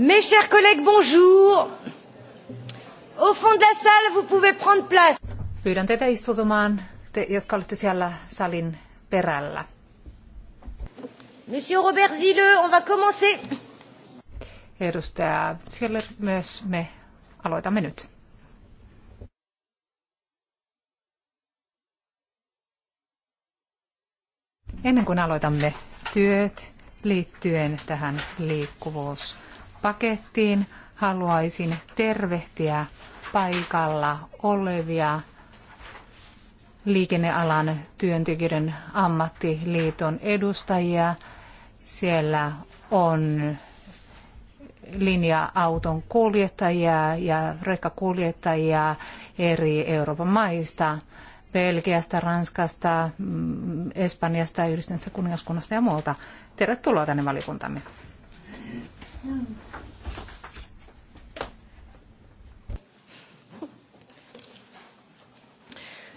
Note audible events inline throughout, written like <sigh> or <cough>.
Mes chers collègues, bonjour. Au fond de la salle, vous pouvez prendre place. Pyydän teitä istutumaan, te, jotka olette siellä salin perällä. Monsieur Robert Zille, on va commencer. Edustaja siellä myös me aloitamme nyt. Ennen kuin aloitamme työt liittyen tähän liikkuvuus pakettiin. Haluaisin tervehtiä paikalla olevia liikennealan työntekijöiden ammattiliiton edustajia. Siellä on linja-auton kuljettajia ja rekkakuljettajia eri Euroopan maista, Belgiasta, Ranskasta, mm, Espanjasta, Yhdistyneestä kuningaskunnasta ja muualta. Tervetuloa tänne valiokuntamme.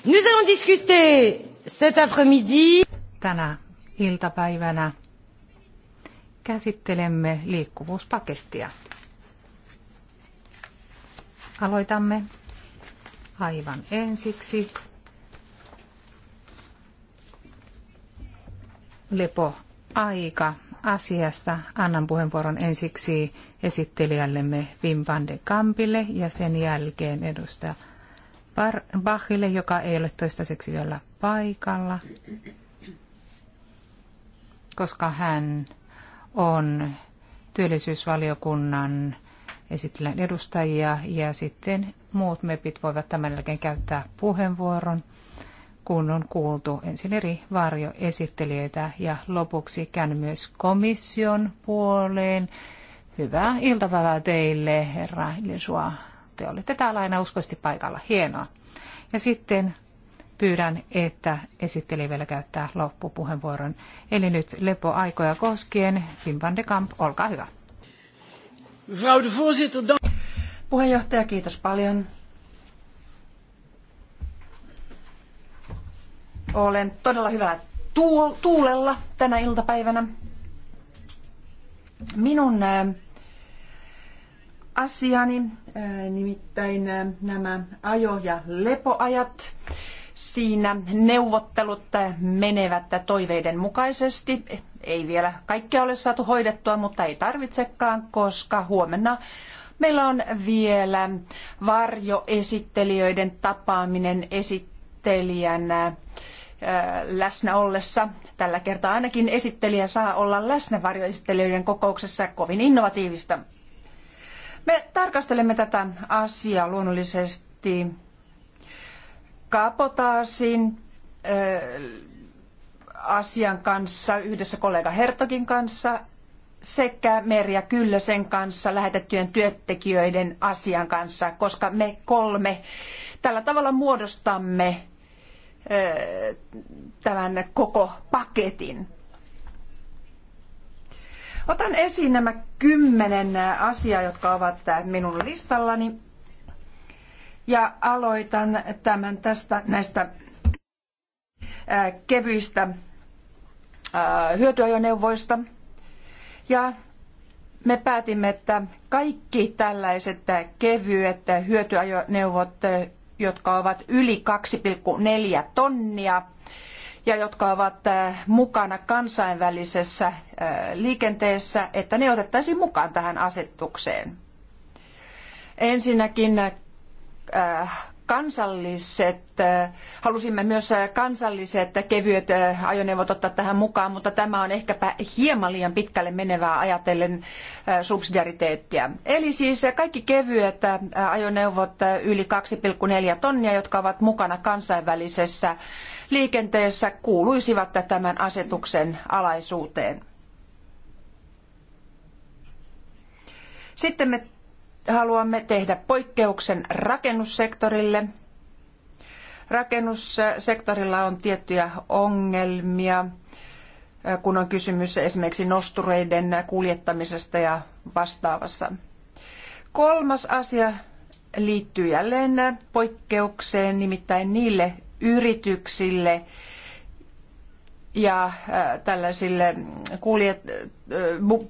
Nous allons discuter cet après-midi. Tänä iltapäivänä käsittelemme liikkuvuuspakettia. Aloitamme aivan ensiksi lepoaika asiasta. Annan puheenvuoron ensiksi esittelijällemme Wim van de Kampille ja sen jälkeen edustaja Bachille, joka ei ole toistaiseksi vielä paikalla, koska hän on työllisyysvaliokunnan esittelen edustajia ja sitten muut mepit voivat tämän jälkeen käyttää puheenvuoron, kun on kuultu ensin eri varjoesittelijöitä ja lopuksi käyn myös komission puoleen. Hyvää iltapäivää teille, herra Ilisua puhutte. Olette täällä aina uskoisesti paikalla. Hienoa. Ja sitten pyydän, että esitteli vielä käyttää loppupuheenvuoron. Eli nyt lepoaikoja koskien. Wim van de Kamp, olkaa hyvä. Puheenjohtaja, kiitos paljon. Olen todella hyvällä tuulella tänä iltapäivänä. Minun asiani, äh, nimittäin äh, nämä ajo- ja lepoajat. Siinä neuvottelut äh, menevät toiveiden mukaisesti. Ei vielä kaikkea ole saatu hoidettua, mutta ei tarvitsekaan, koska huomenna meillä on vielä varjoesittelijöiden tapaaminen esittelijänä läsnä ollessa. Tällä kertaa ainakin esittelijä saa olla läsnä varjoesittelijöiden kokouksessa kovin innovatiivista. Me tarkastelemme tätä asiaa luonnollisesti kapotaasin asian kanssa yhdessä kollega Hertogin kanssa sekä Merja Kyllösen kanssa lähetettyjen työntekijöiden asian kanssa, koska me kolme tällä tavalla muodostamme tämän koko paketin. Otan esiin nämä kymmenen asiaa, jotka ovat minun listallani. Ja aloitan tämän tästä näistä kevyistä hyötyajoneuvoista. Ja me päätimme, että kaikki tällaiset kevyet hyötyajoneuvot, jotka ovat yli 2,4 tonnia, ja jotka ovat äh, mukana kansainvälisessä äh, liikenteessä, että ne otettaisiin mukaan tähän asetukseen. Ensinnäkin äh, kansalliset, halusimme myös kansalliset kevyet ajoneuvot ottaa tähän mukaan, mutta tämä on ehkäpä hieman liian pitkälle menevää ajatellen subsidiariteettia. Eli siis kaikki kevyet ajoneuvot yli 2,4 tonnia, jotka ovat mukana kansainvälisessä liikenteessä kuuluisivat tämän asetuksen alaisuuteen. Sitten me haluamme tehdä poikkeuksen rakennussektorille. Rakennussektorilla on tiettyjä ongelmia, kun on kysymys esimerkiksi nostureiden kuljettamisesta ja vastaavassa. Kolmas asia liittyy jälleen poikkeukseen, nimittäin niille yrityksille ja äh, tällaisille kuljet, äh,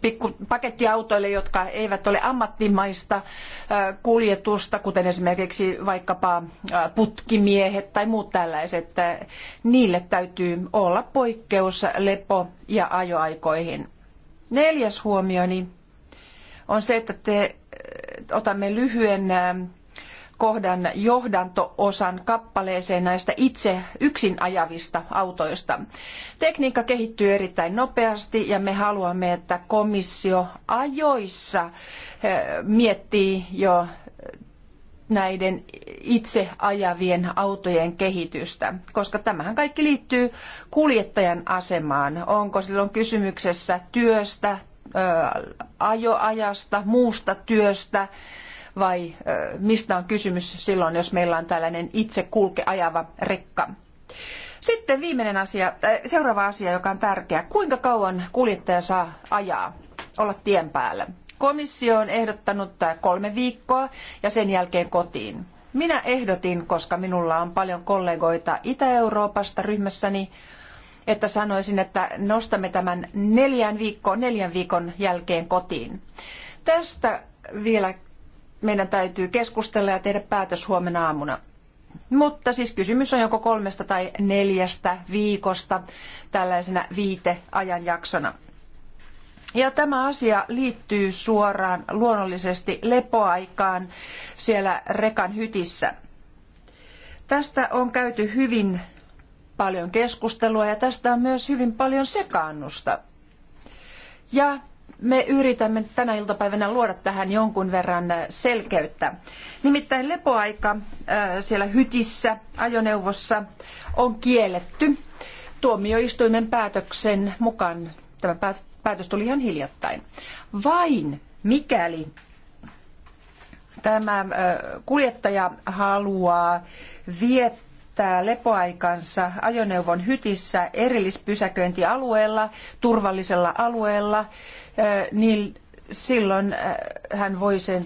pikku, pakettiautoille, jotka eivät ole ammattimaista äh, kuljetusta, kuten esimerkiksi vaikkapa putkimiehet tai muut tällaiset, niille täytyy olla poikkeus lepo- ja ajoaikoihin. Neljäs huomioni on se, että te otamme lyhyen kohdan johdanto-osan kappaleeseen näistä itse yksin ajavista autoista. Tekniikka kehittyy erittäin nopeasti ja me haluamme, että komissio ajoissa eh, miettii jo näiden itse ajavien autojen kehitystä, koska tämähän kaikki liittyy kuljettajan asemaan. Onko silloin kysymyksessä työstä, eh, ajoajasta, muusta työstä, vai mistä on kysymys silloin, jos meillä on tällainen itse kulke ajava rekka. Sitten viimeinen asia, seuraava asia, joka on tärkeä. Kuinka kauan kuljettaja saa ajaa, olla tien päällä? Komissio on ehdottanut kolme viikkoa ja sen jälkeen kotiin. Minä ehdotin, koska minulla on paljon kollegoita Itä-Euroopasta ryhmässäni, että sanoisin, että nostamme tämän neljän viikon, neljän viikon jälkeen kotiin. Tästä vielä meidän täytyy keskustella ja tehdä päätös huomenna aamuna. Mutta siis kysymys on joko kolmesta tai neljästä viikosta tällaisena viiteajanjaksona. Ja tämä asia liittyy suoraan luonnollisesti lepoaikaan siellä rekan hytissä. Tästä on käyty hyvin paljon keskustelua ja tästä on myös hyvin paljon sekaannusta. Ja me yritämme tänä iltapäivänä luoda tähän jonkun verran äh, selkeyttä. Nimittäin lepoaika äh, siellä hytissä ajoneuvossa on kielletty tuomioistuimen päätöksen mukaan. Tämä päätös tuli ihan hiljattain. Vain mikäli tämä äh, kuljettaja haluaa viettää viettää lepoaikansa ajoneuvon hytissä erillispysäköintialueella, turvallisella alueella, niin silloin hän voi sen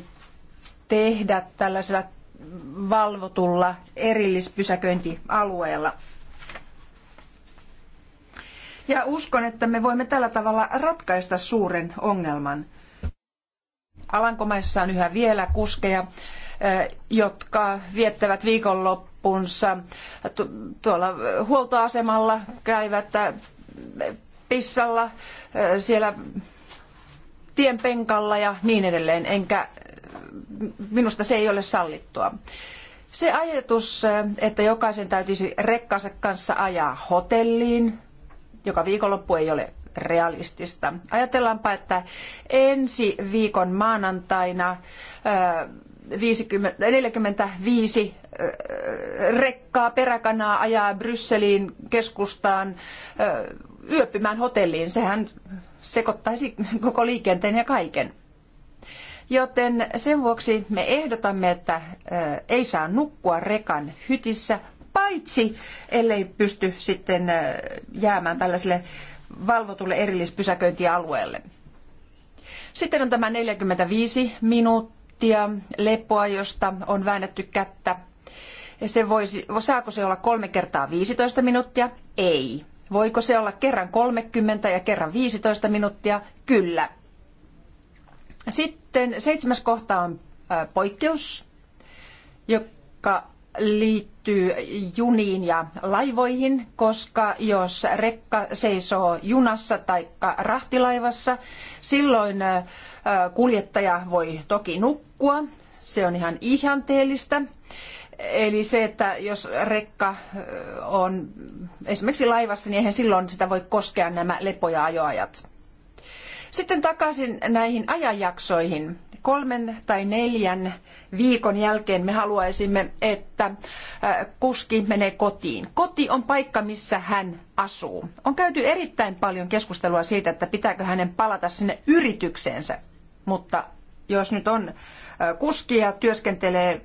tehdä tällaisella valvotulla erillispysäköintialueella. Ja uskon, että me voimme tällä tavalla ratkaista suuren ongelman. Alankomaissa on yhä vielä kuskeja, jotka viettävät viikonloppuja lappunsa tuolla huoltoasemalla, käyvät äh, pissalla äh, siellä penkalla ja niin edelleen, enkä minusta se ei ole sallittua. Se ajatus, äh, että jokaisen täytyisi rekkansa kanssa ajaa hotelliin, joka viikonloppu ei ole realistista. Ajatellaanpa, että ensi viikon maanantaina 50, 45 rekkaa peräkanaa ajaa Brysseliin keskustaan yöpymään hotelliin. Sehän sekoittaisi koko liikenteen ja kaiken. Joten sen vuoksi me ehdotamme, että ei saa nukkua rekan hytissä, paitsi ellei pysty sitten jäämään tällaiselle valvotulle erillispysäköintialueelle. Sitten on tämä 45 minuuttia pakettia lepoa, josta on väännetty kättä. Se voisi, saako se olla kolme kertaa 15 minuuttia? Ei. Voiko se olla kerran 30 ja kerran 15 minuuttia? Kyllä. Sitten seitsemäs kohta on poikkeus, joka liittyy juniin ja laivoihin, koska jos rekka seisoo junassa tai rahtilaivassa, silloin kuljettaja voi toki nukkua. Se on ihan ihanteellista. Eli se, että jos rekka on esimerkiksi laivassa, niin eihän silloin sitä voi koskea nämä lepoja ajoajat. Sitten takaisin näihin ajanjaksoihin kolmen tai neljän viikon jälkeen me haluaisimme, että kuski menee kotiin. Koti on paikka, missä hän asuu. On käyty erittäin paljon keskustelua siitä, että pitääkö hänen palata sinne yritykseensä, mutta jos nyt on kuski ja työskentelee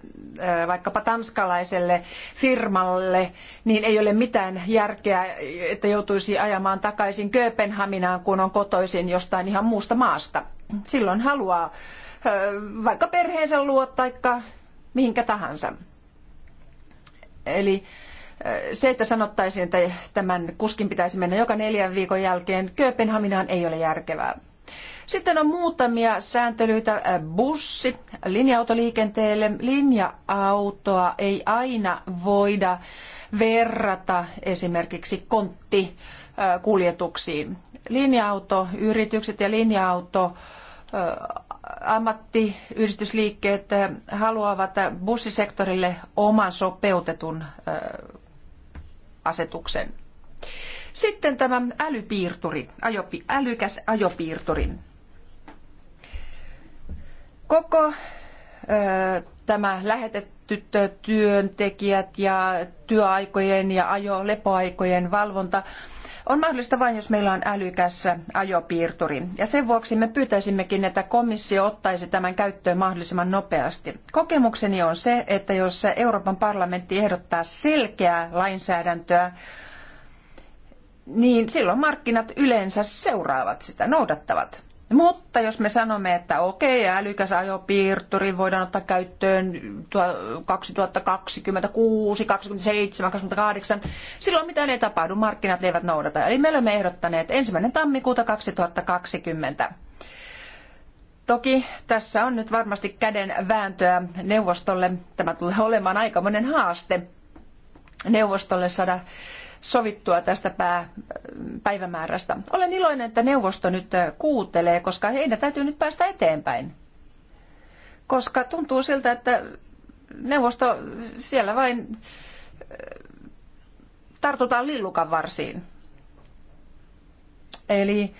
vaikkapa tanskalaiselle firmalle, niin ei ole mitään järkeä, että joutuisi ajamaan takaisin Kööpenhaminaan, kun on kotoisin jostain ihan muusta maasta. Silloin haluaa vaikka perheensä luo tai mihinkä tahansa. Eli se, että sanottaisiin, että tämän kuskin pitäisi mennä joka neljän viikon jälkeen Kööpenhaminaan ei ole järkevää. Sitten on muutamia sääntelyitä bussi, linja-autoliikenteelle. Linja-autoa ei aina voida verrata esimerkiksi kontti Linja-autoyritykset ja linja-auto ammattiyhdistysliikkeet haluavat bussisektorille oman sopeutetun asetuksen. Sitten tämä älypiirturi, älykäs ajopiirturi. Koko tämä lähetetyt työntekijät ja työaikojen ja ajo lepoaikojen valvonta on mahdollista vain, jos meillä on älykäs ajopiirturi. Ja sen vuoksi me pyytäisimmekin, että komissio ottaisi tämän käyttöön mahdollisimman nopeasti. Kokemukseni on se, että jos Euroopan parlamentti ehdottaa selkeää lainsäädäntöä, niin silloin markkinat yleensä seuraavat sitä, noudattavat. Mutta jos me sanomme, että okei, älykäs ajopiirturi voidaan ottaa käyttöön 2026, 2027, 2028, silloin mitään ei tapahdu, markkinat eivät noudata. Eli me olemme ehdottaneet ensimmäinen tammikuuta 2020. Toki tässä on nyt varmasti käden vääntöä neuvostolle. Tämä tulee olemaan aikamoinen haaste neuvostolle saada sovittua tästä pää, päivämäärästä. Olen iloinen, että neuvosto nyt äh, kuuntelee, koska heidän täytyy nyt päästä eteenpäin. Koska tuntuu siltä, että neuvosto siellä vain äh, tartutaan lillukan varsiin. Eli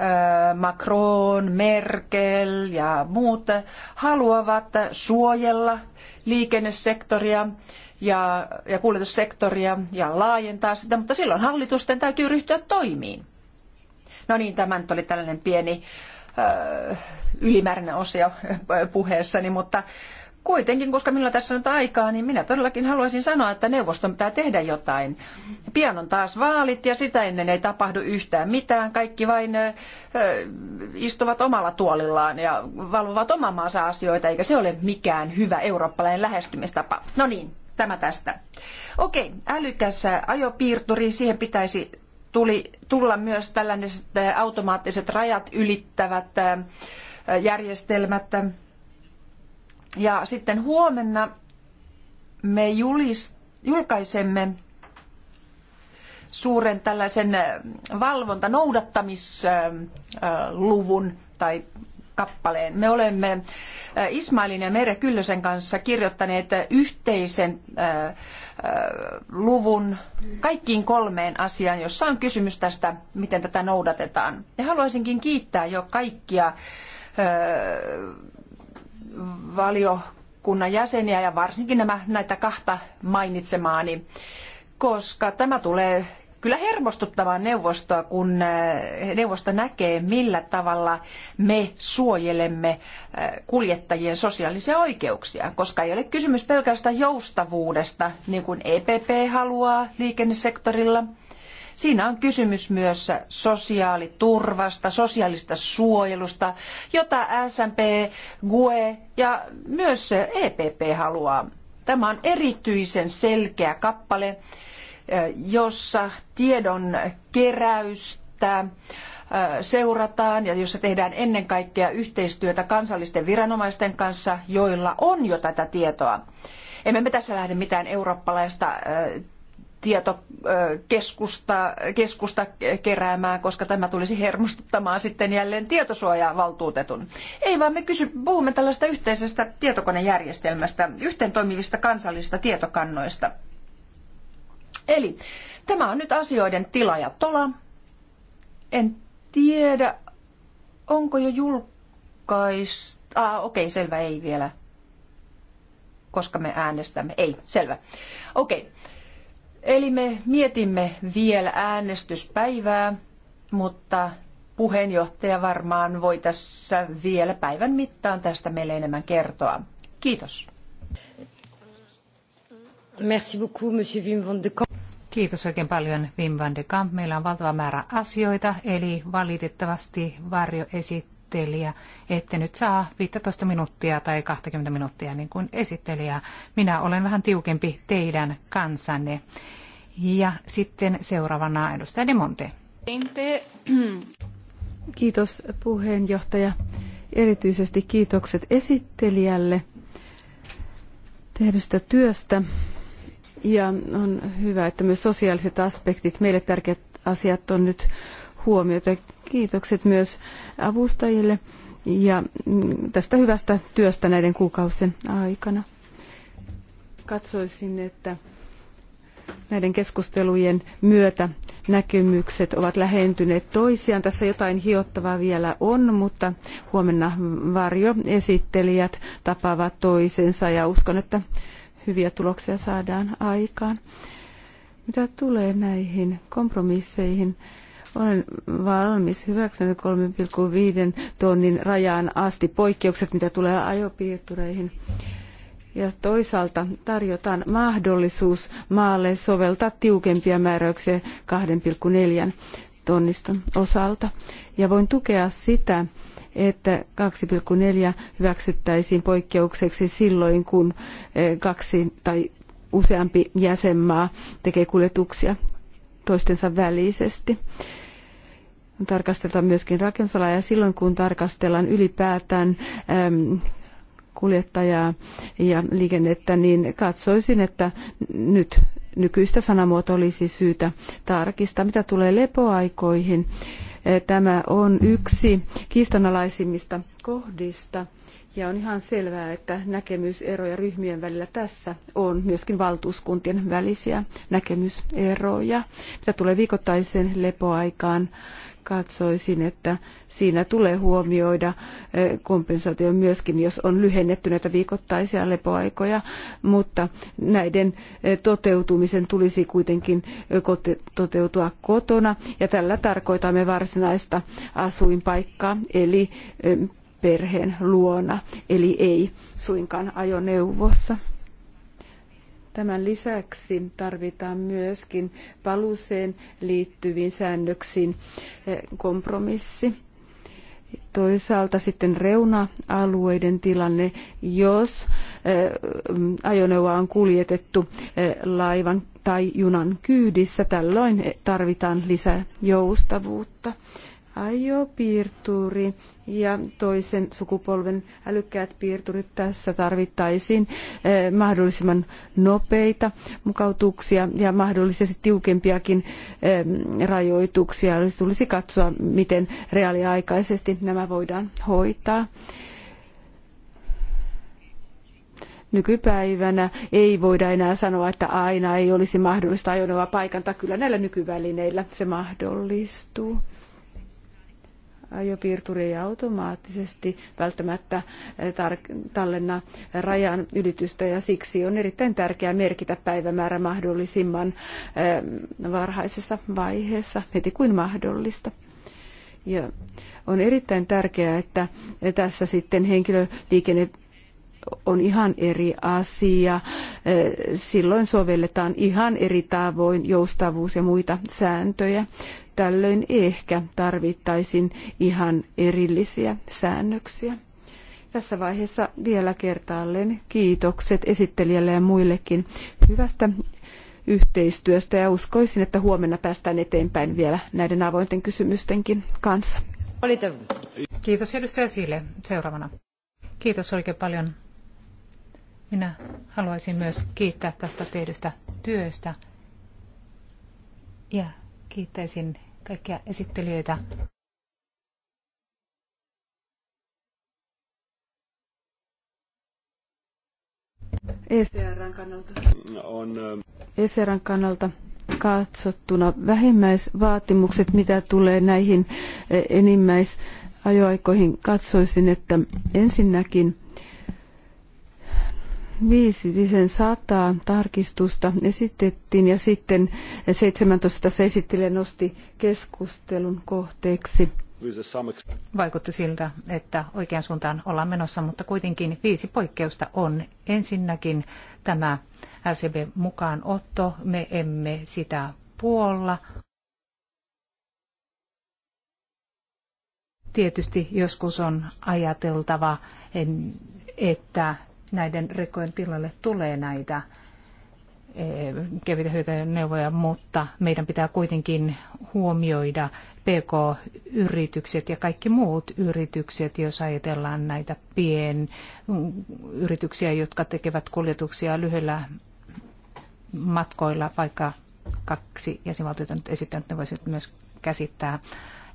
äh, Macron, Merkel ja muut haluavat suojella liikennesektoria ja, ja kuljetussektoria ja laajentaa sitä, mutta silloin hallitusten täytyy ryhtyä toimiin. No niin, tämä nyt oli tällainen pieni ö, äh, ylimääräinen osio äh, puheessani, mutta kuitenkin, koska minulla tässä on aikaa, niin minä todellakin haluaisin sanoa, että neuvoston pitää tehdä jotain. Pian on taas vaalit ja sitä ennen ei tapahdu yhtään mitään. Kaikki vain ö, äh, istuvat omalla tuolillaan ja valvovat oman maansa asioita, eikä se ole mikään hyvä eurooppalainen lähestymistapa. No niin, tämä tästä. Okei, älykäs ajopiirturi, siihen pitäisi tuli, tulla myös tällaiset äh, automaattiset rajat ylittävät äh, järjestelmät. Ja sitten huomenna me julist, julkaisemme suuren tällaisen äh, valvonta noudattamisluvun tai kappaleen. Me olemme äh, Ismailin ja Mere Kyllösen kanssa kirjoittaneet yhteisen äh, äh, luvun kaikkiin kolmeen asiaan, jossa on kysymys tästä, miten tätä noudatetaan. Ja haluaisinkin kiittää jo kaikkia valiokunnan jäseniä ja varsinkin nämä, näitä kahta mainitsemaani koska tämä tulee kyllä hermostuttavaa neuvostoa, kun eh, neuvosto näkee, millä tavalla me suojelemme eh, kuljettajien sosiaalisia oikeuksia, koska ei ole kysymys pelkästään joustavuudesta, niin kuin EPP haluaa liikennesektorilla. Siinä on kysymys myös sosiaaliturvasta, sosiaalista suojelusta, jota SMP, GUE ja myös EPP haluaa. Tämä on erityisen selkeä kappale, jossa tiedon keräystä seurataan ja jossa tehdään ennen kaikkea yhteistyötä kansallisten viranomaisten kanssa, joilla on jo tätä tietoa. Emme me tässä lähde mitään eurooppalaista tietokeskusta keskusta keräämään, koska tämä tulisi hermostuttamaan sitten jälleen tietosuojavaltuutetun. Ei vaan me kysy, puhumme tällaista yhteisestä tietokonejärjestelmästä, yhteen toimivista kansallisista tietokannoista – Eli tämä on nyt asioiden tila ja tola. En tiedä, onko jo julkaista... Ah, okei, okay, selvä, ei vielä. Koska me äänestämme. Ei, selvä. Okei. Okay. Eli me mietimme vielä äänestyspäivää, mutta puheenjohtaja varmaan voi tässä vielä päivän mittaan tästä meille enemmän kertoa. Kiitos. Merci beaucoup, monsieur Wim van de Kamp. Kiitos oikein paljon Wim van de Kamp. Meillä on valtava määrä asioita, eli valitettavasti varjoesittelijä, ette nyt saa 15 minuuttia tai 20 minuuttia niin kuin esittelijä. Minä olen vähän tiukempi teidän kansanne. Ja sitten seuraavana edustaja Monte. Kiitos puheenjohtaja. Erityisesti kiitokset esittelijälle tehdystä työstä. Ja on hyvä, että myös sosiaaliset aspektit, meille tärkeät asiat on nyt huomioitu. Kiitokset myös avustajille ja mm, tästä hyvästä työstä näiden kuukausien aikana. Katsoisin, että näiden keskustelujen myötä näkemykset ovat lähentyneet toisiaan. Tässä jotain hiottavaa vielä on, mutta huomenna varjoesittelijät tapaavat toisensa ja uskon, että hyviä tuloksia saadaan aikaan. Mitä tulee näihin kompromisseihin, olen valmis hyväksynyt 3,5 tonnin rajaan asti poikkeukset, mitä tulee ajopiirtureihin. Ja toisaalta tarjotaan mahdollisuus maalle soveltaa tiukempia määräyksiä 2,4 tonniston osalta. Ja voin tukea sitä, että 2,4 hyväksyttäisiin poikkeukseksi silloin, kun eh, kaksi tai useampi jäsenmaa tekee kuljetuksia toistensa välisesti. Tarkastellaan myöskin rakennusalaa ja silloin kun tarkastellaan ylipäätään ehm, kuljettajaa ja liikennettä, niin katsoisin, että nyt nykyistä sanamuotoa olisi syytä tarkistaa. Mitä tulee lepoaikoihin, Eh, tämä on yksi kiistanalaisimmista kohdista ja on ihan selvää, että näkemyseroja ryhmien välillä tässä on myöskin valtuuskuntien välisiä näkemyseroja. Mitä tulee viikoittaiseen lepoaikaan, katsoisin, että siinä tulee huomioida eh, kompensaatio myöskin, jos on lyhennetty näitä viikoittaisia lepoaikoja, mutta näiden eh, toteutumisen tulisi kuitenkin eh, toteutua kotona ja tällä tarkoitamme varsinaista asuinpaikkaa eli perheen luona, eli ei suinkaan ajoneuvossa. Tämän lisäksi tarvitaan myöskin paluseen liittyviin säännöksiin eh, kompromissi. Toisaalta sitten reuna-alueiden tilanne, jos eh, ajoneuvoa on kuljetettu eh, laivan tai junan kyydissä, tällöin tarvitaan lisää joustavuutta ajopiirturi ja toisen sukupolven älykkäät piirturit. Tässä tarvittaisiin eh, mahdollisimman nopeita mukautuksia ja mahdollisesti tiukempiakin eh, rajoituksia. tulisi katsoa, miten reaaliaikaisesti nämä voidaan hoitaa nykypäivänä ei voida enää sanoa, että aina ei olisi mahdollista ajoneuvoa paikantaa. Kyllä näillä nykyvälineillä se mahdollistuu ajopiirturi ei automaattisesti välttämättä eh, tallenna rajan ylitystä ja siksi on erittäin tärkeää merkitä päivämäärä mahdollisimman eh, varhaisessa vaiheessa, heti kuin mahdollista. Ja on erittäin tärkeää, että tässä sitten henkilöliikenne on ihan eri asia. Eh, silloin sovelletaan ihan eri tavoin joustavuus ja muita sääntöjä. Tällöin ehkä tarvittaisiin ihan erillisiä säännöksiä. Tässä vaiheessa vielä kertaalleen kiitokset esittelijälle ja muillekin hyvästä yhteistyöstä ja uskoisin, että huomenna päästään eteenpäin vielä näiden avointen kysymystenkin kanssa. Kiitos edustaja Sille. Seuraavana. Kiitos oikein paljon. Minä haluaisin myös kiittää tästä tehdystä työstä ja Kiittäisin kaikkia esittelijöitä. ECRn kannalta. On, ähm, ECRn kannalta katsottuna vähimmäisvaatimukset, mitä tulee näihin äh, enimmäisajoaikoihin, katsoisin, että ensinnäkin 500 tarkistusta esitettiin ja sitten 17 tässä esittelijä nosti keskustelun kohteeksi. Vaikutti siltä, että oikean suuntaan ollaan menossa, mutta kuitenkin viisi poikkeusta on. Ensinnäkin tämä mukaan mukaanotto, me emme sitä puolla. Tietysti joskus on ajateltava, että näiden rekojen tilalle tulee näitä eh, kevyitä neuvoja, mutta meidän pitää kuitenkin huomioida PK-yritykset ja kaikki muut yritykset, jos ajatellaan näitä pienyrityksiä, jotka tekevät kuljetuksia lyhyillä matkoilla, vaikka kaksi jäsenvaltiota nyt esittänyt, ne voisivat myös käsittää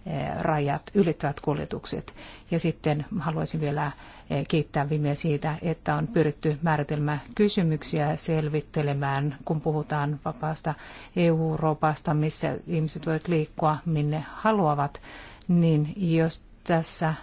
Eh, rajat ylittävät kuljetukset. Ja sitten haluaisin vielä eh, kiittää Vimeä siitä, että on pyritty kysymyksiä selvittelemään, kun puhutaan vapaasta Euroopasta, missä ihmiset voivat liikkua minne haluavat, niin jos tässä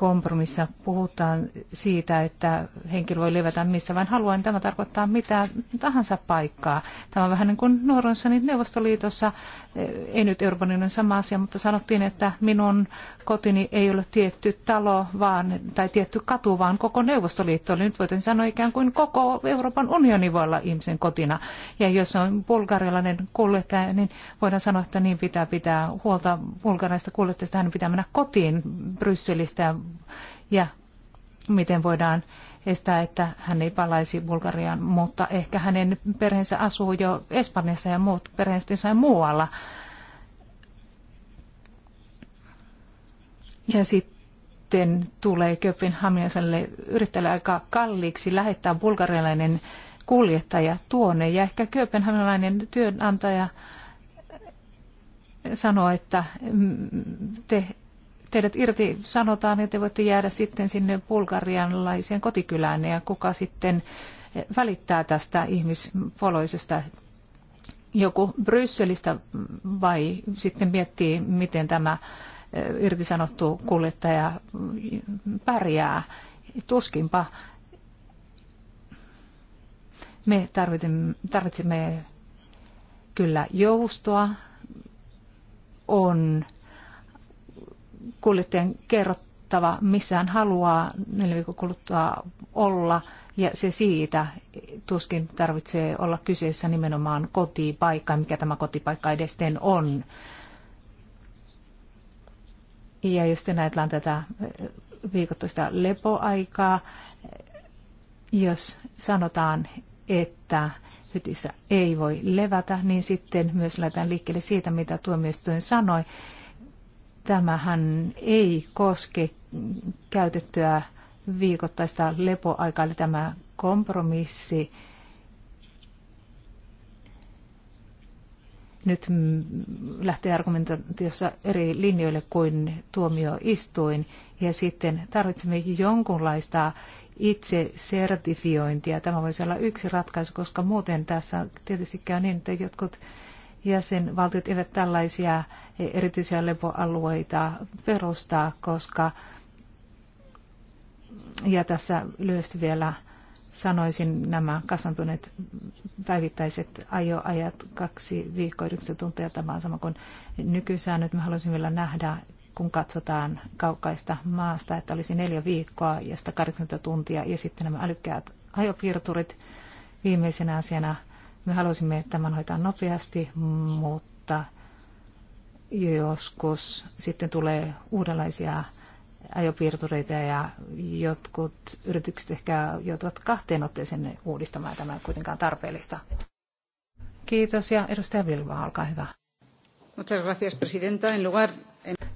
kompromissa puhutaan siitä, että henkilö voi levätä missä vain haluaa, niin tämä tarkoittaa mitä tahansa paikkaa. Tämä on vähän niin kuin nuoronsa niin Neuvostoliitossa, eh, ei nyt Euroopan unionin sama asia, mutta sanottiin, että minun kotini ei ole tietty talo vaan, tai tietty katu, vaan koko Neuvostoliitto. Eli nyt voitin sanoa ikään kuin koko Euroopan unioni voi olla ihmisen kotina. Ja jos on bulgarialainen kuljettaja, niin voidaan sanoa, että niin pitää pitää huolta bulgarilaisista kuljettajasta, hänen pitää mennä kotiin Brysselistä ja ja miten voidaan estää, että hän ei palaisi Bulgariaan, mutta ehkä hänen perheensä asuu jo Espanjassa ja muut perheensä sai muualla. Ja sitten tulee Kööpenhaminaiselle yrittäjälle aika kalliiksi lähettää bulgarialainen kuljettaja tuonne. Ja ehkä kööpenhaminalainen työnantaja sanoo, että te teidät irti sanotaan, että te voitte jäädä sitten sinne bulgarianlaiseen kotikylään ja kuka sitten eh, välittää tästä ihmispoloisesta joku Brysselistä vai sitten miettii, miten tämä eh, irtisanottu kuljettaja mm, pärjää. Tuskinpa me tarvitsemme kyllä joustoa, on kuljettajan kerrottava, missä hän haluaa neljä viikon kuluttua olla, ja se siitä tuskin tarvitsee olla kyseessä nimenomaan kotipaikka, mikä tämä kotipaikka edesten on. Ja jos te ajatellaan tätä eh, viikoittaista lepoaikaa, eh, jos sanotaan, että hytissä ei voi levätä, niin sitten myös lähdetään liikkeelle siitä, mitä tuomioistuin sanoi, Tämähän ei koske käytettyä viikoittaista lepoaikaa, eli tämä kompromissi nyt lähtee argumentaatiossa eri linjoille kuin tuomioistuin. Ja sitten tarvitsemme jonkunlaista itse sertifiointia. Tämä voisi olla yksi ratkaisu, koska muuten tässä tietysti käy niin, että jotkut jäsenvaltiot eivät tällaisia erityisiä lepoalueita perustaa, koska ja tässä lyhyesti vielä sanoisin nämä kasantuneet päivittäiset ajoajat, kaksi viikkoa, yhdeksän tuntia, tämä on sama kuin nykysäännöt. Me haluaisin vielä nähdä, kun katsotaan kaukaista maasta, että olisi neljä viikkoa ja 180 tuntia ja sitten nämä älykkäät ajopiirturit viimeisenä asiana – me haluaisimme tämän hoitaa nopeasti, mutta joskus sitten tulee uudenlaisia ajopiirtureita ja jotkut yritykset ehkä joutuvat kahteen otteeseen uudistamaan tämä kuitenkaan tarpeellista. Kiitos ja edustaja Vilva, olkaa hyvä. Muchas gracias, presidenta. En lugar...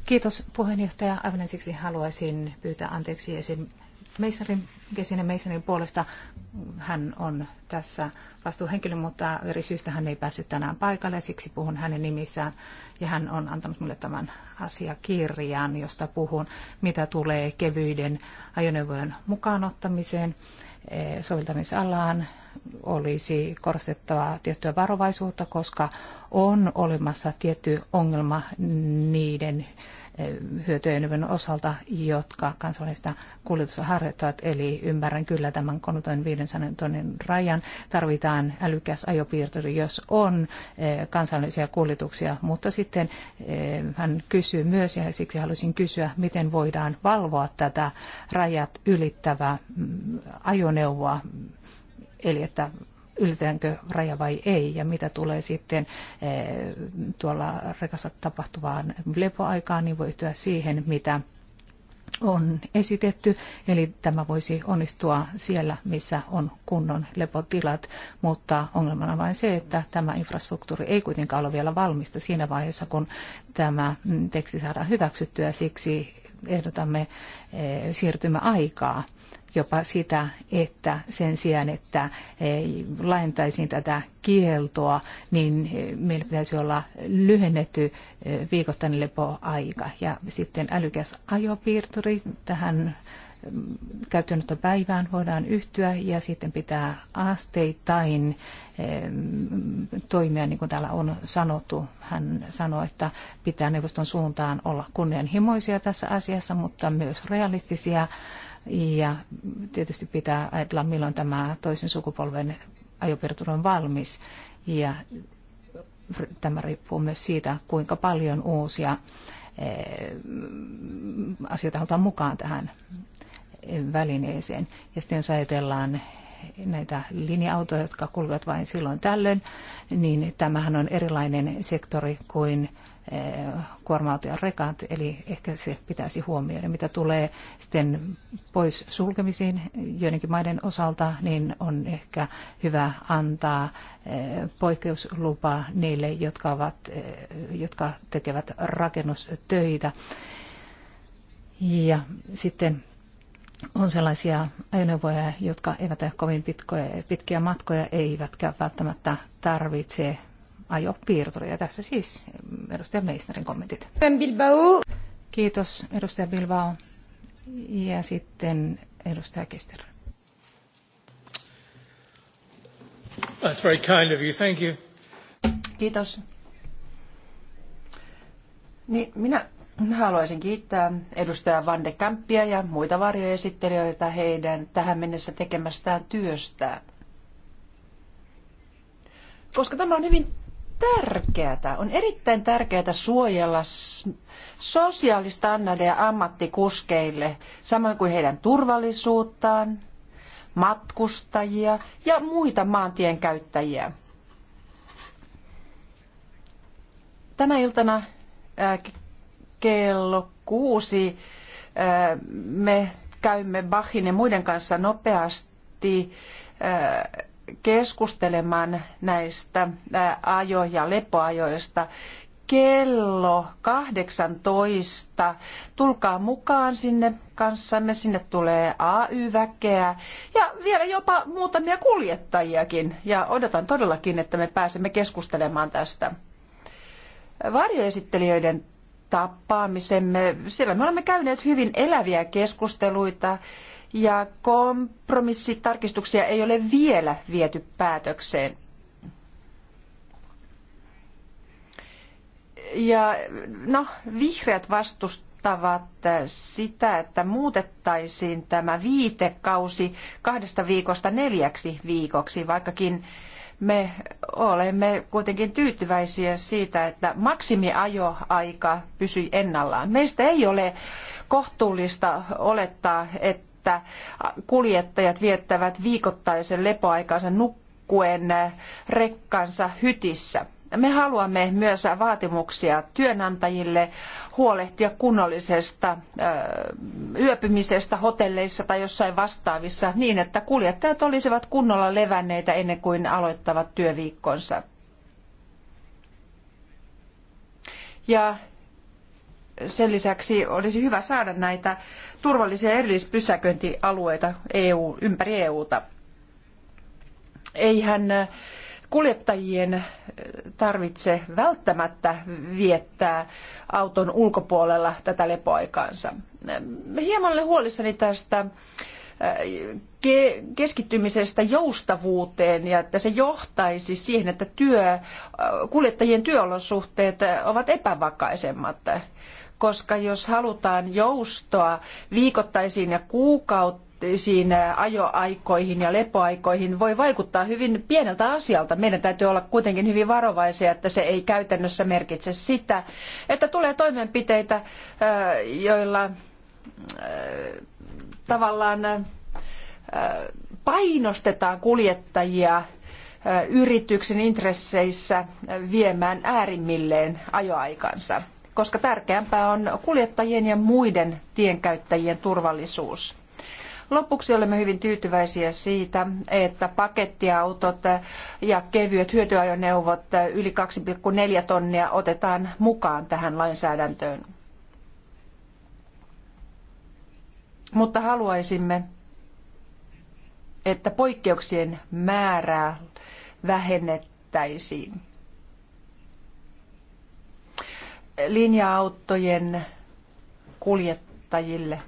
Kiitos puheenjohtaja. Aivan ensiksi haluaisin pyytää anteeksi esim Meisarin, Kesinen Meisarin puolesta. Hän on tässä vastuuhenkilö, mutta eri syystä hän ei päässyt tänään paikalle, siksi puhun hänen nimissään. Ja hän on antanut minulle tämän asiakirjan, josta puhun, mitä tulee kevyiden ajoneuvojen mukaanottamiseen e, soveltamisalaan olisi korostettava tiettyä varovaisuutta, koska on olemassa tietty ongelma niiden hyötyöinivön osalta, jotka kansallista kuljetusta harjoittavat. Eli ymmärrän kyllä tämän 3500 tonnin rajan. Tarvitaan älykäs ajopiirturi, jos on kansallisia kuljetuksia, mutta sitten hän kysyy myös, ja siksi halusin kysyä, miten voidaan valvoa tätä rajat ylittävää mm, ajoneuvoa, eli että ylitetäänkö raja vai ei ja mitä tulee sitten eh, tuolla rekassa tapahtuvaan lepoaikaan, niin voi yhtyä siihen, mitä on esitetty, eli tämä voisi onnistua siellä, missä on kunnon lepotilat, mutta ongelmana vain se, että tämä infrastruktuuri ei kuitenkaan ole vielä valmista siinä vaiheessa, kun tämä mm, teksti saadaan hyväksyttyä, siksi ehdotamme eh, siirtymäaikaa jopa sitä, että sen sijaan, että eh, laajentaisiin tätä kieltoa, niin eh, meillä pitäisi olla lyhennetty eh, viikoittainen lepoaika. Ja sitten älykäs ajopiirturi tähän mm, käyttöönottopäivään voidaan yhtyä ja sitten pitää asteittain toimia, niin kuin täällä on sanottu. Hän sanoi, että pitää neuvoston suuntaan olla kunnianhimoisia tässä asiassa, mutta myös realistisia ja tietysti pitää ajatella, milloin tämä toisen sukupolven ajopiirturi on valmis. Ja tämä riippuu myös siitä, kuinka paljon uusia eh, asioita halutaan mukaan tähän välineeseen. Ja sitten jos ajatellaan näitä linja-autoja, jotka kulkevat vain silloin tällöin, niin tämähän on erilainen sektori kuin Eh, kuorma rekat, eli ehkä se pitäisi huomioida. Mitä tulee sitten pois sulkemisiin joidenkin maiden osalta, niin on ehkä hyvä antaa eh, poikkeuslupa niille, jotka, ovat, eh, jotka tekevät rakennustöitä. Ja sitten on sellaisia ajoneuvoja, jotka eivät ole kovin pitkoja, pitkiä matkoja, eivätkä välttämättä tarvitse ja Tässä siis mm, edustaja Meisnerin kommentit. Bilbao. Kiitos edustaja Bilbao. Ja sitten edustaja Kester. That's very kind of you. Thank you. Kiitos. Niin, minä haluaisin kiittää edustaja Van de Kampia ja muita varjoesittelijöitä heidän tähän mennessä tekemästään työstä. Koska tämä on hyvin tärkeää. On erittäin tärkeää suojella sosiaalistandardeja ammattikuskeille, samoin kuin heidän turvallisuuttaan, matkustajia ja muita maantien käyttäjiä. Tänä iltana kello kuusi me käymme Bachin ja muiden kanssa nopeasti keskustelemaan näistä ajo- ja lepoajoista kello 18. Tulkaa mukaan sinne kanssamme, sinne tulee AY-väkeä ja vielä jopa muutamia kuljettajiakin. Ja odotan todellakin, että me pääsemme keskustelemaan tästä. Varjoesittelijöiden tapaamisemme, siellä me olemme käyneet hyvin eläviä keskusteluita ja kompromissitarkistuksia ei ole vielä viety päätökseen. Ja no, vihreät vastustavat sitä, että muutettaisiin tämä viitekausi kahdesta viikosta neljäksi viikoksi, vaikkakin me olemme kuitenkin tyytyväisiä siitä, että maksimiajoaika pysyi ennallaan. Meistä ei ole kohtuullista olettaa, että että kuljettajat viettävät viikoittaisen lepoaikansa nukkuen rekkansa hytissä. Me haluamme myös vaatimuksia työnantajille huolehtia kunnollisesta yöpymisestä hotelleissa tai jossain vastaavissa niin, että kuljettajat olisivat kunnolla levänneitä ennen kuin aloittavat työviikkonsa. Ja sen lisäksi olisi hyvä saada näitä turvallisia erillispysäköintialueita EU, ympäri EUta. Eihän kuljettajien tarvitse välttämättä viettää auton ulkopuolella tätä lepoaikaansa. Hieman olen huolissani tästä keskittymisestä joustavuuteen ja että se johtaisi siihen, että työ, äh, kuljettajien työolosuhteet ovat epävakaisemmat. Koska jos halutaan joustoa viikoittaisiin ja kuukautisiin ajoaikoihin ja lepoaikoihin, voi vaikuttaa hyvin pieneltä asialta. Meidän täytyy olla kuitenkin hyvin varovaisia, että se ei käytännössä merkitse sitä, että tulee toimenpiteitä, äh, joilla äh, tavallaan painostetaan kuljettajia yrityksen intresseissä viemään äärimmilleen ajoaikansa, koska tärkeämpää on kuljettajien ja muiden tienkäyttäjien turvallisuus. Lopuksi olemme hyvin tyytyväisiä siitä, että pakettiautot ja kevyet hyötyajoneuvot yli 2,4 tonnia otetaan mukaan tähän lainsäädäntöön. Mutta haluaisimme, että poikkeuksien määrää vähennettäisiin. Linja-autojen kuljettajille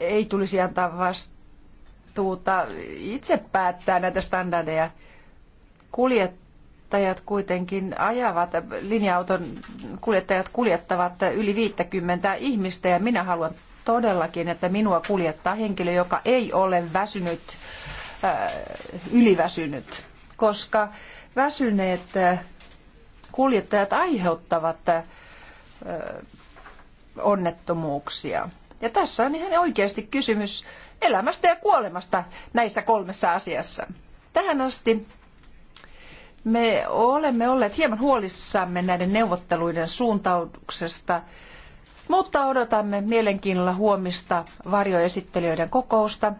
ei tulisi antaa vastuuta itse päättää näitä standardeja. Kuljet kuljettajat kuitenkin ajavat, linja-auton kuljettajat kuljettavat yli 50 ihmistä ja minä haluan todellakin, että minua kuljettaa henkilö, joka ei ole väsynyt, äh, yliväsynyt, koska väsyneet äh, kuljettajat aiheuttavat äh, onnettomuuksia. Ja tässä on ihan oikeasti kysymys elämästä ja kuolemasta näissä kolmessa asiassa. Tähän asti me olemme olleet hieman huolissamme näiden neuvotteluiden suuntauksesta, mutta odotamme mielenkiinnolla huomista varjoesittelijöiden kokousta,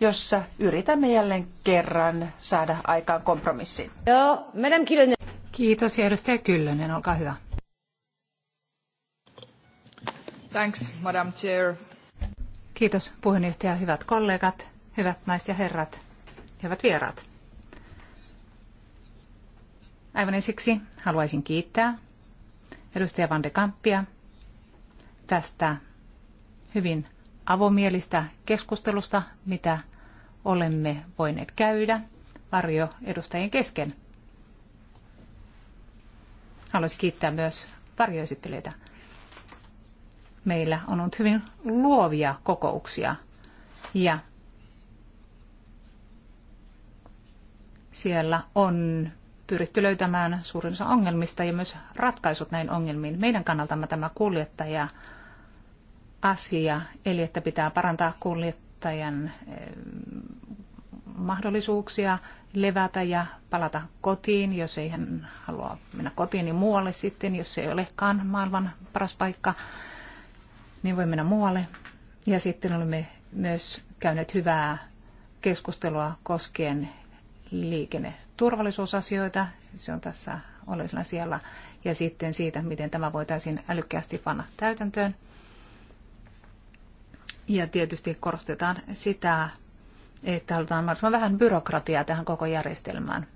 jossa yritämme jälleen kerran saada aikaan kompromissin. Joo, Madame Kyllönen. Kiitos ja edustaja Kyllönen, olkaa hyvä. Thanks, Madam Chair. Kiitos puheenjohtaja, hyvät kollegat, hyvät naiset ja herrat, hyvät vieraat. Aivan ensiksi haluaisin kiittää edustaja Van de Kampia tästä hyvin avomielistä keskustelusta, mitä olemme voineet käydä varjo edustajien kesken. Haluaisin kiittää myös varjoesittelijöitä. Meillä on ollut hyvin luovia kokouksia ja siellä on pyritty löytämään suurin osa ongelmista ja myös ratkaisut näin ongelmiin. Meidän kannaltamme tämä kuljettaja asia, eli että pitää parantaa kuljettajan eh, mahdollisuuksia levätä ja palata kotiin, jos ei hän halua mennä kotiin, niin muualle sitten, jos ei olekaan maailman paras paikka, niin voi mennä muualle. Ja sitten olemme myös käyneet hyvää keskustelua koskien liikenne turvallisuusasioita, se on tässä oleellisella siellä, ja sitten siitä, miten tämä voitaisiin älykkäästi panna täytäntöön. Ja tietysti korostetaan sitä, että halutaan mahdollisimman vähän byrokratiaa tähän koko järjestelmään.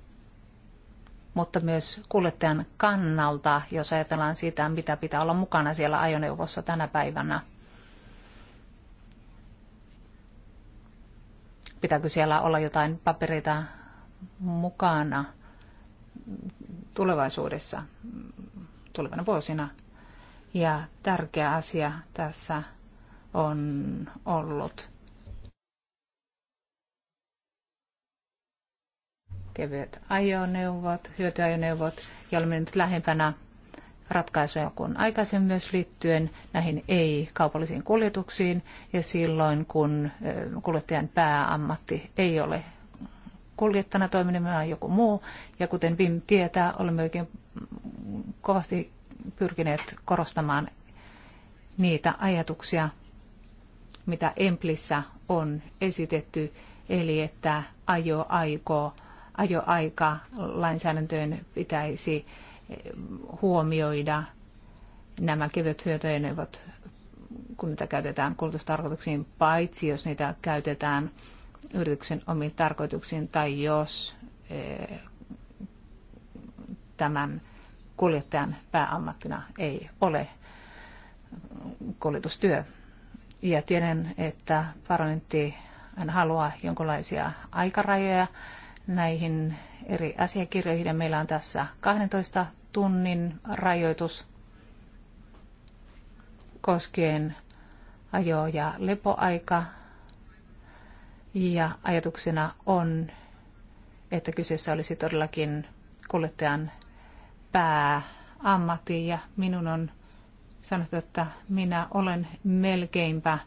Mutta myös kuljettajan kannalta, jos ajatellaan sitä, mitä pitää olla mukana siellä ajoneuvossa tänä päivänä. Pitääkö siellä olla jotain paperita mukana tulevaisuudessa, tulevana vuosina. Ja tärkeä asia tässä on ollut kevyet ajoneuvot, hyötyajoneuvot, ja olemme nyt lähempänä ratkaisuja kuin aikaisemmin myös liittyen näihin ei-kaupallisiin kuljetuksiin ja silloin, kun kuljettajan pääammatti ei ole Kuljettana toiminut joku muu. Ja kuten Vim tietää, olemme oikein kovasti pyrkineet korostamaan niitä ajatuksia, mitä Emplissä on esitetty, eli että ajo-aika, ajo ajoaika lainsäädäntöön pitäisi eh, huomioida nämä kevyet hyötyajoneuvot, kun niitä käytetään kulutustarkoituksiin, paitsi jos niitä käytetään yrityksen omiin tarkoituksiin tai jos e, tämän kuljettajan pääammattina ei ole kuljetustyö. Ja tiedän, että parlamentti haluaa jonkinlaisia aikarajoja näihin eri asiakirjoihin. Ja meillä on tässä 12 tunnin rajoitus koskien ajo- ja lepoaika ja ajatuksena on, että kyseessä olisi todellakin kuljettajan pääammatti ja minun on sanottu, että minä olen melkeinpä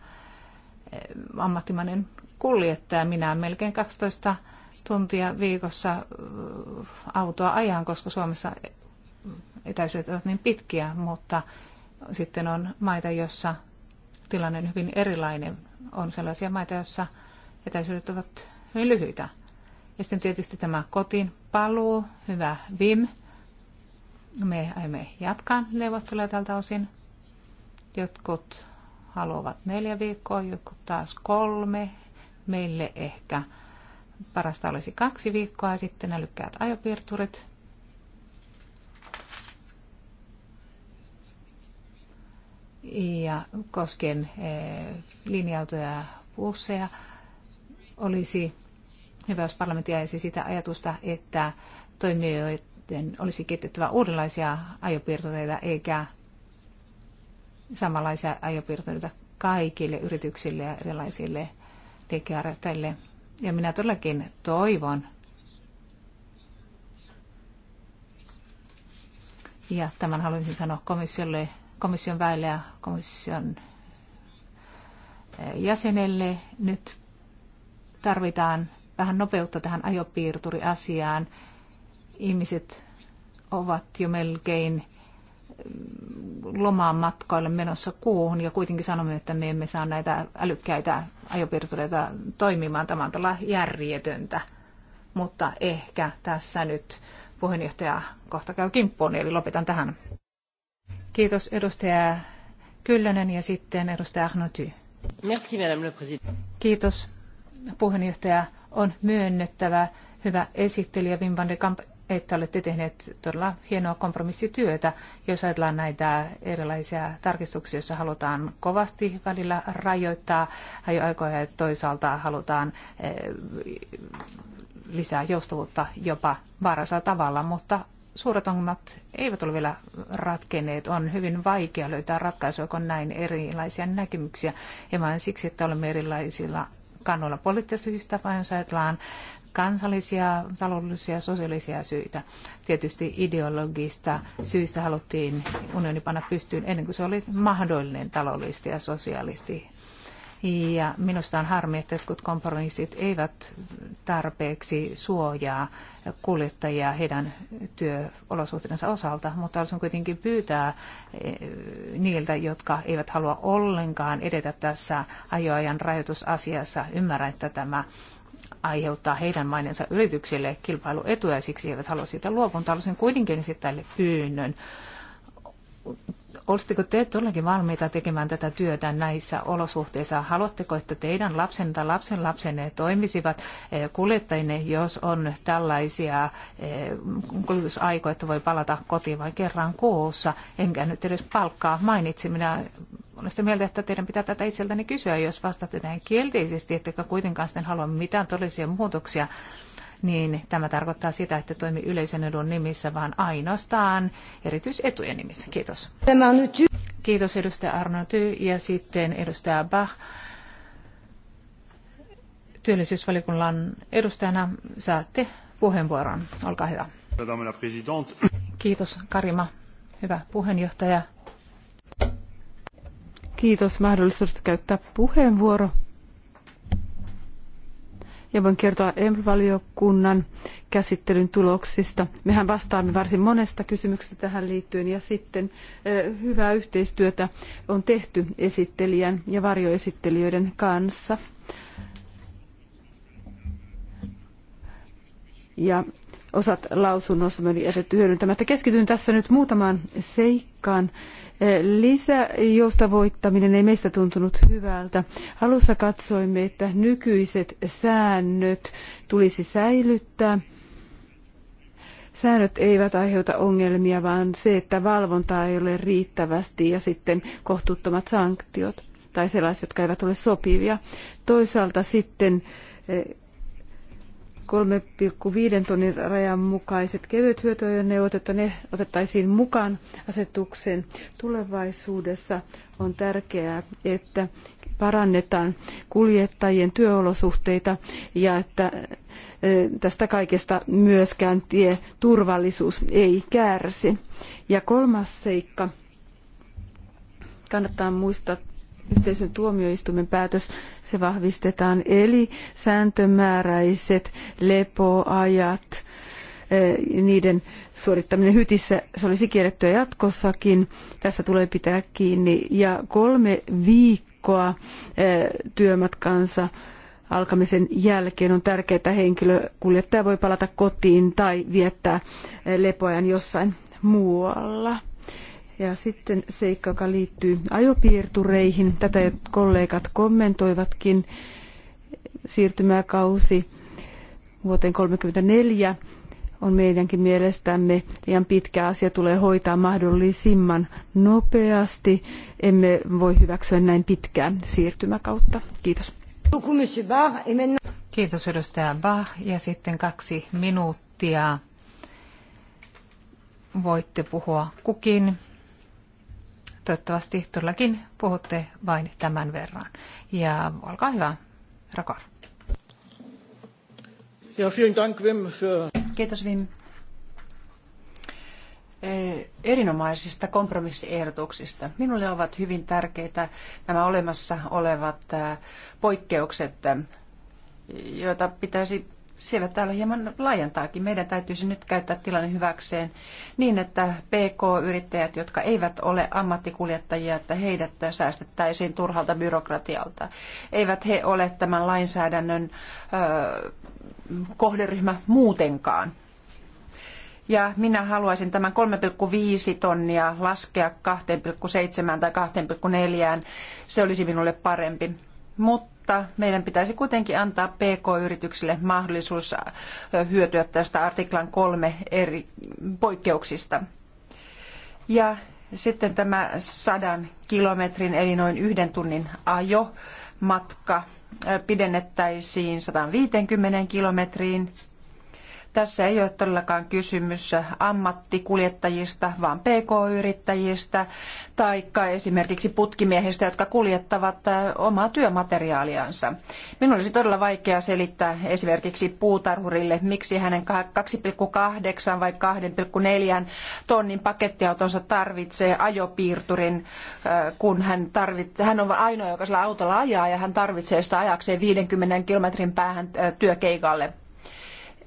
eh, ammattimainen kuljettaja. Minä melkein 12 tuntia viikossa eh, autoa ajan, koska Suomessa etäisyydet ovat niin pitkiä, mutta sitten on maita, jossa tilanne on hyvin erilainen. On sellaisia maita, joissa etäisyydet ovat hyvin lyhyitä. Ja sitten tietysti tämä kotiin paluu, hyvä VIM. Me aiemme jatkaa neuvotteluja tältä osin. Jotkut haluavat neljä viikkoa, jotkut taas kolme. Meille ehkä parasta olisi kaksi viikkoa ja sitten älykkäät ajopiirturit. Ja koskien eh, linja-autoja ja busseja olisi hyvä, jos parlamentti ajaisi sitä ajatusta, että toimijoiden olisi kehitettävä uudenlaisia ajopiirtureita eikä samanlaisia ajopiirtureita kaikille yrityksille ja erilaisille liikkeenharjoittajille. Ja minä todellakin toivon, ja tämän haluaisin sanoa komissiolle, komission väille ja komission eh, jäsenelle nyt tarvitaan vähän nopeutta tähän ajopiirturiasiaan. Ihmiset ovat jo melkein mm, lomaan matkoille menossa kuuhun ja kuitenkin sanomme, että me emme saa näitä älykkäitä ajopiirtureita toimimaan. Tämä on tällä järjetöntä, mutta ehkä tässä nyt puheenjohtaja kohta käy kimppuun, eli lopetan tähän. Kiitos edustaja Kyllönen ja sitten edustaja Ahnoty. Merci, madame le Kiitos puheenjohtaja, on myönnettävä hyvä esittelijä Wim van de Kamp, että olette tehneet todella hienoa kompromissityötä, jos ajatellaan näitä erilaisia tarkistuksia, joissa halutaan kovasti välillä rajoittaa aikoja ja toisaalta halutaan eh, lisää joustavuutta jopa vaarallisella tavalla, mutta suuret ongelmat eivät ole vielä ratkeneet. On hyvin vaikea löytää ratkaisuja, kun näin erilaisia näkemyksiä. Ja vain siksi, että olemme erilaisilla kannuilla poliittisista syistä, vaan jos ajatellaan kansallisia, taloudellisia ja sosiaalisia syitä. Tietysti ideologista syistä haluttiin unioni panna pystyyn ennen kuin se oli mahdollinen taloudellisesti ja sosiaalisesti. Ja minusta on harmi, että jotkut kompromissit eivät tarpeeksi suojaa kuljettajia heidän työolosuhteidensa osalta, mutta haluaisin kuitenkin pyytää eh, niiltä, jotka eivät halua ollenkaan edetä tässä ajoajan rajoitusasiassa. Ymmärrän, että tämä aiheuttaa heidän mainensa yrityksille kilpailuetuja, siksi eivät halua siitä luopua, mutta haluaisin kuitenkin esittää pyynnön Olisitteko te todellakin valmiita tekemään tätä työtä näissä olosuhteissa? Haluatteko, että teidän lapsen tai lapsen lapsenne toimisivat eh, kuljettajine, jos on tällaisia eh, kuljetusaikoja, että voi palata kotiin vain kerran kuussa? Enkä nyt edes palkkaa mainitsi. Minä olen sitä mieltä, että teidän pitää tätä itseltäni kysyä, jos vastaatte tähän kielteisesti, ettekä kuitenkaan sitten halua mitään todellisia muutoksia niin tämä tarkoittaa sitä, että toimi yleisen edun nimissä, vaan ainoastaan erityisetujen nimissä. Kiitos. Tämä on nyt... Kiitos edustaja Arno Ty ja sitten edustaja Bach. Työllisyysvaliokunnan edustajana saatte puheenvuoron. Olkaa hyvä. Kiitos Karima. Hyvä puheenjohtaja. Kiitos mahdollisuudesta käyttää puheenvuoro ja voin kertoa EMP-valiokunnan käsittelyn tuloksista. Mehän vastaamme varsin monesta kysymyksestä tähän liittyen ja sitten hyvää yhteistyötä on tehty esittelijän ja varjoesittelijöiden kanssa. Ja osat lausunnosta meni jätetty hyödyntämättä. Keskityn tässä nyt muutamaan seikkaan. Eh, lisäjoustavoittaminen ei meistä tuntunut hyvältä. Alussa katsoimme, että nykyiset säännöt tulisi säilyttää. Säännöt eivät aiheuta ongelmia, vaan se, että valvontaa ei ole riittävästi ja sitten kohtuuttomat sanktiot tai sellaiset, jotka eivät ole sopivia. Toisaalta sitten eh, 3,5 tonnin rajan mukaiset kevyet hyötyajoneuvot, että ne otettaisiin mukaan asetukseen tulevaisuudessa, on tärkeää, että parannetaan kuljettajien työolosuhteita ja että e, tästä kaikesta myöskään tieturvallisuus ei kärsi. Ja kolmas seikka, kannattaa muistaa yhteisön tuomioistuimen päätös, se vahvistetaan. Eli sääntömääräiset lepoajat, eh, niiden suorittaminen hytissä, se olisi kiellettyä jatkossakin. Tässä tulee pitää kiinni. Ja kolme viikkoa eh, työmatkansa alkamisen jälkeen on tärkeää, että henkilökuljettaja voi palata kotiin tai viettää eh, lepoajan jossain muualla. Ja sitten seikka, joka liittyy ajopiirtureihin. Tätä kollegat kommentoivatkin. Siirtymäkausi vuoteen 1934 on meidänkin mielestämme liian pitkä asia tulee hoitaa mahdollisimman nopeasti. Emme voi hyväksyä näin pitkää siirtymäkautta. Kiitos. Kiitos edustaja Bach ja sitten kaksi minuuttia. Voitte puhua kukin toivottavasti todellakin puhutte vain tämän verran. Ja olkaa hyvä, Rakar. Ja, Dank, Wim, für... Kiitos Wim e, erinomaisista kompromissiehdotuksista. Minulle ovat hyvin tärkeitä nämä olemassa olevat poikkeukset, joita pitäisi siellä täällä hieman laajentaakin. Meidän täytyisi nyt käyttää tilanne hyväkseen niin, että PK-yrittäjät, jotka eivät ole ammattikuljettajia, että heidät säästettäisiin turhalta byrokratialta. Eivät he ole tämän lainsäädännön ö, kohderyhmä muutenkaan. Ja minä haluaisin tämän 3,5 tonnia laskea 2,7 tai 2,4. Se olisi minulle parempi mutta meidän pitäisi kuitenkin antaa PK-yrityksille mahdollisuus hyötyä tästä artiklan kolme eri poikkeuksista. Ja sitten tämä sadan kilometrin eli noin yhden tunnin ajomatka pidennettäisiin 150 kilometriin tässä ei ole todellakaan kysymys ammattikuljettajista, vaan pk-yrittäjistä tai esimerkiksi putkimiehistä, jotka kuljettavat omaa työmateriaaliansa. Minun olisi todella vaikea selittää esimerkiksi puutarhurille, miksi hänen 2,8 vai 2,4 tonnin pakettiautonsa tarvitsee ajopiirturin, kun hän, tarvitse, hän on ainoa, joka sillä autolla ajaa ja hän tarvitsee sitä ajakseen 50 kilometrin päähän työkeikalle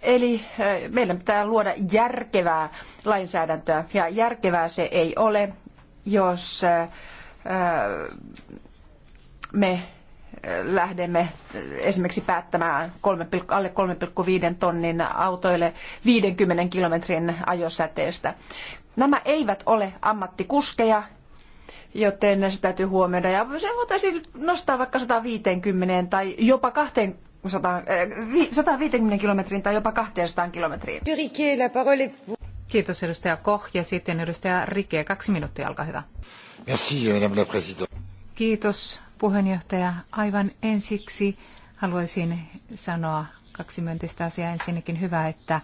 Eli meidän pitää luoda järkevää lainsäädäntöä, ja järkevää se ei ole, jos me lähdemme esimerkiksi päättämään alle 3,5 tonnin autoille 50 kilometrin ajosäteestä. Nämä eivät ole ammattikuskeja, joten se täytyy huomioida. Ja se voitaisiin nostaa vaikka 150 tai jopa 100, 150 eh, kilometriin tai jopa 200 kilometriin. Kiitos edustaja Koch ja sitten edustaja Rike. Kaksi minuuttia, alkaa hyvä. Merci, madame la présidente. Kiitos puheenjohtaja. Aivan ensiksi haluaisin sanoa kaksi myönteistä asiaa. Ensinnäkin hyvä, että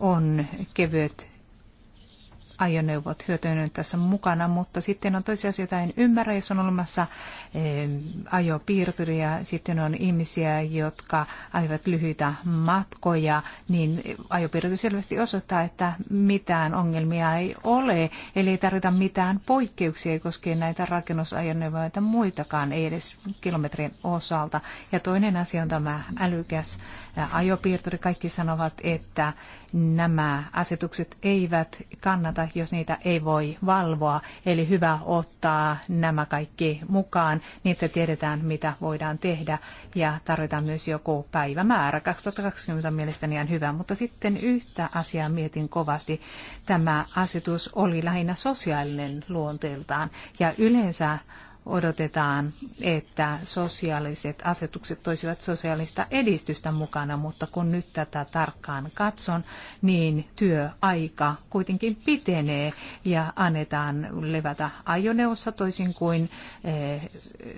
on kevyet ajoneuvot hyötynyt tässä mukana, mutta sitten on toisia asioita, en ymmärrä, jos on olemassa eh, ja sitten on ihmisiä, jotka ajavat lyhyitä matkoja, niin ajopiirturi selvästi osoittaa, että mitään ongelmia ei ole, eli ei tarvita mitään poikkeuksia, ei näitä rakennusajoneuvoja tai muitakaan, ei edes kilometrin osalta. Ja toinen asia on tämä älykäs ajopiirturi, kaikki sanovat, että nämä asetukset eivät kannata, jos niitä ei voi valvoa. Eli hyvä ottaa nämä kaikki mukaan, niin että tiedetään, mitä voidaan tehdä. Ja tarvitaan myös joku päivämäärä. 2020 on mielestäni ihan hyvä, mutta sitten yhtä asiaa mietin kovasti. Tämä asetus oli lähinnä sosiaalinen luonteeltaan. Ja yleensä odotetaan, että sosiaaliset asetukset toisivat sosiaalista edistystä mukana, mutta kun nyt tätä tarkkaan katson, niin työaika kuitenkin pitenee ja annetaan levätä ajoneuvossa toisin kuin eh,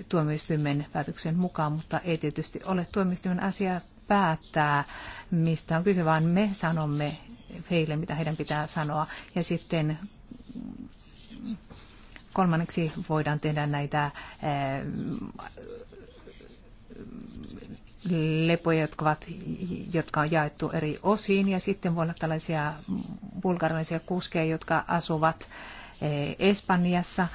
tuomioistuimen päätöksen mukaan, mutta ei tietysti ole tuomioistuimen asia päättää, mistä on kyse, vaan me sanomme heille, mitä heidän pitää sanoa. Ja sitten Kolmanneksi voidaan tehdä näitä eh, lepoja, jotka, ovat, jotka on jaettu eri osiin. Ja sitten voi olla tällaisia bulgarilaisia kuskeja, jotka asuvat eh, Espanjassa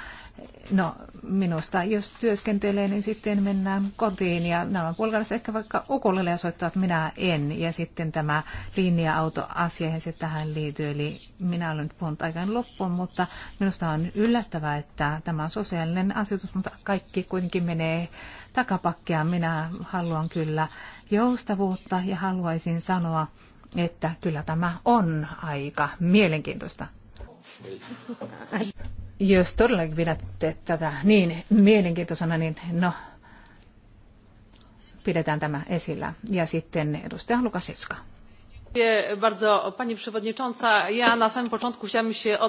No, minusta, jos työskentelee, niin sitten mennään kotiin ja nämä pulkalaiset ehkä vaikka ukulille ja soittaa, että minä en. Ja sitten tämä linja asia ja se tähän liittyy. Eli minä olen nyt puhunut aikaan loppuun, mutta minusta on yllättävää, että tämä on sosiaalinen asetus, mutta kaikki kuitenkin menee takapakkia. Minä haluan kyllä joustavuutta ja haluaisin sanoa, että kyllä tämä on aika mielenkiintoista jos todellakin pidätte tätä niin mielenkiintoisena, niin no, pidetään tämä esillä. Ja sitten edustaja Lukasiska. Pani ja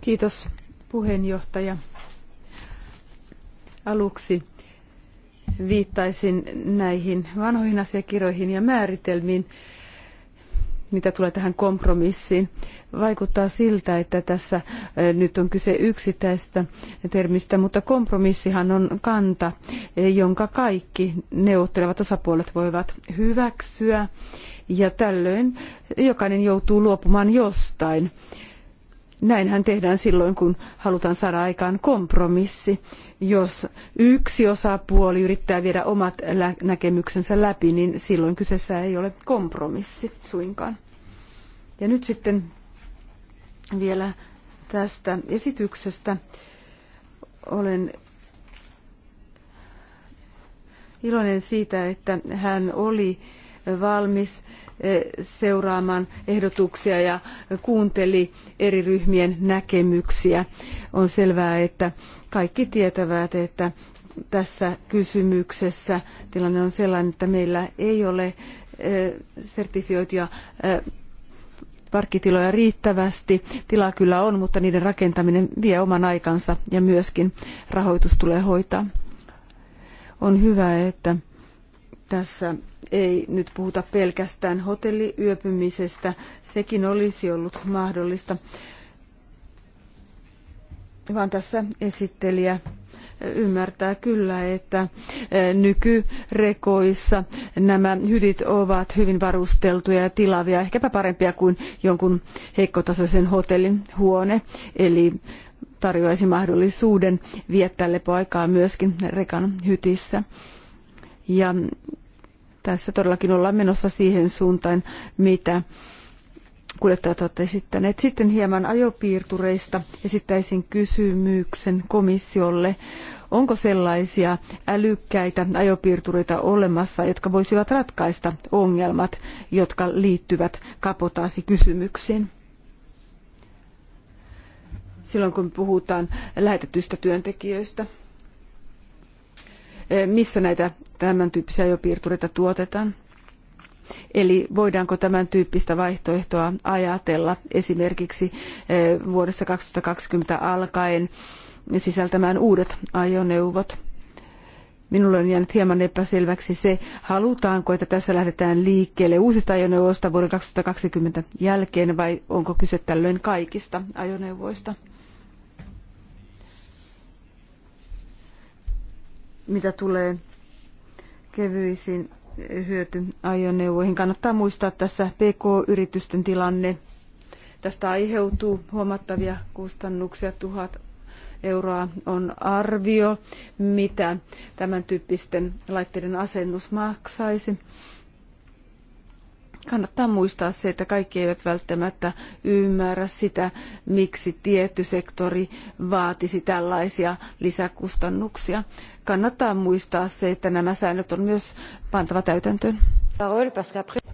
Kiitos puheenjohtaja. Aluksi viittaisin näihin vanhoihin asiakirjoihin ja määritelmiin, mitä tulee tähän kompromissiin. Vaikuttaa siltä, että tässä nyt on kyse yksittäistä termistä, mutta kompromissihan on kanta, jonka kaikki neuvottelevat osapuolet voivat hyväksyä. Ja tällöin jokainen joutuu luopumaan jostain. Näinhän tehdään silloin, kun halutaan saada aikaan kompromissi. Jos yksi osapuoli yrittää viedä omat näkemyksensä läpi, niin silloin kyseessä ei ole kompromissi suinkaan. Ja nyt sitten vielä tästä esityksestä. Olen iloinen siitä, että hän oli valmis eh, seuraamaan ehdotuksia ja kuunteli eri ryhmien näkemyksiä. On selvää, että kaikki tietävät, että tässä kysymyksessä tilanne on sellainen, että meillä ei ole eh, sertifioituja eh, parkkitiloja riittävästi. Tilaa kyllä on, mutta niiden rakentaminen vie oman aikansa ja myöskin rahoitus tulee hoitaa. On hyvä, että tässä ei nyt puhuta pelkästään hotelliyöpymisestä, sekin olisi ollut mahdollista, vaan tässä esittelijä ymmärtää kyllä, että e, nykyrekoissa nämä hytit ovat hyvin varusteltuja ja tilavia, ehkäpä parempia kuin jonkun heikkotasoisen hotellin huone. Eli tarjoaisi mahdollisuuden viettää lepoaikaa myöskin rekan hytissä. Ja tässä todellakin ollaan menossa siihen suuntaan, mitä kuljettajat ovat esittäneet. Sitten hieman ajopiirtureista esittäisin kysymyksen komissiolle. Onko sellaisia älykkäitä ajopiirtureita olemassa, jotka voisivat ratkaista ongelmat, jotka liittyvät kapotaasikysymyksiin? Silloin kun puhutaan lähetetyistä työntekijöistä missä näitä tämän tyyppisiä ajopiirtureita tuotetaan. Eli voidaanko tämän tyyppistä vaihtoehtoa ajatella esimerkiksi vuodessa 2020 alkaen sisältämään uudet ajoneuvot? Minulle on jäänyt hieman epäselväksi se, halutaanko, että tässä lähdetään liikkeelle uusista ajoneuvoista vuoden 2020 jälkeen vai onko kyse tällöin kaikista ajoneuvoista. mitä tulee kevyisiin hyötyajoneuvoihin. Kannattaa muistaa tässä PK-yritysten tilanne. Tästä aiheutuu huomattavia kustannuksia, tuhat euroa on arvio, mitä tämän tyyppisten laitteiden asennus maksaisi. Kannattaa muistaa se, että kaikki eivät välttämättä ymmärrä sitä, miksi tietty sektori vaatisi tällaisia lisäkustannuksia. Kannattaa muistaa se, että nämä säännöt on myös pantava täytäntöön.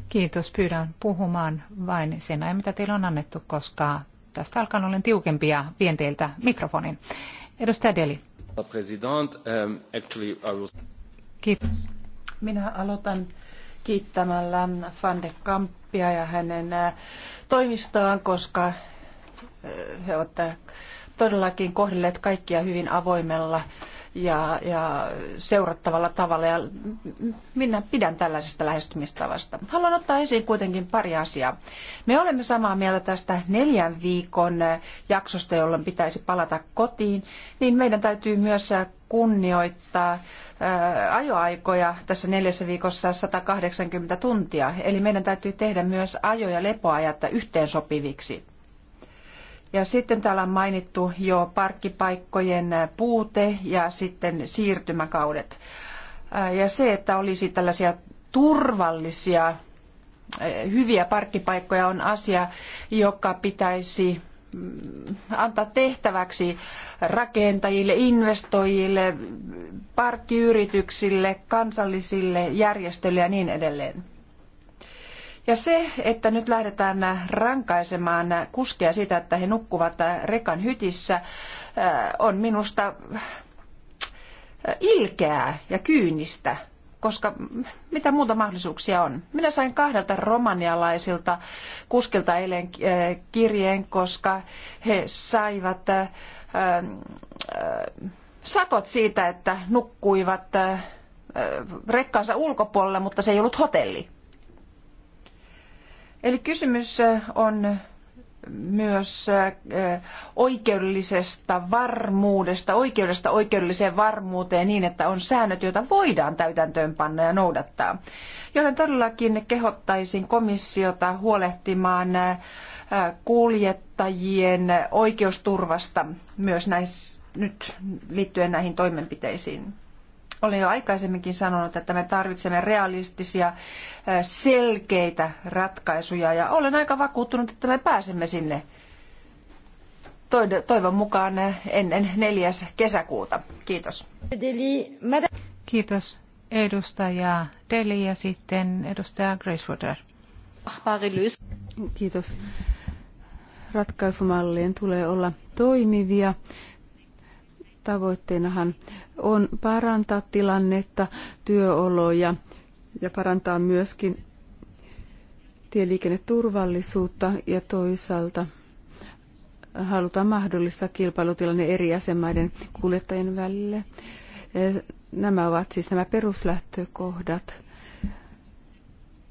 Kiitos. Pyydän puhumaan vain sen ajan, mitä teillä on annettu, koska tästä alkaen olen tiukempia vienteiltä mikrofonin. Edustaja Deli. Um, Kiitos. Minä aloitan kiittämällä Van de Kampia ja hänen äh, toimistoaan, koska äh, he ovat äh, todellakin kohdelleet kaikkia hyvin avoimella ja, ja seurattavalla tavalla. Ja minä pidän tällaisesta lähestymistavasta. Haluan ottaa esiin kuitenkin pari asiaa. Me olemme samaa mieltä tästä neljän viikon jaksosta, jolloin pitäisi palata kotiin, niin meidän täytyy myös kunnioittaa ajoaikoja tässä neljässä viikossa 180 tuntia. Eli meidän täytyy tehdä myös ajo- ja lepoajat yhteensopiviksi. Ja sitten täällä on mainittu jo parkkipaikkojen puute ja sitten siirtymäkaudet. Ja se, että olisi tällaisia turvallisia, hyviä parkkipaikkoja on asia, joka pitäisi Mm, antaa tehtäväksi rakentajille, investoijille, parkkiyrityksille, kansallisille järjestöille ja niin edelleen. Ja se, että nyt lähdetään rankaisemaan kuskeja sitä, että he nukkuvat rekan hytissä, äh, on minusta ilkeää ja kyynistä koska mitä muuta mahdollisuuksia on. Minä sain kahdelta romanialaisilta kuskilta eilen eh, kirjeen, koska he saivat eh, eh, sakot siitä, että nukkuivat rekkaansa ulkopuolella, mutta se ei ollut hotelli. Eli kysymys on myös äh, oikeudellisesta varmuudesta, oikeudesta oikeudelliseen varmuuteen niin, että on säännöt, joita voidaan täytäntöönpanna ja noudattaa. Joten todellakin kehottaisin komissiota huolehtimaan äh, kuljettajien oikeusturvasta myös näissä, nyt liittyen näihin toimenpiteisiin. Olen jo aikaisemminkin sanonut, että me tarvitsemme realistisia, selkeitä ratkaisuja ja olen aika vakuuttunut, että me pääsemme sinne toivon mukaan ennen 4. kesäkuuta. Kiitos. Kiitos edustaja Deli ja sitten edustaja Gracewater. Kiitos. Ratkaisumallien tulee olla toimivia Tavoitteenahan on parantaa tilannetta, työoloja ja parantaa myöskin tieliikenneturvallisuutta ja toisaalta halutaan mahdollistaa kilpailutilanne eri jäsenmaiden kuljettajien välille. Nämä ovat siis nämä peruslähtökohdat.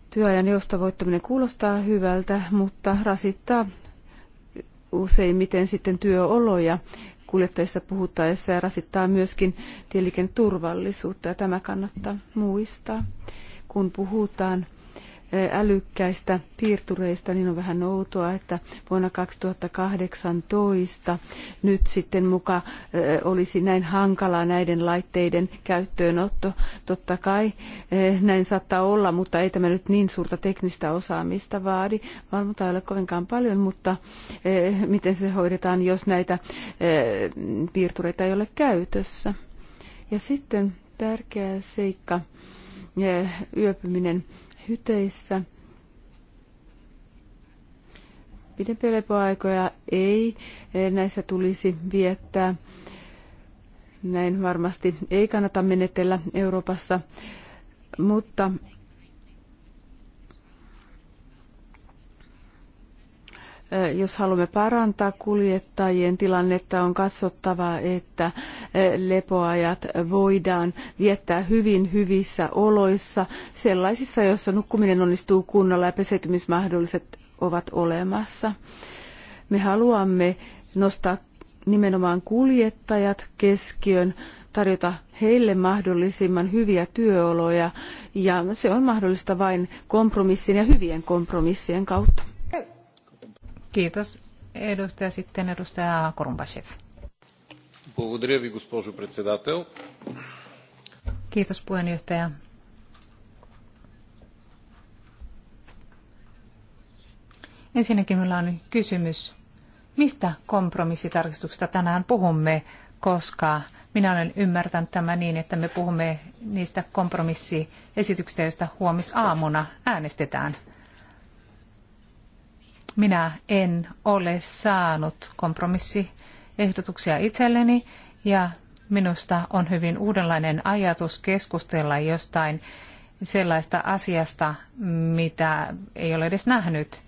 Työajan joustavoittaminen kuulostaa hyvältä, mutta rasittaa useimmiten sitten työoloja kuljettajista puhuttaessa ja rasittaa myöskin tieliikenneturvallisuutta ja tämä kannattaa muistaa. Kun puhutaan älykkäistä piirtureista, niin on vähän outoa, että vuonna 2018 nyt sitten muka olisi näin hankalaa näiden laitteiden käyttöönotto. Totta kai näin saattaa olla, mutta ei tämä nyt niin suurta teknistä osaamista vaadi. Valvontaa ei ole kovinkaan paljon, mutta miten se hoidetaan, jos näitä piirtureita ei ole käytössä. Ja sitten tärkeä seikka, yöpyminen hyteissä. Pidempiä lepoaikoja ei näissä tulisi viettää. Näin varmasti ei kannata menetellä Euroopassa, mutta jos haluamme parantaa kuljettajien tilannetta, on katsottava, että lepoajat voidaan viettää hyvin hyvissä oloissa, sellaisissa, joissa nukkuminen onnistuu kunnolla ja pesetymismahdolliset ovat olemassa. Me haluamme nostaa nimenomaan kuljettajat keskiön, tarjota heille mahdollisimman hyviä työoloja ja se on mahdollista vain kompromissin ja hyvien kompromissien kautta. Kiitos. Edustaja sitten edustaja Korumbashev. Kiitos puheenjohtaja. Ensinnäkin minulla on kysymys, mistä kompromissitarkistuksesta tänään puhumme, koska minä olen ymmärtänyt tämän niin, että me puhumme niistä kompromissiesityksistä, joista huomisaamuna äänestetään. Minä en ole saanut kompromissiehdotuksia itselleni ja minusta on hyvin uudenlainen ajatus keskustella jostain sellaista asiasta, mitä ei ole edes nähnyt.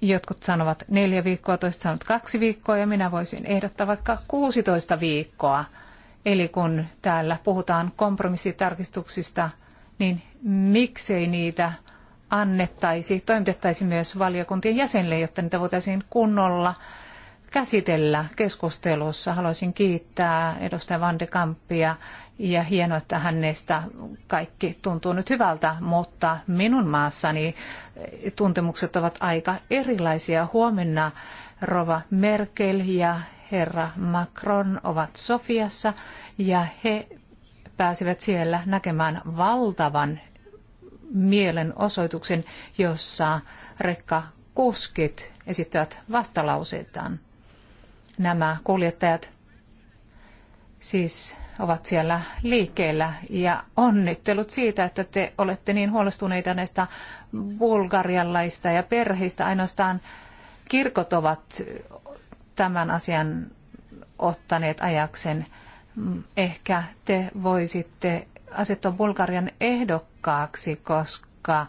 Jotkut sanovat neljä viikkoa, toiset sanovat kaksi viikkoa ja minä voisin ehdottaa vaikka 16 viikkoa. Eli kun täällä puhutaan kompromissitarkistuksista, niin miksei niitä annettaisi, toimitettaisi myös valiokuntien jäsenille, jotta niitä voitaisiin kunnolla käsitellä keskustelussa. Haluaisin kiittää edustaja Van de Kampia ja hienoa, että hänestä kaikki tuntuu nyt hyvältä, mutta minun maassani tuntemukset ovat aika erilaisia. Huomenna Rova Merkel ja herra Macron ovat Sofiassa ja he pääsivät siellä näkemään valtavan mielenosoituksen, jossa kuskit esittävät vastalauseitaan. Nämä kuljettajat siis ovat siellä liikkeellä ja onnittelut siitä, että te olette niin huolestuneita näistä bulgarialaista ja perheistä. Ainoastaan kirkot ovat tämän asian ottaneet ajaksen. Ehkä te voisitte asettua Bulgarian ehdokkaan tehokkaaksi, koska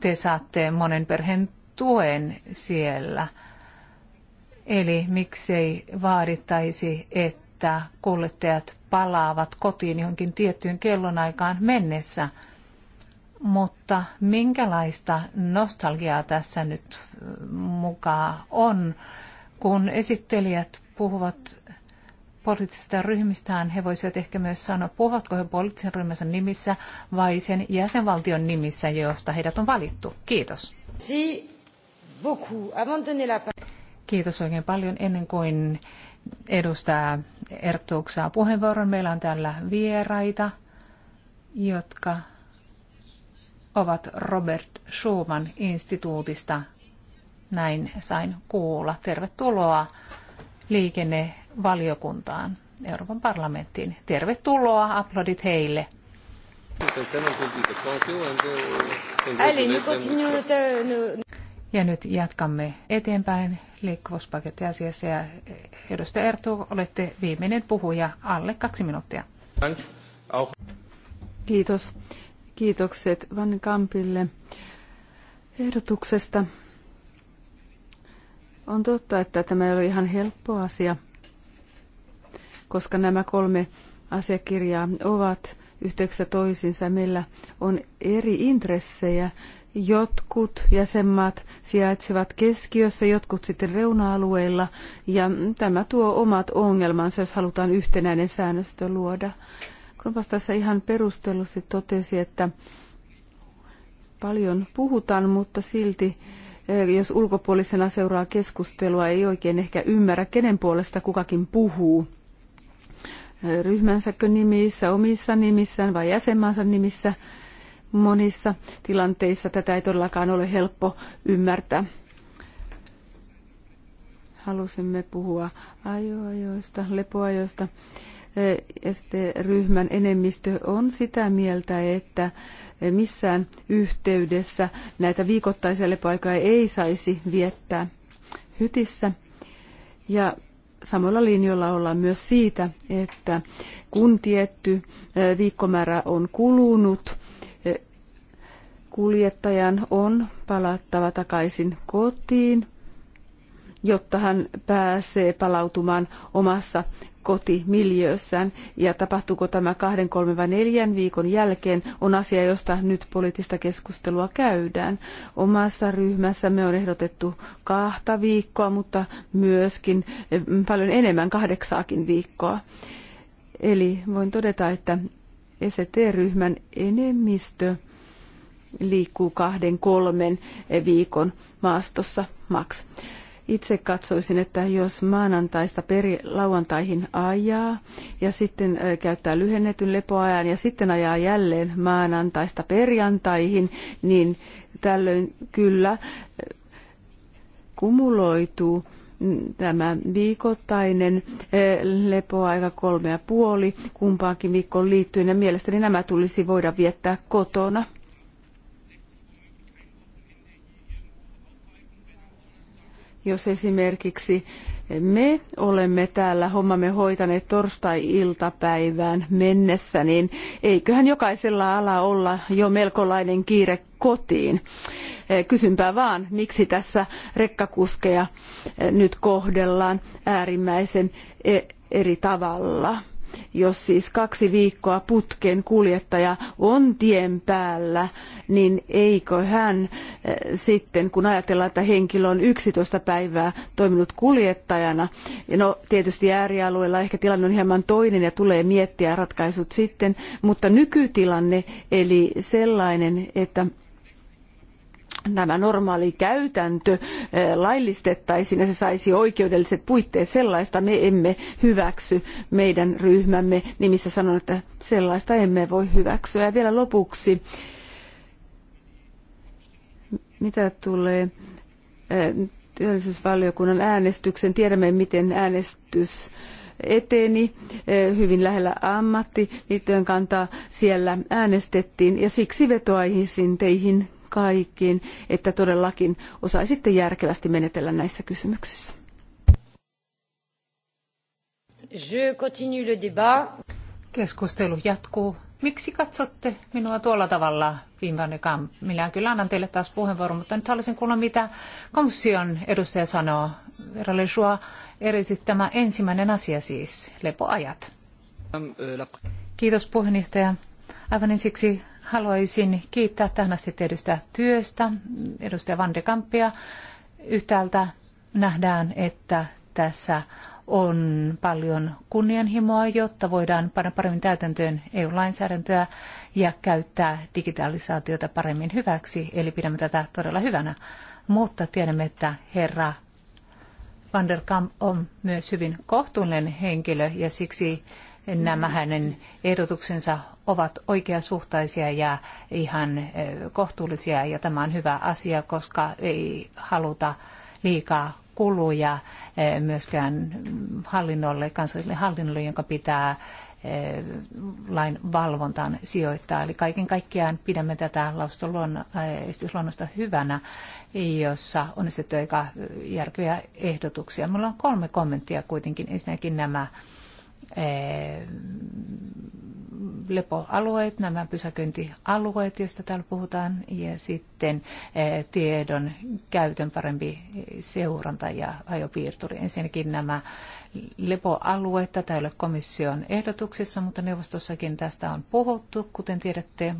te saatte monen perheen tuen siellä. Eli miksei vaadittaisi, että kuljettajat palaavat kotiin johonkin tiettyyn kellonaikaan mennessä. Mutta minkälaista nostalgiaa tässä nyt mukaan on, kun esittelijät puhuvat poliittisista ryhmistään he voisivat ehkä myös sanoa, puhuvatko he poliittisen ryhmänsä nimissä vai sen jäsenvaltion nimissä, josta heidät on valittu. Kiitos. Kiitos oikein paljon. Ennen kuin edustaa Erttuuk saa puheenvuoron, meillä on täällä vieraita, jotka ovat Robert Schumann instituutista. Näin sain kuulla. Tervetuloa liikenne- valiokuntaan, Euroopan parlamenttiin. Tervetuloa, aplodit heille. Ja nyt jatkamme eteenpäin liikkuvuuspakettiasiassa ja edustaja Ertu, olette viimeinen puhuja alle kaksi minuuttia. Kiitos. Kiitokset Van Kampille ehdotuksesta. On totta, että tämä ei ole ihan helppo asia koska nämä kolme asiakirjaa ovat yhteyksissä toisiinsa. Meillä on eri intressejä. Jotkut jäsenmaat sijaitsevat keskiössä, jotkut sitten reuna-alueilla, ja tämä tuo omat ongelmansa, jos halutaan yhtenäinen säännöstö luoda. Kropas tässä ihan perustellusti totesi, että paljon puhutaan, mutta silti eh, jos ulkopuolisena seuraa keskustelua, ei oikein ehkä ymmärrä, kenen puolesta kukakin puhuu ryhmänsäkö nimissä, omissa nimissään vai jäsenmaansa nimissä. Monissa tilanteissa tätä ei todellakaan ole helppo ymmärtää. Halusimme puhua ajoajoista, lepoajoista. E, ST-ryhmän enemmistö on sitä mieltä, että missään yhteydessä näitä viikoittaisia lepoaikoja ei saisi viettää hytissä. Ja samoilla linjoilla ollaan myös siitä, että kun tietty viikkomäärä on kulunut, kuljettajan on palattava takaisin kotiin, jotta hän pääsee palautumaan omassa kotimiljöössään ja tapahtuuko tämä kahden, kolmen vai neljän viikon jälkeen on asia, josta nyt poliittista keskustelua käydään. Omassa ryhmässämme on ehdotettu kahta viikkoa, mutta myöskin eh, paljon enemmän kahdeksaakin viikkoa. Eli voin todeta, että ST-ryhmän e enemmistö liikkuu kahden, kolmen viikon maastossa maks. Itse katsoisin, että jos maanantaista peri lauantaihin ajaa ja sitten käyttää lyhennetyn lepoajan ja sitten ajaa jälleen maanantaista perjantaihin, niin tällöin kyllä kumuloituu mm, tämä viikoittainen lepoaika kolme ja puoli kumpaankin viikkoon liittyen ja mielestäni nämä tulisi voida viettää kotona. Jos esimerkiksi me olemme täällä hommamme hoitaneet torstai-iltapäivään mennessä, niin eiköhän jokaisella ala olla jo melkolainen kiire kotiin. Eh, kysynpä vaan, miksi tässä rekkakuskeja eh, nyt kohdellaan äärimmäisen eh, eri tavalla. Jos siis kaksi viikkoa putken kuljettaja on tien päällä, niin eikö hän eh, sitten, kun ajatellaan, että henkilö on 11 päivää toiminut kuljettajana, no tietysti äärialueella ehkä tilanne on hieman toinen ja tulee miettiä ratkaisut sitten, mutta nykytilanne eli sellainen, että tämä normaali käytäntö eh, laillistettaisiin ja se saisi oikeudelliset puitteet, sellaista me emme hyväksy meidän ryhmämme nimissä sanon, että sellaista emme voi hyväksyä. Ja vielä lopuksi, mitä tulee eh, työllisyysvaliokunnan äänestyksen, tiedämme miten äänestys eteni eh, hyvin lähellä ammattiliittojen kantaa siellä äänestettiin ja siksi vetoaisin teihin kaikkiin, että todellakin osaisitte järkevästi menetellä näissä kysymyksissä. Je continue le débat. Keskustelu jatkuu. Miksi katsotte minua tuolla tavalla, Wim Minä kyllä annan teille taas puheenvuoron, mutta nyt haluaisin kuulla, mitä komission edustaja sanoo. Rallisua erityisesti tämä ensimmäinen asia siis, lepoajat. Ähm, äh, Kiitos puheenjohtaja. Aivan ensiksi Haluaisin kiittää tähän asti tehdystä työstä edustaja Van de Kampia. Yhtäältä nähdään, että tässä on paljon kunnianhimoa, jotta voidaan panna paremmin täytäntöön EU-lainsäädäntöä ja käyttää digitalisaatiota paremmin hyväksi, eli pidämme tätä todella hyvänä. Mutta tiedämme, että herra Van der Kamp on myös hyvin kohtuullinen henkilö ja siksi nämä hänen ehdotuksensa ovat oikeasuhtaisia ja ihan eh, kohtuullisia ja tämä on hyvä asia, koska ei haluta liikaa kuluja eh, myöskään hallinnolle, kansalliselle hallinnolle, jonka pitää eh, lain valvontaan sijoittaa. Eli kaiken kaikkiaan pidämme tätä lausuntoluonnosta hyvänä, jossa on esitetty aika järkeviä ehdotuksia. Mulla on kolme kommenttia kuitenkin. Ensinnäkin nämä Eh, lepoalueet, nämä pysäköintialueet, joista täällä puhutaan, ja sitten eh, tiedon käytön parempi seuranta ja ajopiirturi. Ensinnäkin nämä lepoalueet, tätä ei ole komission ehdotuksessa, mutta neuvostossakin tästä on puhuttu. Kuten tiedätte,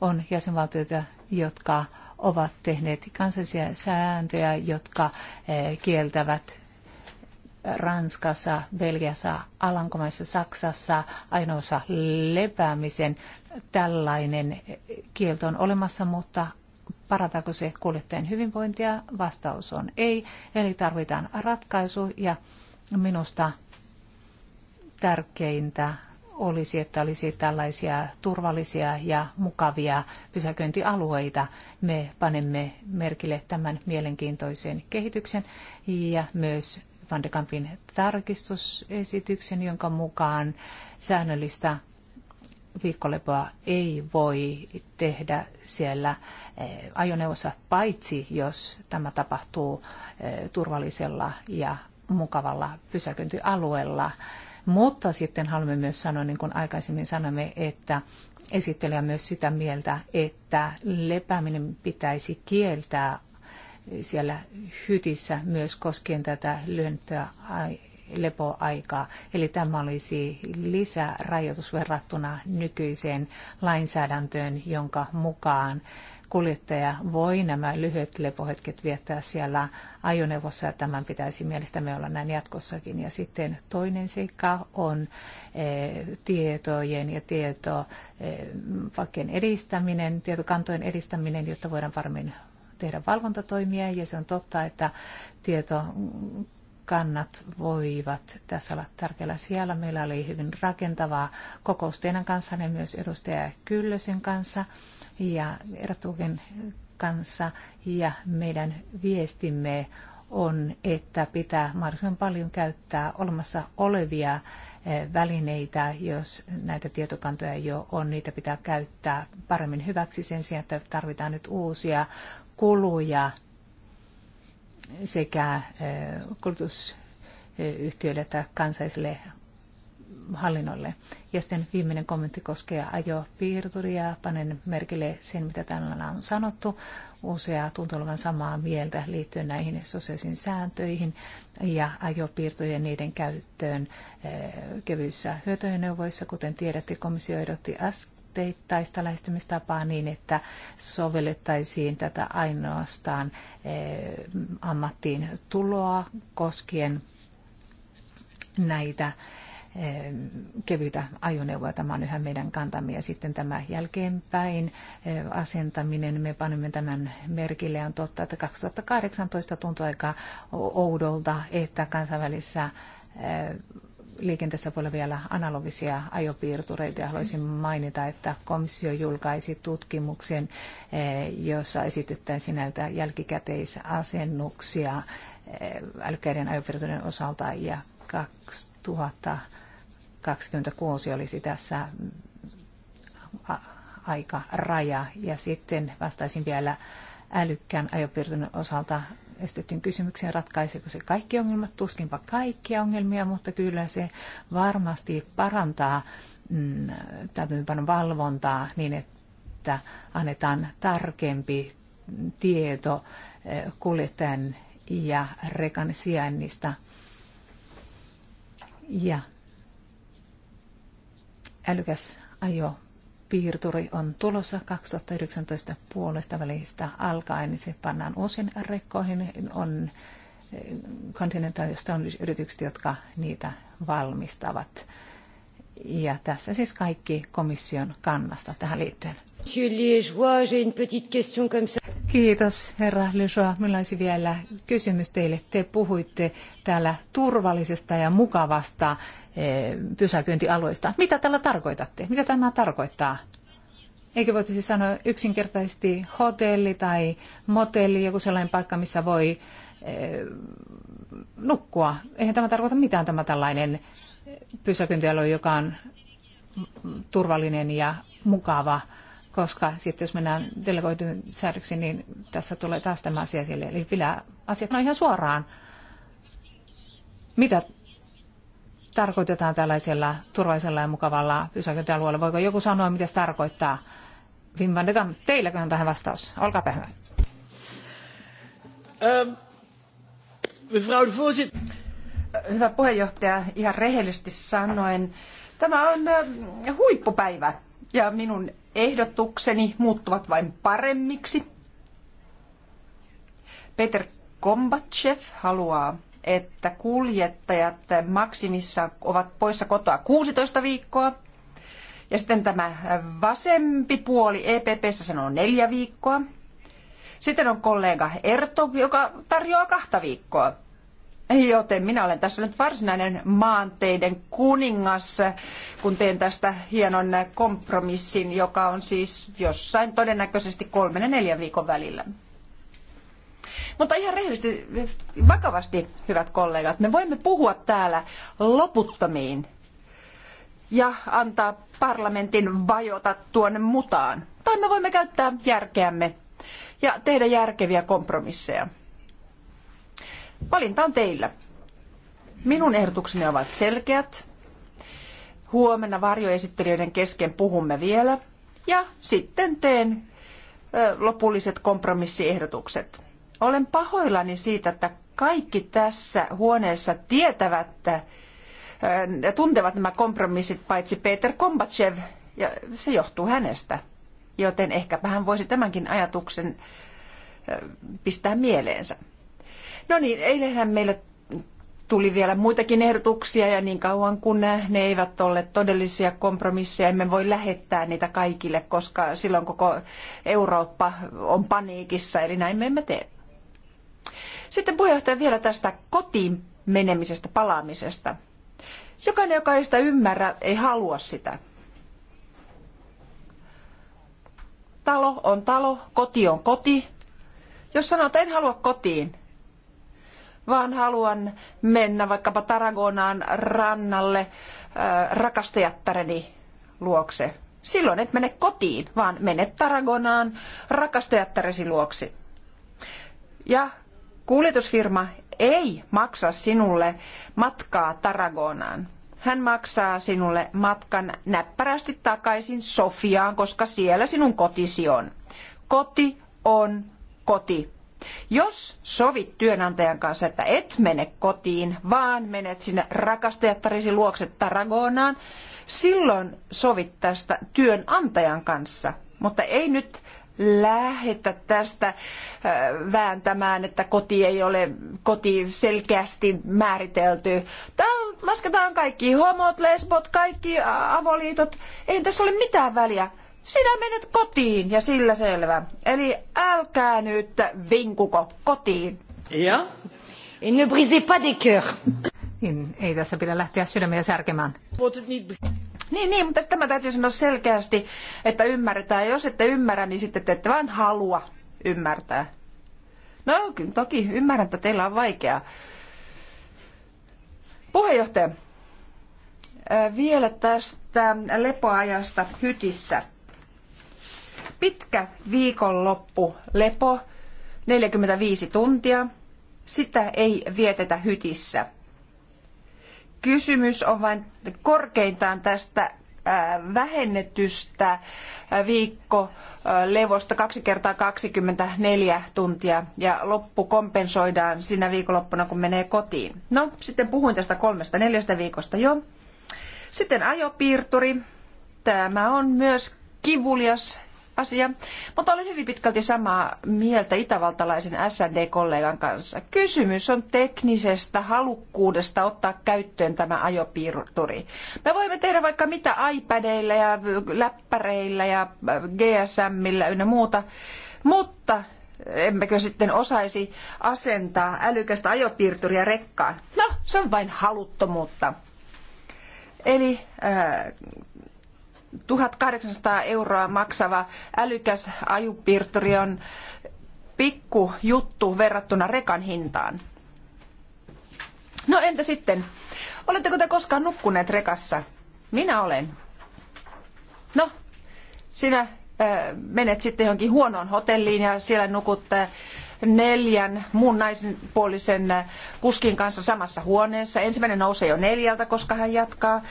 on jäsenvaltioita, jotka ovat tehneet kansallisia sääntöjä, jotka eh, kieltävät Ranskassa, Belgiassa, Alankomaissa, Saksassa ainoassa lepäämisen tällainen kielto on olemassa, mutta parantaako se kuljettajan hyvinvointia? Vastaus on ei. Eli tarvitaan ratkaisu ja minusta tärkeintä olisi, että olisi tällaisia turvallisia ja mukavia pysäköintialueita. Me panemme merkille tämän mielenkiintoisen kehityksen ja myös Van de Kampin tarkistusesityksen, jonka mukaan säännöllistä viikkolepoa ei voi tehdä siellä eh, ajoneuvossa, paitsi jos tämä tapahtuu eh, turvallisella ja mukavalla pysäköintialueella. Mutta sitten haluamme myös sanoa, niin kuin aikaisemmin sanoimme, että esittelijä myös sitä mieltä, että lepääminen pitäisi kieltää siellä hytissä myös koskien tätä lyöntöä lepoaikaa. Eli tämä olisi lisärajoitus verrattuna nykyiseen lainsäädäntöön, jonka mukaan kuljettaja voi nämä lyhyet lepohetket viettää siellä ajoneuvossa ja tämän pitäisi mielestämme olla näin jatkossakin. Ja sitten toinen seikka on eh, tietojen ja tietopakkeen eh, edistäminen, tietokantojen edistäminen, jotta voidaan paremmin tehdä valvontatoimia ja se on totta, että tietokannat voivat tässä olla tärkeällä siellä. Meillä oli hyvin rakentavaa kokous teidän kanssa ja myös edustaja Kyllösen kanssa ja Ertuken kanssa ja meidän viestimme on, että pitää mahdollisimman paljon käyttää olemassa olevia eh, välineitä, jos näitä tietokantoja jo on, niitä pitää käyttää paremmin hyväksi sen sijaan, että tarvitaan nyt uusia kuluja sekä kulutusyhtiöille että kansalliselle hallinnolle. Ja sitten viimeinen kommentti koskee ajopiirturia. Panen merkille sen, mitä täällä on sanottu. Usea tuntuu olevan samaa mieltä liittyen näihin sosiaalisiin sääntöihin ja ajopiirtojen niiden käyttöön kevyissä hyötyneuvoissa. Kuten tiedätte, komissio ehdotti äsken suhteittaista lähestymistapaa niin, että sovellettaisiin tätä ainoastaan eh, ammattiin tuloa koskien näitä eh, kevyitä ajoneuvoja. Tämä on yhä meidän kantamme. Ja sitten tämä jälkeenpäin eh, asentaminen, me panemme tämän merkille. On totta, että 2018 tuntui aika oudolta, että kansainvälisessä liikenteessä voi olla vielä analogisia ajopiirtureita ja haluaisin mainita, että komissio julkaisi tutkimuksen, eh, jossa esitettäisiin näitä jälkikäteisasennuksia eh, älykkäiden ajopiirtureiden osalta ja 2026 olisi tässä mm, aika raja ja sitten vastaisin vielä älykkään ajopiirtureiden osalta esitettyyn kysymykseen, ratkaiseeko se kaikki ongelmat, tuskinpa kaikkia ongelmia, mutta kyllä se varmasti parantaa mm, valvontaa niin, että annetaan tarkempi tieto eh, kuljettajan ja rekan sijainnista. Ja älykäs ajo piirturi on tulossa 2019 puolesta välistä alkaen, niin se pannaan uusiin rekkoihin. On eh, Continental Stone-yritykset, jotka niitä valmistavat. Ja tässä siis kaikki komission kannasta tähän liittyen. Monsieur j'ai une petite question comme ça. Kiitos, herra Lysoa. Millaisi vielä kysymys teille? Te puhuitte täällä turvallisesta ja mukavasta eh, pysäköintialueesta. Mitä tällä tarkoitatte? Mitä tämä tarkoittaa? Eikö voisi sanoa yksinkertaisesti hotelli tai motelli, joku sellainen paikka, missä voi eh, nukkua? Eihän tämä tarkoita mitään tämä tällainen eh, pysäköintialue, joka on turvallinen ja mukava koska sitten jos mennään delegoidun säädöksiin, niin tässä tulee taas tämä asia sille. Eli pitää asiat no ihan suoraan. Mitä tarkoitetaan tällaisella turvallisella ja mukavalla pysäköintialueella? Voiko joku sanoa, mitä se tarkoittaa? Wim van de teilläkö on tähän vastaus? Olkaa hyvä. Ähm, hyvä puheenjohtaja, ihan rehellisesti sanoen, tämä on äh, huippupäivä ja minun ehdotukseni muuttuvat vain paremmiksi. Peter Kombatchev haluaa, että kuljettajat maksimissa ovat poissa kotoa 16 viikkoa. Ja sitten tämä vasempi puoli EPPssä sanoo neljä viikkoa. Sitten on kollega Ertog, joka tarjoaa kahta viikkoa. Joten minä olen tässä nyt varsinainen maanteiden kuningas, kun teen tästä hienon kompromissin, joka on siis jossain todennäköisesti kolmen ja neljän viikon välillä. Mutta ihan rehellisesti, vakavasti, hyvät kollegat, me voimme puhua täällä loputtomiin ja antaa parlamentin vajota tuonne mutaan. Tai me voimme käyttää järkeämme ja tehdä järkeviä kompromisseja. Valinta on teillä. Minun ehdotukseni ovat selkeät. Huomenna varjoesittelijöiden kesken puhumme vielä. Ja sitten teen lopulliset kompromissiehdotukset. Olen pahoillani siitä, että kaikki tässä huoneessa tietävät, ja tuntevat nämä kompromissit paitsi Peter Kombachev, ja se johtuu hänestä. Joten ehkäpä hän voisi tämänkin ajatuksen pistää mieleensä. No niin, eilenhän meillä tuli vielä muitakin ehdotuksia ja niin kauan kun ne eivät ole todellisia kompromisseja, emme voi lähettää niitä kaikille, koska silloin koko Eurooppa on paniikissa, eli näin me emme tee. Sitten puheenjohtaja vielä tästä kotiin menemisestä, palaamisesta. Jokainen, joka ei sitä ymmärrä, ei halua sitä. Talo on talo, koti on koti. Jos sanoo, että en halua kotiin, vaan haluan mennä vaikkapa Taragonaan rannalle rakastajattareni luokse. Silloin et mene kotiin, vaan menet Taragonaan rakastajattaresi luoksi. Ja kuljetusfirma ei maksa sinulle matkaa Taragonaan. Hän maksaa sinulle matkan näppärästi takaisin Sofiaan, koska siellä sinun kotisi on. Koti on koti. Jos sovit työnantajan kanssa, että et mene kotiin, vaan menet sinne rakastajattarisi luokse Taragonaan, silloin sovit tästä työnantajan kanssa. Mutta ei nyt lähetä tästä äh, vääntämään, että koti ei ole koti selkeästi määritelty. Tämä lasketaan kaikki homot, lesbot, kaikki avoliitot. Ei tässä ole mitään väliä sinä menet kotiin ja sillä selvä. Eli älkää nyt vinkuko kotiin. Ja? Et ne brisez pas des cœurs. Niin, ei tässä pidä lähteä sydämiä särkemään. Niin, niin, mutta tämä täytyy sanoa selkeästi, että ymmärretään. Jos ette ymmärrä, niin sitten te ette vain halua ymmärtää. No kyllä, toki ymmärrän, että teillä on vaikeaa. Puheenjohtaja, vielä tästä lepoajasta hytissä pitkä viikonloppu lepo, 45 tuntia, sitä ei vietetä hytissä. Kysymys on vain korkeintaan tästä vähennetystä viikkolevosta kaksi kertaa 24 tuntia ja loppu kompensoidaan sinä viikonloppuna, kun menee kotiin. No, sitten puhuin tästä kolmesta neljästä viikosta jo. Sitten ajopiirturi. Tämä on myös kivulias asia, mutta olen hyvin pitkälti samaa mieltä itävaltalaisen SND-kollegan kanssa. Kysymys on teknisestä halukkuudesta ottaa käyttöön tämä ajopiirturi. Me voimme tehdä vaikka mitä iPadeilla ja läppäreillä ja GSMillä ynnä muuta, mutta emmekö sitten osaisi asentaa älykästä ajopiirturia rekkaan? No, se on vain haluttomuutta. Eli äh, 1800 euroa maksava älykäs ajupiirturi on pikkujuttu verrattuna rekan hintaan. No entä sitten? Oletteko te koskaan nukkuneet rekassa? Minä olen. No, sinä äh, menet sitten johonkin huonoon hotelliin ja siellä nukut äh, neljän muun naispuolisen kuskin kanssa samassa huoneessa. Ensimmäinen nousee jo neljältä, koska hän jatkaa.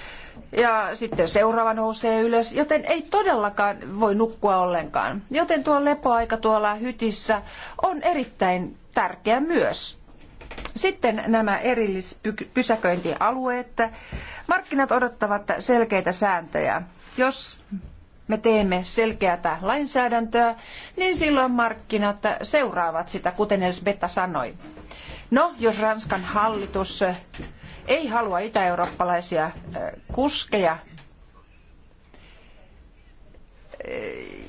Ja sitten seuraava nousee ylös, joten ei todellakaan voi nukkua ollenkaan. Joten tuo lepoaika tuolla hytissä on erittäin tärkeä myös. Sitten nämä erillispysäköintialueet. Markkinat odottavat selkeitä sääntöjä. Jos me teemme selkeätä lainsäädäntöä, niin silloin markkinat seuraavat sitä, kuten Elsbetta sanoi. No, jos Ranskan hallitus ei halua itä-eurooppalaisia äh, kuskeja, äh,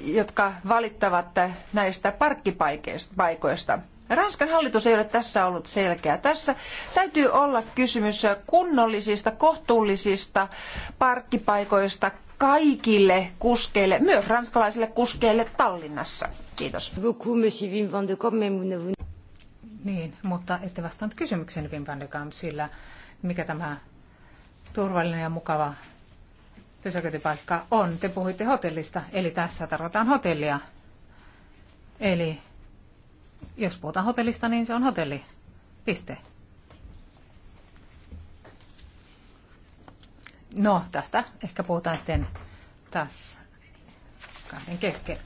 jotka valittavat näistä parkkipaikoista. Ranskan hallitus ei ole tässä ollut selkeä. Tässä täytyy olla kysymys kunnollisista, kohtuullisista parkkipaikoista kaikille kuskeille, myös ranskalaisille kuskeille Tallinnassa. Kiitos. Niin, mutta ette vastannut kysymykseen Wim van de Kamp, sillä mikä tämä turvallinen ja mukava pysäköintipaikka on. Te puhuitte hotellista, eli tässä tarvitaan hotellia. Eli jos puhutaan hotellista, niin se on hotelli. Piste. No, tästä ehkä puhutaan sitten taas kahden kesken,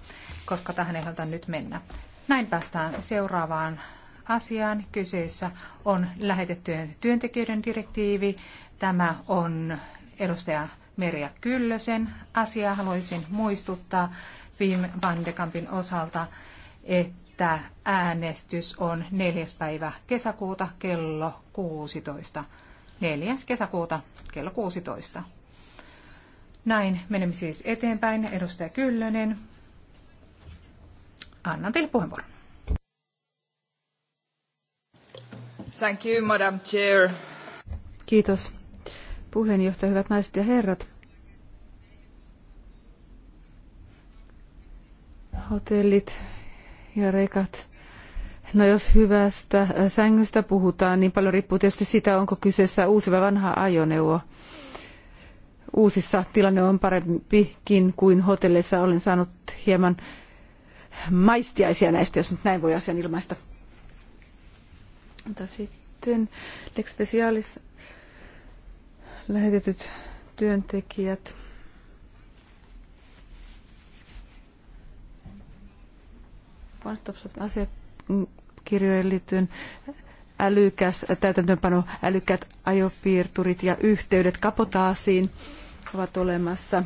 koska tähän ei haluta nyt mennä. Näin päästään seuraavaan asiaan. Kyseessä on lähetettyjen työntekijöiden direktiivi. Tämä on edustaja Merja Kyllösen asia. Haluaisin muistuttaa Wim van de Kampin osalta, että äänestys on 4. päivä kesäkuuta kello 16. 4. kesäkuuta kello 16. Näin menemme siis eteenpäin. Edustaja Kyllönen, annan teille puheenvuoron. Thank you, Madam Chair. Kiitos. Puheenjohtaja, hyvät naiset ja herrat. Hotellit ja rekat No jos hyvästä äh, sängystä puhutaan, niin paljon riippuu tietysti siitä, onko kyseessä uusi vai vanha ajoneuvo. Uusissa tilanne on parempikin kuin hotelleissa. Olen saanut hieman maistiaisia näistä, jos nyt näin voi asian ilmaista. Mutta sitten Lex Specialis lähetetyt työntekijät. Vastaukset asiakkaat kirjojen liittyen älykäs täytäntöönpano, älykkäät ajopiirturit ja yhteydet kapotaasiin ovat olemassa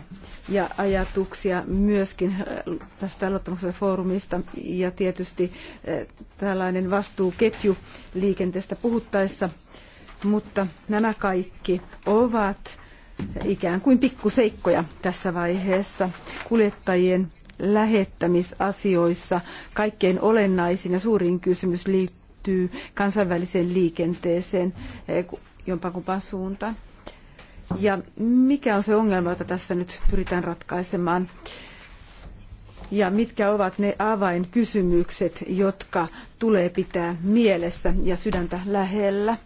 ja ajatuksia myöskin äh, tästä aloittamuksen foorumista ja tietysti äh, tällainen vastuuketju liikenteestä puhuttaessa, mutta nämä kaikki ovat ikään kuin pikkuseikkoja tässä vaiheessa kuljettajien lähettämisasioissa kaikkein olennaisin ja suurin kysymys liittyy kansainväliseen liikenteeseen eh, jompakumpaan suuntaan. Ja mikä on se ongelma, jota tässä nyt pyritään ratkaisemaan? Ja mitkä ovat ne avainkysymykset, jotka tulee pitää mielessä ja sydäntä lähellä?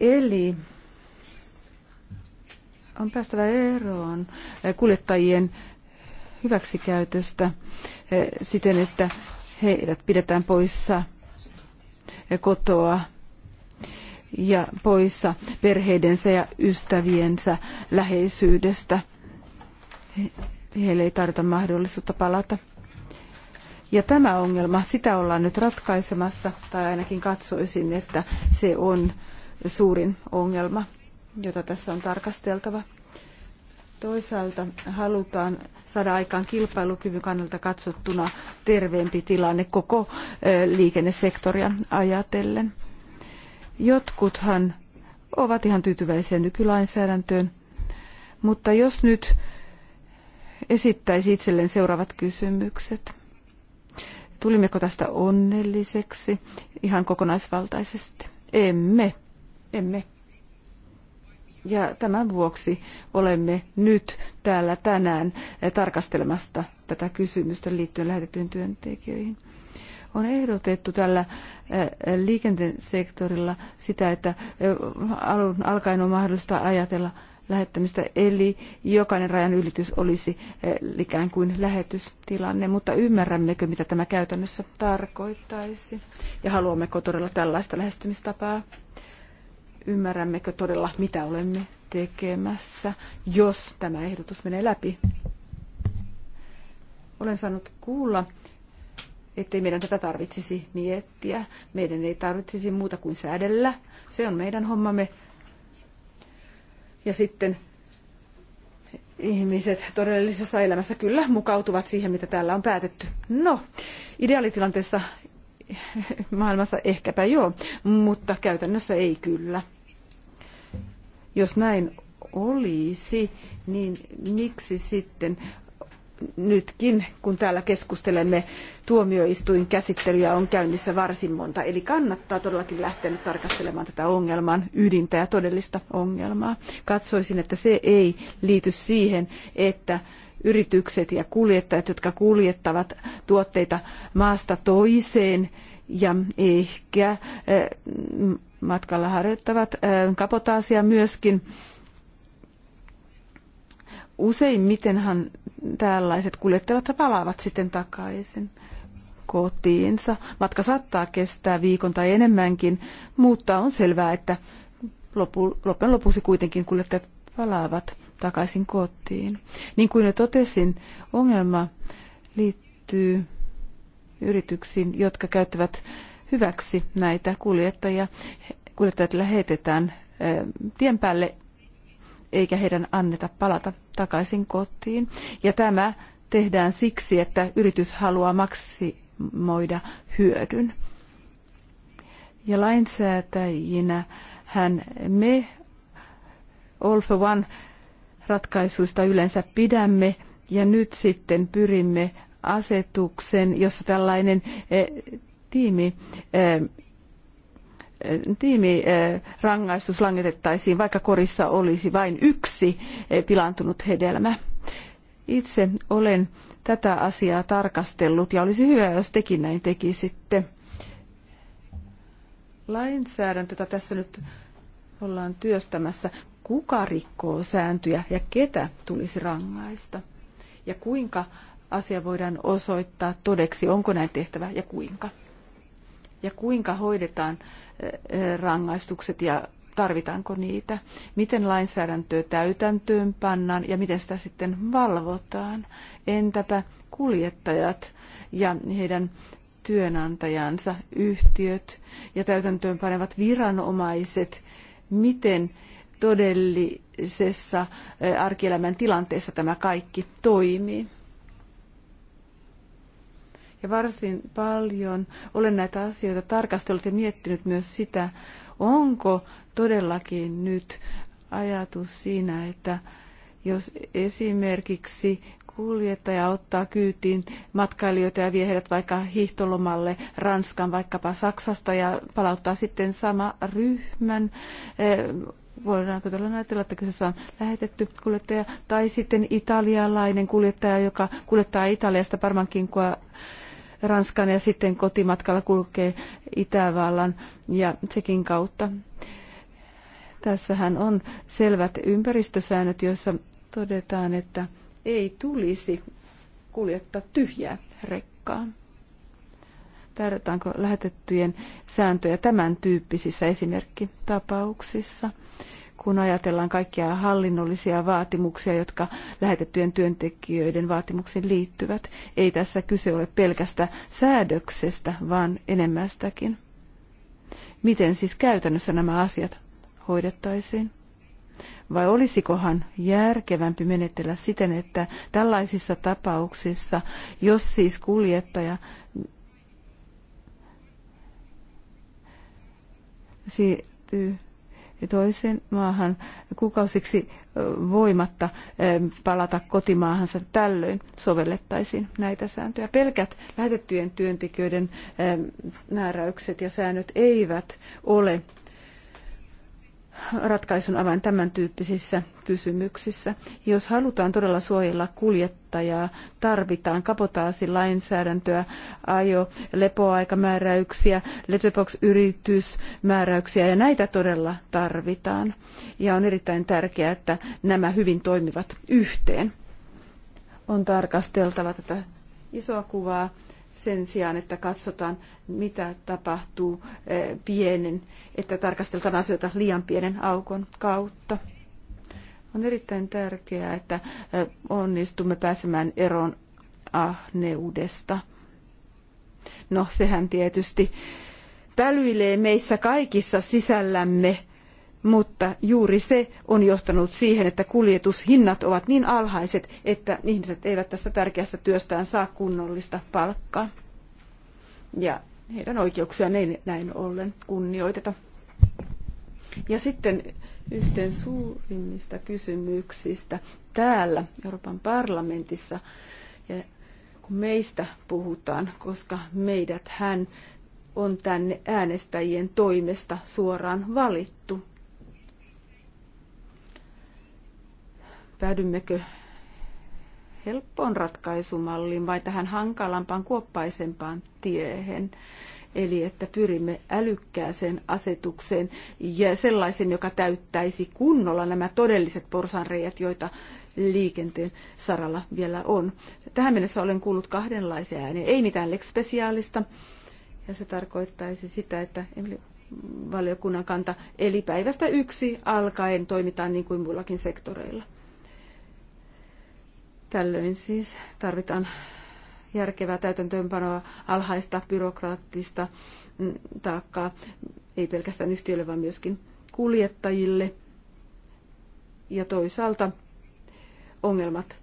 Eli on päästävä eroon kuljettajien hyväksikäytöstä eh, siten, että heidät pidetään poissa eh, kotoa ja poissa perheidensä ja ystäviensä läheisyydestä. Heille ei tarjota mahdollisuutta palata. Ja tämä ongelma, sitä ollaan nyt ratkaisemassa, tai ainakin katsoisin, että se on suurin ongelma, jota tässä on tarkasteltava. Toisaalta halutaan saada aikaan kilpailukyvyn kannalta katsottuna terveempi tilanne koko eh, liikennesektoria ajatellen. Jotkuthan ovat ihan tyytyväisiä nykylainsäädäntöön, mutta jos nyt esittäisi itselleen seuraavat kysymykset. Tulimmeko tästä onnelliseksi ihan kokonaisvaltaisesti? Emme. Emme. Ja tämän vuoksi olemme nyt täällä tänään tarkastelemasta tätä kysymystä liittyen lähetettyihin työntekijöihin. On ehdotettu tällä eh, liikenteen sektorilla sitä, että eh, alun alkaen on mahdollista ajatella lähettämistä, eli jokainen rajan ylitys olisi eh, ikään kuin lähetystilanne, mutta ymmärrämmekö, mitä tämä käytännössä tarkoittaisi ja haluammeko todella tällaista lähestymistapaa? ymmärrämmekö todella, mitä olemme tekemässä, jos tämä ehdotus menee läpi. Olen saanut kuulla, ettei meidän tätä tarvitsisi miettiä. Meidän ei tarvitsisi muuta kuin säädellä. Se on meidän hommamme. Ja sitten ihmiset todellisessa elämässä kyllä mukautuvat siihen, mitä täällä on päätetty. No, ideaalitilanteessa maailmassa ehkäpä joo, mutta käytännössä ei kyllä. Jos näin olisi, niin miksi sitten nytkin, kun täällä keskustelemme, tuomioistuin käsittelyä on käynnissä varsin monta. Eli kannattaa todellakin lähteä nyt tarkastelemaan tätä ongelman ydintä ja todellista ongelmaa. Katsoisin, että se ei liity siihen, että yritykset ja kuljettajat, jotka kuljettavat tuotteita maasta toiseen ja ehkä eh, matkalla harjoittavat kapotaasia myöskin. Useimmitenhan tällaiset kuljettajat palaavat sitten takaisin kotiinsa. Matka saattaa kestää viikon tai enemmänkin, mutta on selvää, että loppujen lopuksi kuitenkin kuljettajat palaavat takaisin kotiin. Niin kuin jo totesin, ongelma liittyy yrityksiin, jotka käyttävät hyväksi näitä kuljettajia. Kuljettajat lähetetään tien päälle eikä heidän anneta palata takaisin kotiin. Ja tämä tehdään siksi, että yritys haluaa maksimoida hyödyn. Ja lainsäätäjinä hän me All for One ratkaisuista yleensä pidämme ja nyt sitten pyrimme asetuksen, jossa tällainen tiimi eh, eh, rangaistus langetettaisiin, vaikka korissa olisi vain yksi eh, pilantunut hedelmä. Itse olen tätä asiaa tarkastellut ja olisi hyvä, jos tekin näin tekisitte. Lainsäädäntö, jota tässä nyt ollaan työstämässä, kuka rikkoo sääntöjä ja ketä tulisi rangaista? Ja kuinka asia voidaan osoittaa todeksi, onko näin tehtävä ja kuinka? ja kuinka hoidetaan rangaistukset ja tarvitaanko niitä, miten lainsäädäntöä täytäntöön pannaan ja miten sitä sitten valvotaan. Entäpä kuljettajat ja heidän työnantajansa, yhtiöt ja täytäntöön panevat viranomaiset, miten todellisessa arkielämän tilanteessa tämä kaikki toimii. Ja varsin paljon olen näitä asioita tarkastellut ja miettinyt myös sitä, onko todellakin nyt ajatus siinä, että jos esimerkiksi kuljettaja ottaa kyytiin matkailijoita ja vie heidät vaikka hiihtolomalle Ranskan, vaikkapa Saksasta ja palauttaa sitten sama ryhmän. Eh, voidaanko tällä ajatella, että kyseessä on lähetetty kuljettaja tai sitten italialainen kuljettaja, joka kuljettaa Italiasta parmankinkoa Ranskan ja sitten kotimatkalla kulkee Itävallan ja Tsekin kautta. Tässähän on selvät ympäristösäännöt, joissa todetaan, että ei tulisi kuljettaa tyhjää rekkaa. Tarvitaanko lähetettyjen sääntöjä tämän tyyppisissä esimerkkitapauksissa? tapauksissa? kun ajatellaan kaikkia hallinnollisia vaatimuksia, jotka lähetettyjen työntekijöiden vaatimuksiin liittyvät. Ei tässä kyse ole pelkästä säädöksestä, vaan enemmästäkin. Miten siis käytännössä nämä asiat hoidettaisiin? Vai olisikohan järkevämpi menetellä siten, että tällaisissa tapauksissa, jos siis kuljettaja siirtyy toiseen maahan kuukausiksi voimatta palata kotimaahansa. Tällöin sovellettaisiin näitä sääntöjä. Pelkät lähetettyjen työntekijöiden määräykset ja säännöt eivät ole ratkaisun avain tämän tyyppisissä kysymyksissä. Jos halutaan todella suojella kuljettajaa, tarvitaan kapotaasilainsäädäntöä, ajo, lepoaikamääräyksiä, letterbox-yritysmääräyksiä ja näitä todella tarvitaan. Ja on erittäin tärkeää, että nämä hyvin toimivat yhteen. On tarkasteltava tätä isoa kuvaa sen sijaan, että katsotaan, mitä tapahtuu eh, pienen, että tarkastellaan asioita liian pienen aukon kautta. On erittäin tärkeää, että eh, onnistumme pääsemään eroon ahneudesta. No, sehän tietysti pälyilee meissä kaikissa sisällämme mutta juuri se on johtanut siihen, että kuljetushinnat ovat niin alhaiset, että ihmiset eivät tästä tärkeästä työstään saa kunnollista palkkaa. Ja heidän oikeuksiaan ei näin ollen kunnioiteta. Ja sitten yhteen suurimmista kysymyksistä täällä Euroopan parlamentissa, ja kun meistä puhutaan, koska meidät hän on tänne äänestäjien toimesta suoraan valittu. päädymmekö helppoon ratkaisumalliin vai tähän hankalampaan, kuoppaisempaan tiehen. Eli että pyrimme älykkääseen asetukseen ja sellaisen, joka täyttäisi kunnolla nämä todelliset porsanreijät, joita liikenteen saralla vielä on. Tähän mennessä olen kuullut kahdenlaisia ääniä, ei mitään lekspesiaalista. Ja se tarkoittaisi sitä, että valiokunnan kanta, eli päivästä yksi alkaen toimitaan niin kuin muillakin sektoreilla. Tällöin siis tarvitaan järkevää täytäntöönpanoa, alhaista byrokraattista mm, taakkaa, ei pelkästään yhtiölle, vaan myöskin kuljettajille. Ja toisaalta ongelmat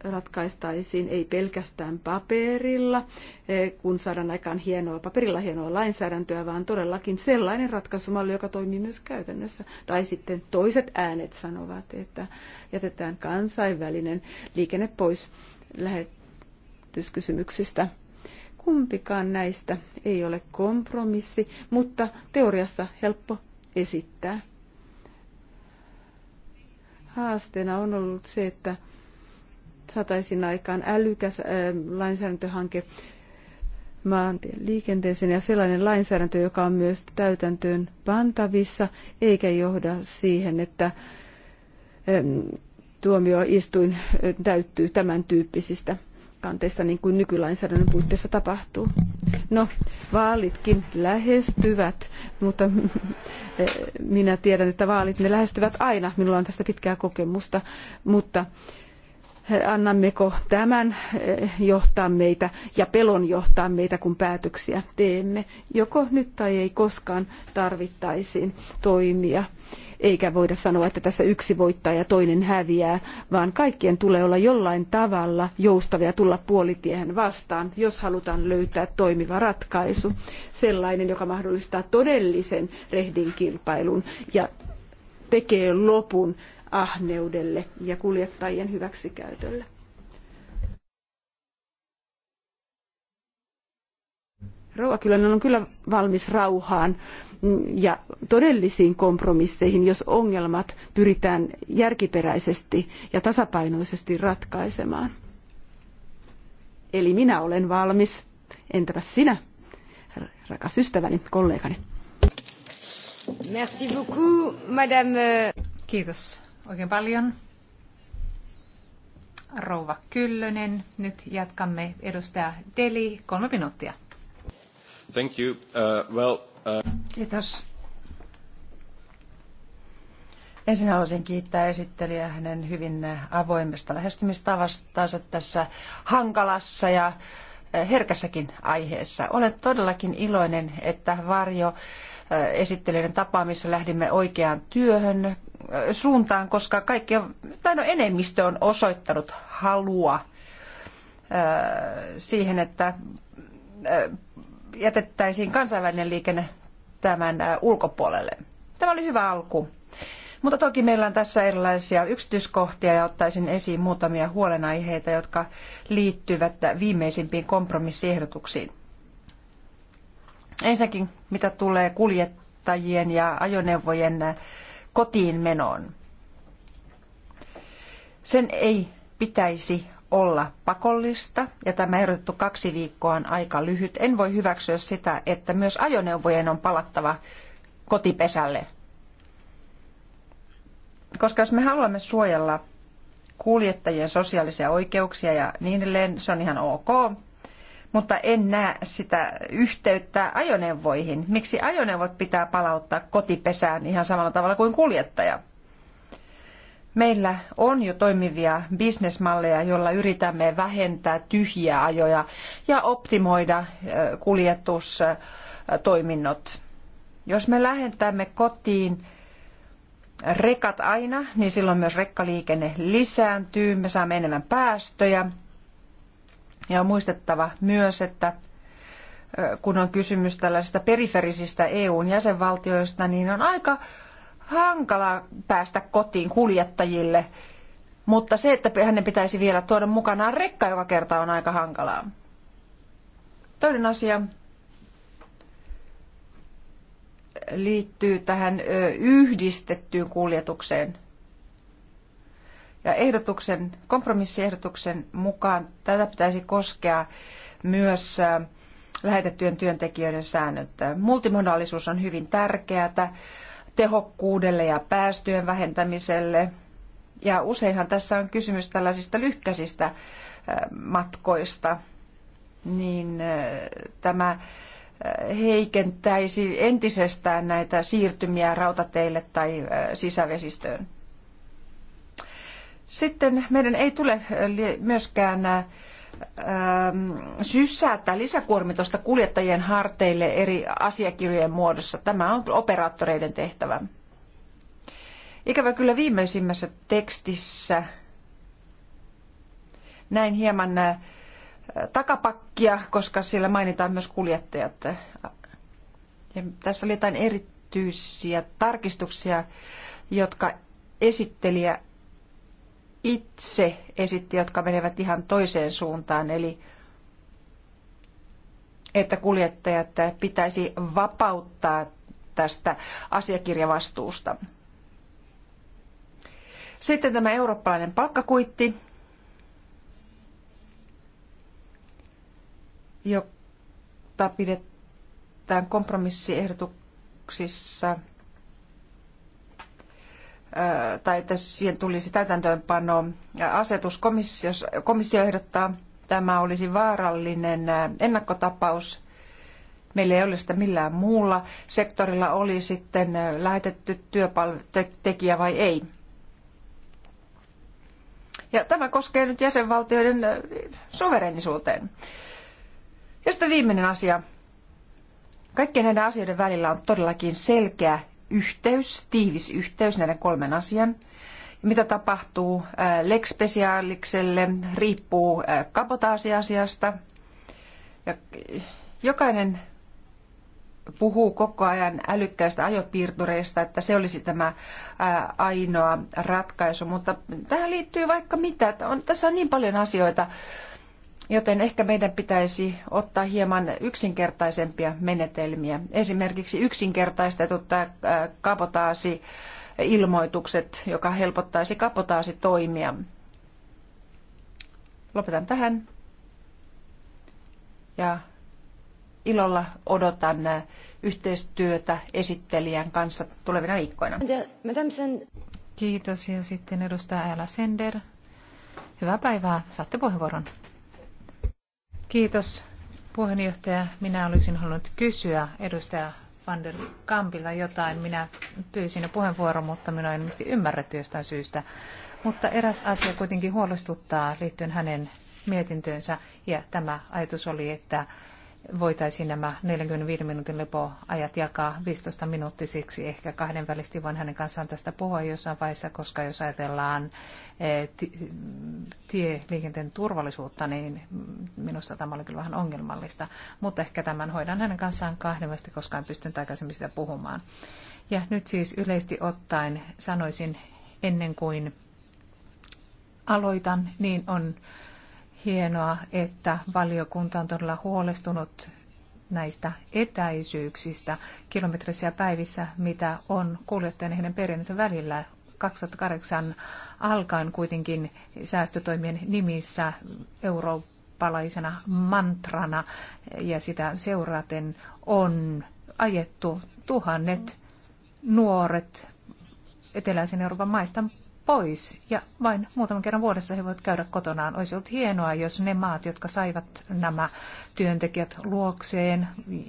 ratkaistaisiin ei pelkästään paperilla, eh, kun saadaan aikaan hienoa paperilla hienoa lainsäädäntöä, vaan todellakin sellainen ratkaisumalli, joka toimii myös käytännössä. Tai sitten toiset äänet sanovat, että jätetään kansainvälinen liikenne pois lähetyskysymyksistä. Kumpikaan näistä ei ole kompromissi, mutta teoriassa helppo esittää. Haasteena on ollut se, että saataisiin aikaan älykäs lainsäädäntöhanke maantien liikenteeseen ja sellainen lainsäädäntö, joka on myös täytäntöön pantavissa, eikä johda siihen, että tuomioistuin täyttyy tämän tyyppisistä kanteista, niin kuin nykylainsäädännön puitteissa tapahtuu. No, vaalitkin lähestyvät, mutta minä tiedän, että vaalit ne lähestyvät aina. Minulla on tästä pitkää kokemusta, mutta annammeko tämän eh, johtaa meitä ja pelon johtaa meitä, kun päätöksiä teemme. Joko nyt tai ei koskaan tarvittaisiin toimia. Eikä voida sanoa, että tässä yksi voittaa ja toinen häviää, vaan kaikkien tulee olla jollain tavalla joustavia tulla puolitiehen vastaan, jos halutaan löytää toimiva ratkaisu. Sellainen, joka mahdollistaa todellisen rehdin kilpailun ja tekee lopun ahneudelle ja kuljettajien hyväksikäytölle. Rouva Kylänen on kyllä valmis rauhaan ja todellisiin kompromisseihin, jos ongelmat pyritään järkiperäisesti ja tasapainoisesti ratkaisemaan. Eli minä olen valmis. Entäpä sinä, rakas ystäväni, kollegani? Merci beaucoup, madame. Kiitos, oikein paljon. Rouva Kyllönen. Nyt jatkamme edustaja Deli. Kolme minuuttia. Thank you. Uh, well, uh... Kiitos. Ensin haluaisin kiittää esittelijää hänen hyvin avoimesta lähestymistavastansa tässä hankalassa ja eh, herkässäkin aiheessa. Olen todellakin iloinen, että Varjo eh, esittelijöiden tapaamissa lähdimme oikeaan työhön suuntaan, koska kaikki, tai no enemmistö on osoittanut halua äh, siihen, että äh, jätettäisiin kansainvälinen liikenne tämän äh, ulkopuolelle. Tämä oli hyvä alku. Mutta toki meillä on tässä erilaisia yksityiskohtia ja ottaisin esiin muutamia huolenaiheita, jotka liittyvät viimeisimpiin kompromissiehdotuksiin. Ensinnäkin, mitä tulee kuljettajien ja ajoneuvojen kotiin menoon. Sen ei pitäisi olla pakollista ja tämä ehdotettu kaksi viikkoa on aika lyhyt. En voi hyväksyä sitä, että myös ajoneuvojen on palattava kotipesälle. Koska jos me haluamme suojella kuljettajien sosiaalisia oikeuksia ja niin edelleen, se on ihan ok mutta en näe sitä yhteyttä ajoneuvoihin. Miksi ajoneuvot pitää palauttaa kotipesään ihan samalla tavalla kuin kuljettaja? Meillä on jo toimivia bisnesmalleja, joilla yritämme vähentää tyhjiä ajoja ja optimoida kuljetustoiminnot. Jos me lähetämme kotiin rekat aina, niin silloin myös rekkaliikenne lisääntyy, me saamme enemmän päästöjä ja on muistettava myös, että kun on kysymys tällaisista periferisistä EUn jäsenvaltioista, niin on aika hankala päästä kotiin kuljettajille. Mutta se, että hänen pitäisi vielä tuoda mukanaan rekka joka kerta on aika hankalaa. Toinen asia liittyy tähän yhdistettyyn kuljetukseen. Ja ehdotuksen, kompromissiehdotuksen mukaan tätä pitäisi koskea myös äh, lähetettyjen työntekijöiden säännöt. Multimodaalisuus on hyvin tärkeää tehokkuudelle ja päästöjen vähentämiselle. Ja useinhan tässä on kysymys tällaisista lyhkäisistä äh, matkoista, niin äh, tämä heikentäisi entisestään näitä siirtymiä rautateille tai sisävesistöön. Sitten meidän ei tule myöskään sysätä lisäkuormitusta kuljettajien harteille eri asiakirjojen muodossa. Tämä on operaattoreiden tehtävä. Ikävä kyllä viimeisimmässä tekstissä näin hieman takapakkia, koska siellä mainitaan myös kuljettajat. Ja tässä oli jotain erityisiä tarkistuksia, jotka esittelijä itse esitti, jotka menevät ihan toiseen suuntaan, eli että kuljettajat pitäisi vapauttaa tästä asiakirjavastuusta. Sitten tämä eurooppalainen palkkakuitti, jota pidetään kompromissiehdotuksissa – tai että siihen tulisi täytäntöönpano asetus. Komissio, komissio ehdottaa, että tämä olisi vaarallinen ennakkotapaus. Meillä ei ole sitä millään muulla sektorilla, oli sitten lähetetty työtekijä vai ei. Ja tämä koskee nyt jäsenvaltioiden suverenisuuteen. Ja sitten viimeinen asia. Kaikkien näiden asioiden välillä on todellakin selkeä yhteys, tiivis yhteys näiden kolmen asian. Mitä tapahtuu äh, Lex Specialikselle, riippuu äh, kapotaasiasiasta. Ja äh, jokainen puhuu koko ajan älykkäistä ajopiirtureista, että se olisi tämä ainoa ratkaisu, mutta tähän liittyy vaikka mitä. On, tässä on niin paljon asioita, Joten ehkä meidän pitäisi ottaa hieman yksinkertaisempia menetelmiä. Esimerkiksi yksinkertaistetut tämä äh, kapotaasi äh, ilmoitukset, joka helpottaisi toimia. Lopetan tähän. Ja ilolla odotan äh, yhteistyötä esittelijän kanssa tulevina viikkoina. Kiitos ja sitten edustaja Ella Sender. Hyvää päivää, saatte puheenvuoron. Kiitos puheenjohtaja. Minä olisin halunnut kysyä edustaja Van der Kampilla jotain. Minä pyysin jo puheenvuoron, mutta minä en ilmeisesti ymmärretty jostain syystä. Mutta eräs asia kuitenkin huolestuttaa liittyen hänen mietintöönsä, ja tämä ajatus oli, että voitaisiin nämä 45 minuutin lepoajat jakaa 15 minuuttisiksi ehkä kahdenvälisesti, vaan hänen kanssaan tästä puhua jossain vaiheessa, koska jos ajatellaan eh, tieliikenteen turvallisuutta, niin minusta tämä oli kyllä vähän ongelmallista. Mutta ehkä tämän hoidan hänen kanssaan kahdenvälisesti, koska en pystynyt aikaisemmin sitä puhumaan. Ja nyt siis yleisesti ottaen sanoisin, ennen kuin aloitan, niin on hienoa, että valiokunta on todella huolestunut näistä etäisyyksistä kilometrisiä päivissä, mitä on kuljettajan ja heidän perinnön välillä 2008 alkaen kuitenkin säästötoimien nimissä eurooppalaisena mantrana ja sitä seuraten on ajettu tuhannet nuoret eteläisen Euroopan maista pois ja vain muutaman kerran vuodessa he voivat käydä kotonaan. Olisi ollut hienoa, jos ne maat, jotka saivat nämä työntekijät luokseen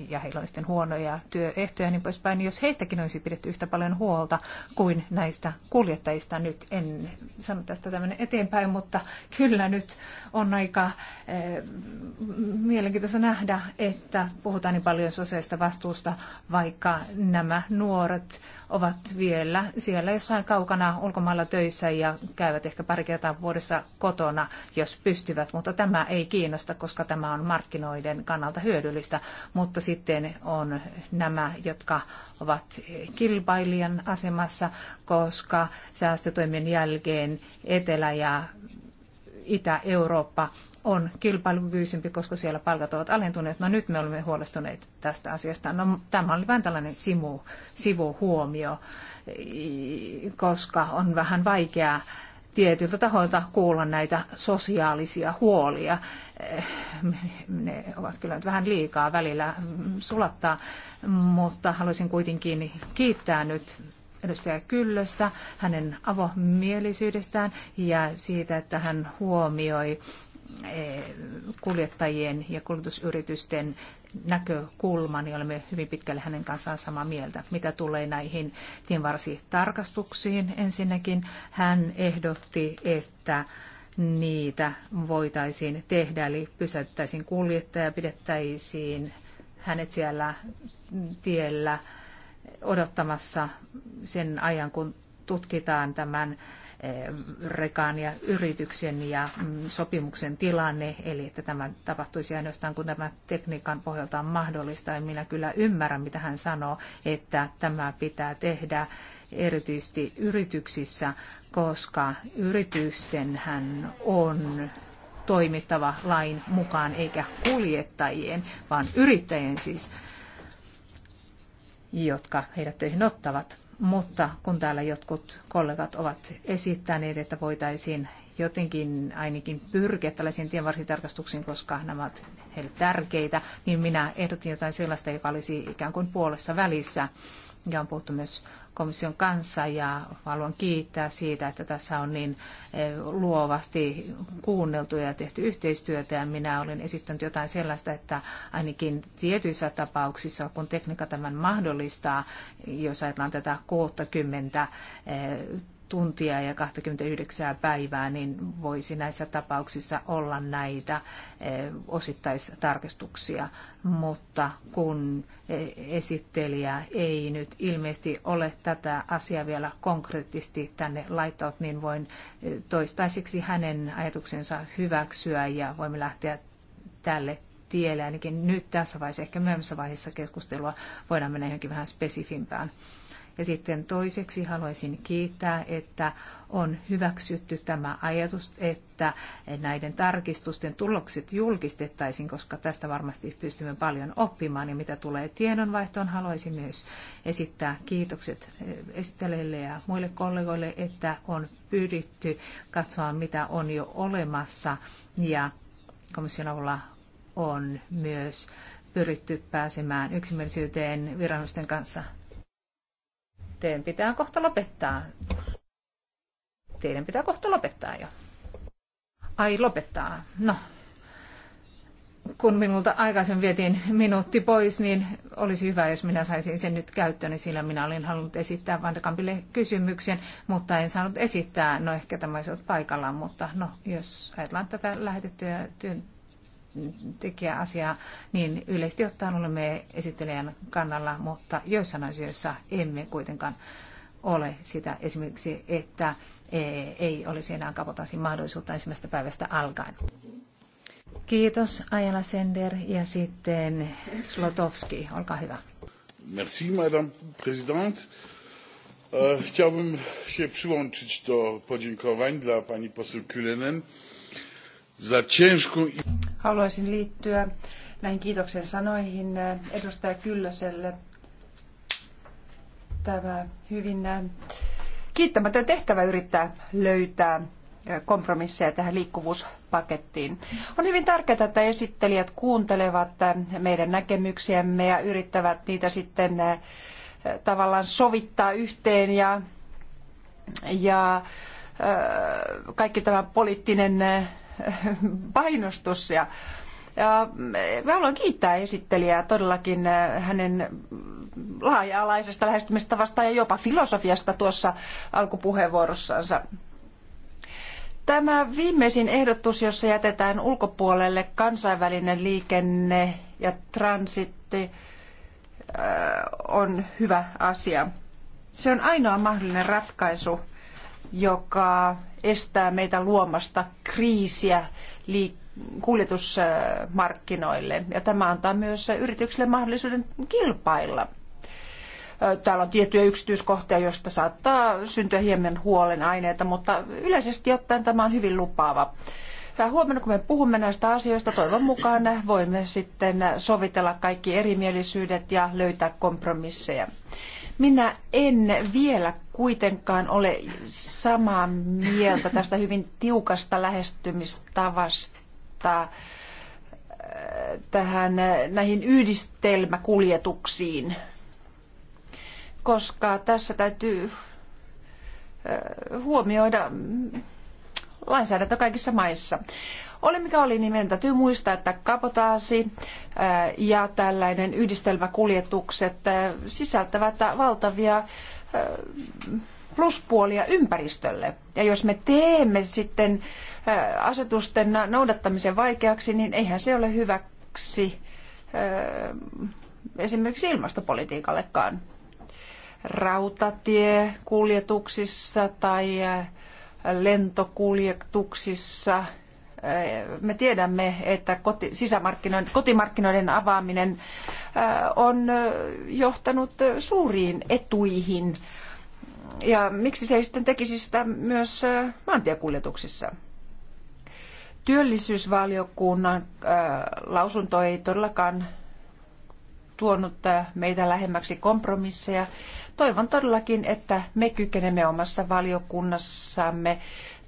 ja heillä oli sitten huonoja työehtoja ja niin poispäin, niin jos heistäkin olisi pidetty yhtä paljon huolta kuin näistä kuljettajista nyt. En sano tästä tämmöinen eteenpäin, mutta kyllä nyt on aika eh, mielenkiintoista nähdä, että puhutaan niin paljon sosiaalista vastuusta, vaikka nämä nuoret ovat vielä siellä jossain kaukana ulkomailla töissä ja käyvät ehkä pari kertaa vuodessa kotona, jos pystyvät, mutta tämä ei kiinnosta, koska tämä on markkinoiden kannalta hyödyllistä. Mutta sitten on nämä, jotka ovat kilpailijan asemassa, koska säästötoimien jälkeen Etelä- ja Itä-Eurooppa on kilpailukykyisempi, koska siellä palkat ovat alentuneet. No nyt me olemme huolestuneet tästä asiasta. No, tämä oli vain tällainen sivu, sivuhuomio, koska on vähän vaikeaa tietyiltä tahoilta kuulla näitä sosiaalisia huolia. Ne ovat kyllä nyt vähän liikaa välillä sulattaa, mutta haluaisin kuitenkin kiittää nyt edustaja Kyllöstä, hänen avomielisyydestään ja siitä, että hän huomioi eh, kuljettajien ja kuljetusyritysten näkökulman, niin olemme hyvin pitkälle hänen kanssaan samaa mieltä. Mitä tulee näihin tienvarsitarkastuksiin ensinnäkin, hän ehdotti, että niitä voitaisiin tehdä, eli pysäyttäisiin kuljettaja, pidettäisiin hänet siellä tiellä odottamassa sen ajan, kun tutkitaan tämän eh, rekaan ja yrityksen ja mm, sopimuksen tilanne, eli että tämä tapahtuisi ainoastaan, kun tämä tekniikan pohjalta on mahdollista. En minä kyllä ymmärrä, mitä hän sanoo, että tämä pitää tehdä erityisesti yrityksissä, koska yritysten hän on toimittava lain mukaan, eikä kuljettajien, vaan yrittäjien siis jotka heidät töihin ottavat. Mutta kun täällä jotkut kollegat ovat esittäneet, että voitaisiin jotenkin ainakin pyrkiä tällaisiin tienvarsitarkastuksiin, koska nämä ovat heille tärkeitä, niin minä ehdotin jotain sellaista, joka olisi ikään kuin puolessa välissä. Ja on puhuttu myös komission kanssa ja haluan kiittää siitä, että tässä on niin eh, luovasti kuunneltu ja tehty yhteistyötä ja minä olen esittänyt jotain sellaista, että ainakin tietyissä tapauksissa, kun tekniikka tämän mahdollistaa, jos ajatellaan tätä 60 tuntia ja 29 päivää, niin voisi näissä tapauksissa olla näitä eh, osittaistarkistuksia. Mutta kun eh, esittelijä ei nyt ilmeisesti ole tätä asiaa vielä konkreettisesti tänne laittanut, niin voin eh, toistaiseksi hänen ajatuksensa hyväksyä ja voimme lähteä tälle tielle. Ainakin nyt tässä vaiheessa, ehkä myöhemmässä vaiheessa keskustelua voidaan mennä johonkin vähän spesifimpään ja sitten toiseksi haluaisin kiittää, että on hyväksytty tämä ajatus, että näiden tarkistusten tulokset julkistettaisiin, koska tästä varmasti pystymme paljon oppimaan. Ja mitä tulee tiedonvaihtoon, haluaisin myös esittää kiitokset eh, esittelijälle ja muille kollegoille, että on pyydetty katsomaan, mitä on jo olemassa. Ja komission avulla on myös pyritty pääsemään yksimielisyyteen viranomaisten kanssa Teidän pitää kohta lopettaa. Teidän pitää kohta lopettaa jo. Ai lopettaa. No, kun minulta aikaisemmin vietiin minuutti pois, niin olisi hyvä, jos minä saisin sen nyt käyttöön, niin sillä minä olin halunnut esittää Vandekampille kysymyksen, mutta en saanut esittää. No ehkä tämä olisi ollut paikallaan, mutta no, jos ajatellaan tätä lähetettyä työn tekijä asiaa, niin yleisesti ottaen olemme esittelijän kannalla, mutta joissain asioissa emme kuitenkaan ole sitä esimerkiksi, että e, ei olisi enää kapotaisin mahdollisuutta ensimmäistä päivästä alkaen. Kiitos Ajala Sender ja sitten Slotowski, olkaa hyvä. Merci madame présidente. E, chciałbym się przyłączyć do podziękowań dla pani poseł Kylenen ciężką... Haluaisin liittyä näihin kiitoksen sanoihin edustaja Kyllöselle. Tämä hyvin kiittämätön tehtävä yrittää löytää kompromisseja tähän liikkuvuuspakettiin. On hyvin tärkeää, että esittelijät kuuntelevat meidän näkemyksiämme ja yrittävät niitä sitten tavallaan sovittaa yhteen ja, ja kaikki tämä poliittinen painostus ja ja haluan kiittää esittelijää todellakin äh, hänen laaja-alaisesta lähestymistavasta ja jopa filosofiasta tuossa alkupuheenvuorossansa. Tämä viimeisin ehdotus, jossa jätetään ulkopuolelle kansainvälinen liikenne ja transitti, äh, on hyvä asia. Se on ainoa mahdollinen ratkaisu, joka estää meitä luomasta kriisiä kuljetusmarkkinoille. Ja tämä antaa myös yrityksille mahdollisuuden kilpailla. Täällä on tiettyjä yksityiskohtia, joista saattaa syntyä hieman huolenaineita, mutta yleisesti ottaen tämä on hyvin lupaava. Ja huomenna kun me puhumme näistä asioista, toivon mukaan voimme sitten sovitella kaikki erimielisyydet ja löytää kompromisseja. Minä en vielä kuitenkaan ole samaa mieltä tästä hyvin tiukasta lähestymistavasta äh, tähän äh, näihin yhdistelmäkuljetuksiin, koska tässä täytyy äh, huomioida lainsäädäntö kaikissa maissa. Oli mikä oli, niin meidän täytyy muistaa, että kapotaasi ja tällainen yhdistelmäkuljetukset sisältävät valtavia pluspuolia ympäristölle. Ja jos me teemme sitten asetusten noudattamisen vaikeaksi, niin eihän se ole hyväksi esimerkiksi ilmastopolitiikallekaan. Rautatiekuljetuksissa tai lentokuljetuksissa – me tiedämme, että koti, sisämarkkinoiden, kotimarkkinoiden avaaminen on johtanut suuriin etuihin. Ja miksi se ei sitten tekisi sitä myös maantiekuljetuksissa? Työllisyysvaliokunnan lausunto ei todellakaan tuonut meitä lähemmäksi kompromisseja. Toivon todellakin, että me kykenemme omassa valiokunnassamme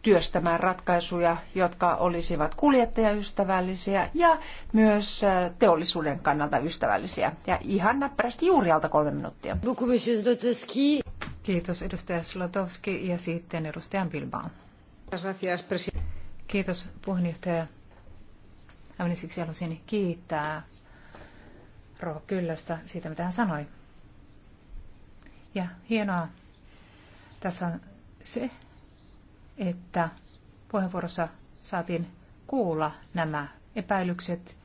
työstämään ratkaisuja, jotka olisivat kuljettajaystävällisiä ja myös äh, teollisuuden kannalta ystävällisiä. Ja ihan näppärästi juuri alta kolme minuuttia. Kiitos edustaja Slotowski ja sitten edustaja Bilbao. Kiitos puheenjohtaja. Aivan siksi halusin kiittää Rova Kyllöstä siitä, mitä hän sanoi. Ja hienoa tässä on se, että puheenvuorossa saatiin kuulla nämä epäilykset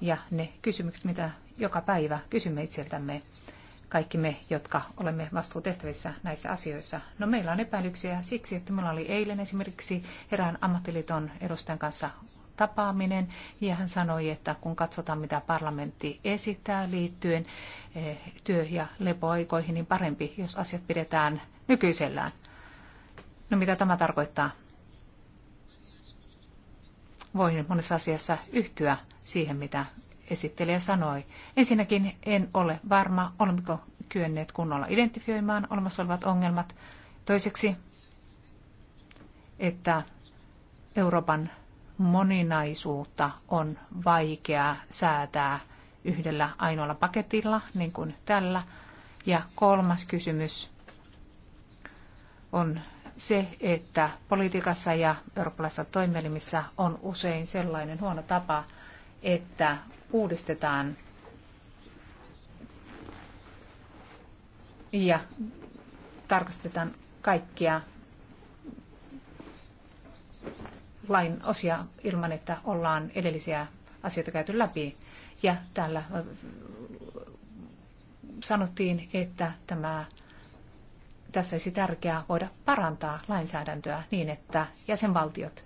ja ne kysymykset, mitä joka päivä kysymme itseltämme kaikki me, jotka olemme vastuutehtävissä näissä asioissa. No meillä on epäilyksiä siksi, että meillä oli eilen esimerkiksi erään ammattiliiton edustajan kanssa tapaaminen ja hän sanoi, että kun katsotaan mitä parlamentti esittää liittyen eh, työ- ja lepoaikoihin, niin parempi, jos asiat pidetään nykyisellään. No mitä tämä tarkoittaa? Voin monessa asiassa yhtyä siihen, mitä esittelijä sanoi. Ensinnäkin en ole varma, olemmeko kyenneet kunnolla identifioimaan olemassa olevat ongelmat. Toiseksi, että Euroopan moninaisuutta on vaikea säätää yhdellä ainoalla paketilla, niin kuin tällä. Ja kolmas kysymys on se, että politiikassa ja eurooppalaisissa toimielimissä on usein sellainen huono tapa, että uudistetaan ja tarkastetaan kaikkia lain osia ilman, että ollaan edellisiä asioita käyty läpi. Ja täällä sanottiin, että tämä tässä olisi tärkeää voida parantaa lainsäädäntöä niin, että jäsenvaltiot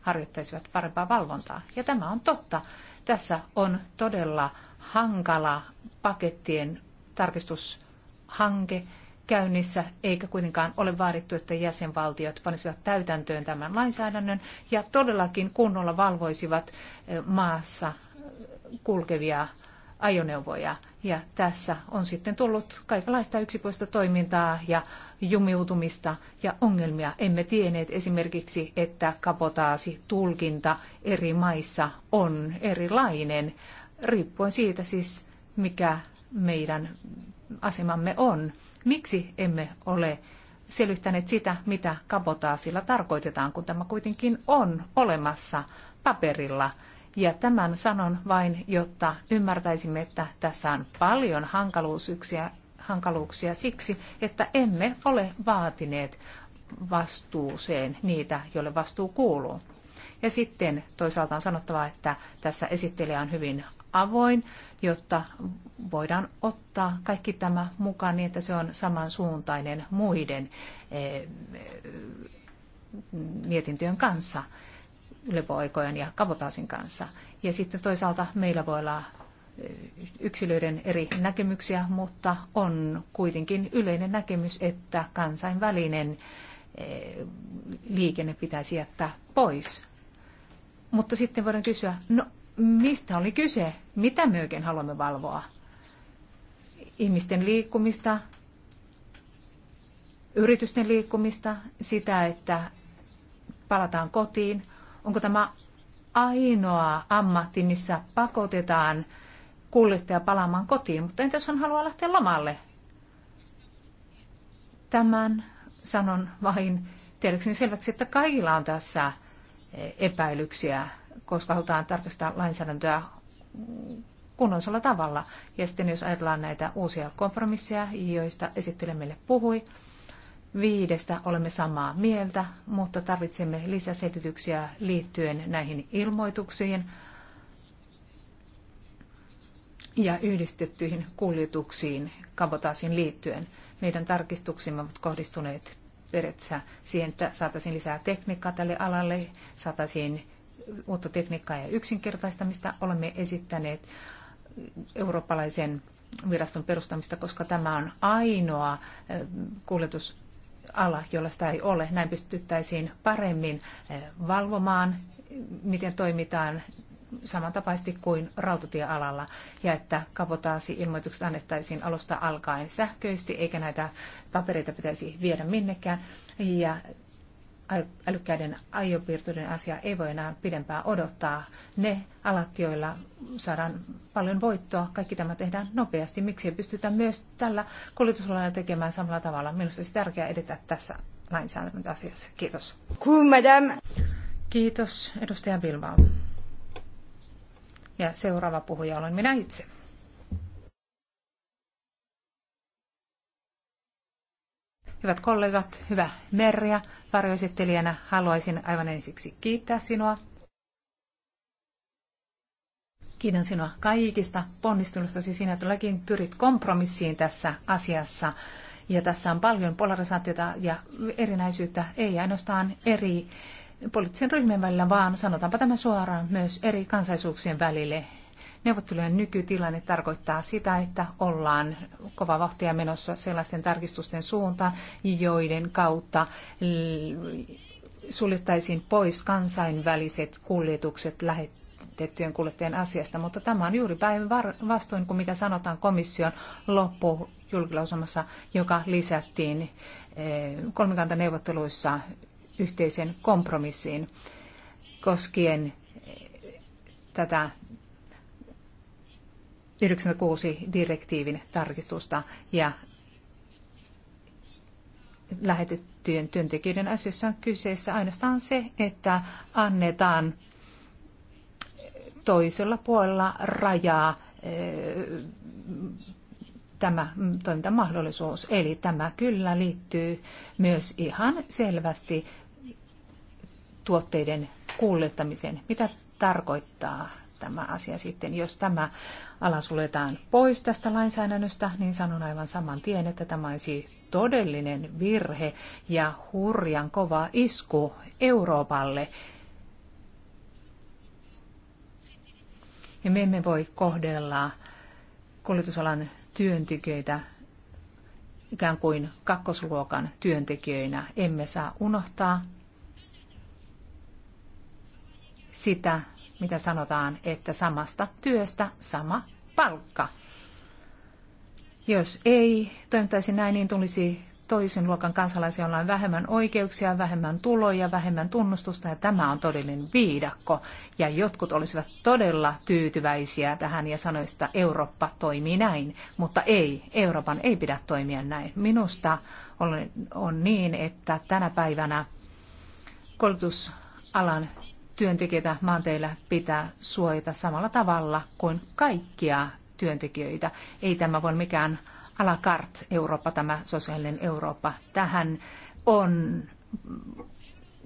harjoittaisivat parempaa valvontaa. Ja tämä on totta. Tässä on todella hankala pakettien tarkistushanke käynnissä, eikä kuitenkaan ole vaadittu, että jäsenvaltiot panisivat täytäntöön tämän lainsäädännön ja todellakin kunnolla valvoisivat eh, maassa eh, kulkevia ajoneuvoja. Ja tässä on sitten tullut kaikenlaista yksipuolista toimintaa ja jumiutumista ja ongelmia. Emme tienneet esimerkiksi, että kapotaasi tulkinta eri maissa on erilainen, riippuen siitä siis, mikä meidän asemamme on. Miksi emme ole selvittäneet sitä, mitä kabotaasilla tarkoitetaan, kun tämä kuitenkin on olemassa paperilla – ja tämän sanon vain, jotta ymmärtäisimme, että tässä on paljon hankaluuksia, hankaluuksia siksi, että emme ole vaatineet vastuuseen niitä, joille vastuu kuuluu. Ja sitten toisaalta on sanottava, että tässä esittelijä on hyvin avoin, jotta voidaan ottaa kaikki tämä mukaan niin, että se on samansuuntainen muiden eh, eh, mietintöjen kanssa lepoaikojen ja kabotaasin kanssa. Ja sitten toisaalta meillä voi olla yksilöiden eri näkemyksiä, mutta on kuitenkin yleinen näkemys, että kansainvälinen liikenne pitäisi jättää pois. Mutta sitten voidaan kysyä, no mistä oli kyse? Mitä me oikein haluamme valvoa? Ihmisten liikkumista, yritysten liikkumista, sitä, että palataan kotiin, Onko tämä ainoa ammatti, missä pakotetaan kuljettaja palaamaan kotiin, mutta entäs hän haluaa lähteä lomalle? Tämän sanon vain tiedäkseni selväksi, että kaikilla on tässä epäilyksiä, koska halutaan tarkastaa lainsäädäntöä kunnollisella tavalla. Ja sitten jos ajatellaan näitä uusia kompromisseja, joista esittelemille puhui, viidestä olemme samaa mieltä, mutta tarvitsemme lisäselityksiä liittyen näihin ilmoituksiin ja yhdistettyihin kuljetuksiin kabotaasin liittyen. Meidän tarkistuksimme ovat kohdistuneet peretsä siihen, että saataisiin lisää tekniikkaa tälle alalle, saataisiin uutta tekniikkaa ja yksinkertaistamista. Olemme esittäneet eurooppalaisen viraston perustamista, koska tämä on ainoa eh, kuljetus ala, jolla sitä ei ole. Näin pystyttäisiin paremmin eh, valvomaan, miten toimitaan samantapaisesti kuin rautatiealalla, ja että kabotaasi-ilmoitukset annettaisiin alusta alkaen sähköisesti, eikä näitä papereita pitäisi viedä minnekään, ja älykkäiden ajopiirturin asia ei voi enää pidempään odottaa. Ne alat, joilla saadaan paljon voittoa, kaikki tämä tehdään nopeasti. Miksi ei pystytä myös tällä kuljetusalalla tekemään samalla tavalla? Minusta olisi tärkeää edetä tässä lainsäädäntöasiassa. Kiitos. Kiitos, edustaja Bilbao. Ja seuraava puhuja olen minä itse. Hyvät kollegat, hyvä Merja varjoesittelijänä haluaisin aivan ensiksi kiittää sinua. Kiitän sinua kaikista ponnistelustasi. Sinä tuleekin pyrit kompromissiin tässä asiassa. Ja tässä on paljon polarisaatiota ja erinäisyyttä, ei ainoastaan eri poliittisen ryhmien välillä, vaan sanotaanpa tämä suoraan myös eri kansaisuuksien välille. Neuvottelujen nykytilanne tarkoittaa sitä, että ollaan kova vauhtia menossa sellaisten tarkistusten suuntaan, joiden kautta suljettaisiin pois kansainväliset kuljetukset lähettä tiettyjen kuljettajien asiasta, mutta tämä on juuri päivän vastoin kuin mitä sanotaan komission loppujulkilausumassa, joka lisättiin eh, kolmikantaneuvotteluissa yhteisen kompromissiin koskien eh, tätä 96 direktiivin tarkistusta ja lähetettyjen työntekijöiden asiassa on kyseessä ainoastaan se, että annetaan toisella puolella rajaa eh, tämä toimintamahdollisuus. Eli tämä kyllä liittyy myös ihan selvästi tuotteiden kuljettamiseen. Mitä tarkoittaa tämä asia sitten. Jos tämä ala suljetaan pois tästä lainsäädännöstä, niin sanon aivan saman tien, että tämä olisi todellinen virhe ja hurjan kova isku Euroopalle. Ja me emme voi kohdella kuljetusalan työntekijöitä ikään kuin kakkosluokan työntekijöinä. Emme saa unohtaa sitä, mitä sanotaan, että samasta työstä sama palkka. Jos ei toimittaisi näin, niin tulisi toisen luokan kansalaisia, joilla on vähemmän oikeuksia, vähemmän tuloja, vähemmän tunnustusta, ja tämä on todellinen viidakko. Ja jotkut olisivat todella tyytyväisiä tähän ja sanoista, että Eurooppa toimii näin, mutta ei, Euroopan ei pidä toimia näin. Minusta on, on niin, että tänä päivänä koulutusalan työntekijöitä maanteillä pitää suojata samalla tavalla kuin kaikkia työntekijöitä. Ei tämä voi mikään a la carte Eurooppa, tämä sosiaalinen Eurooppa. Tähän on,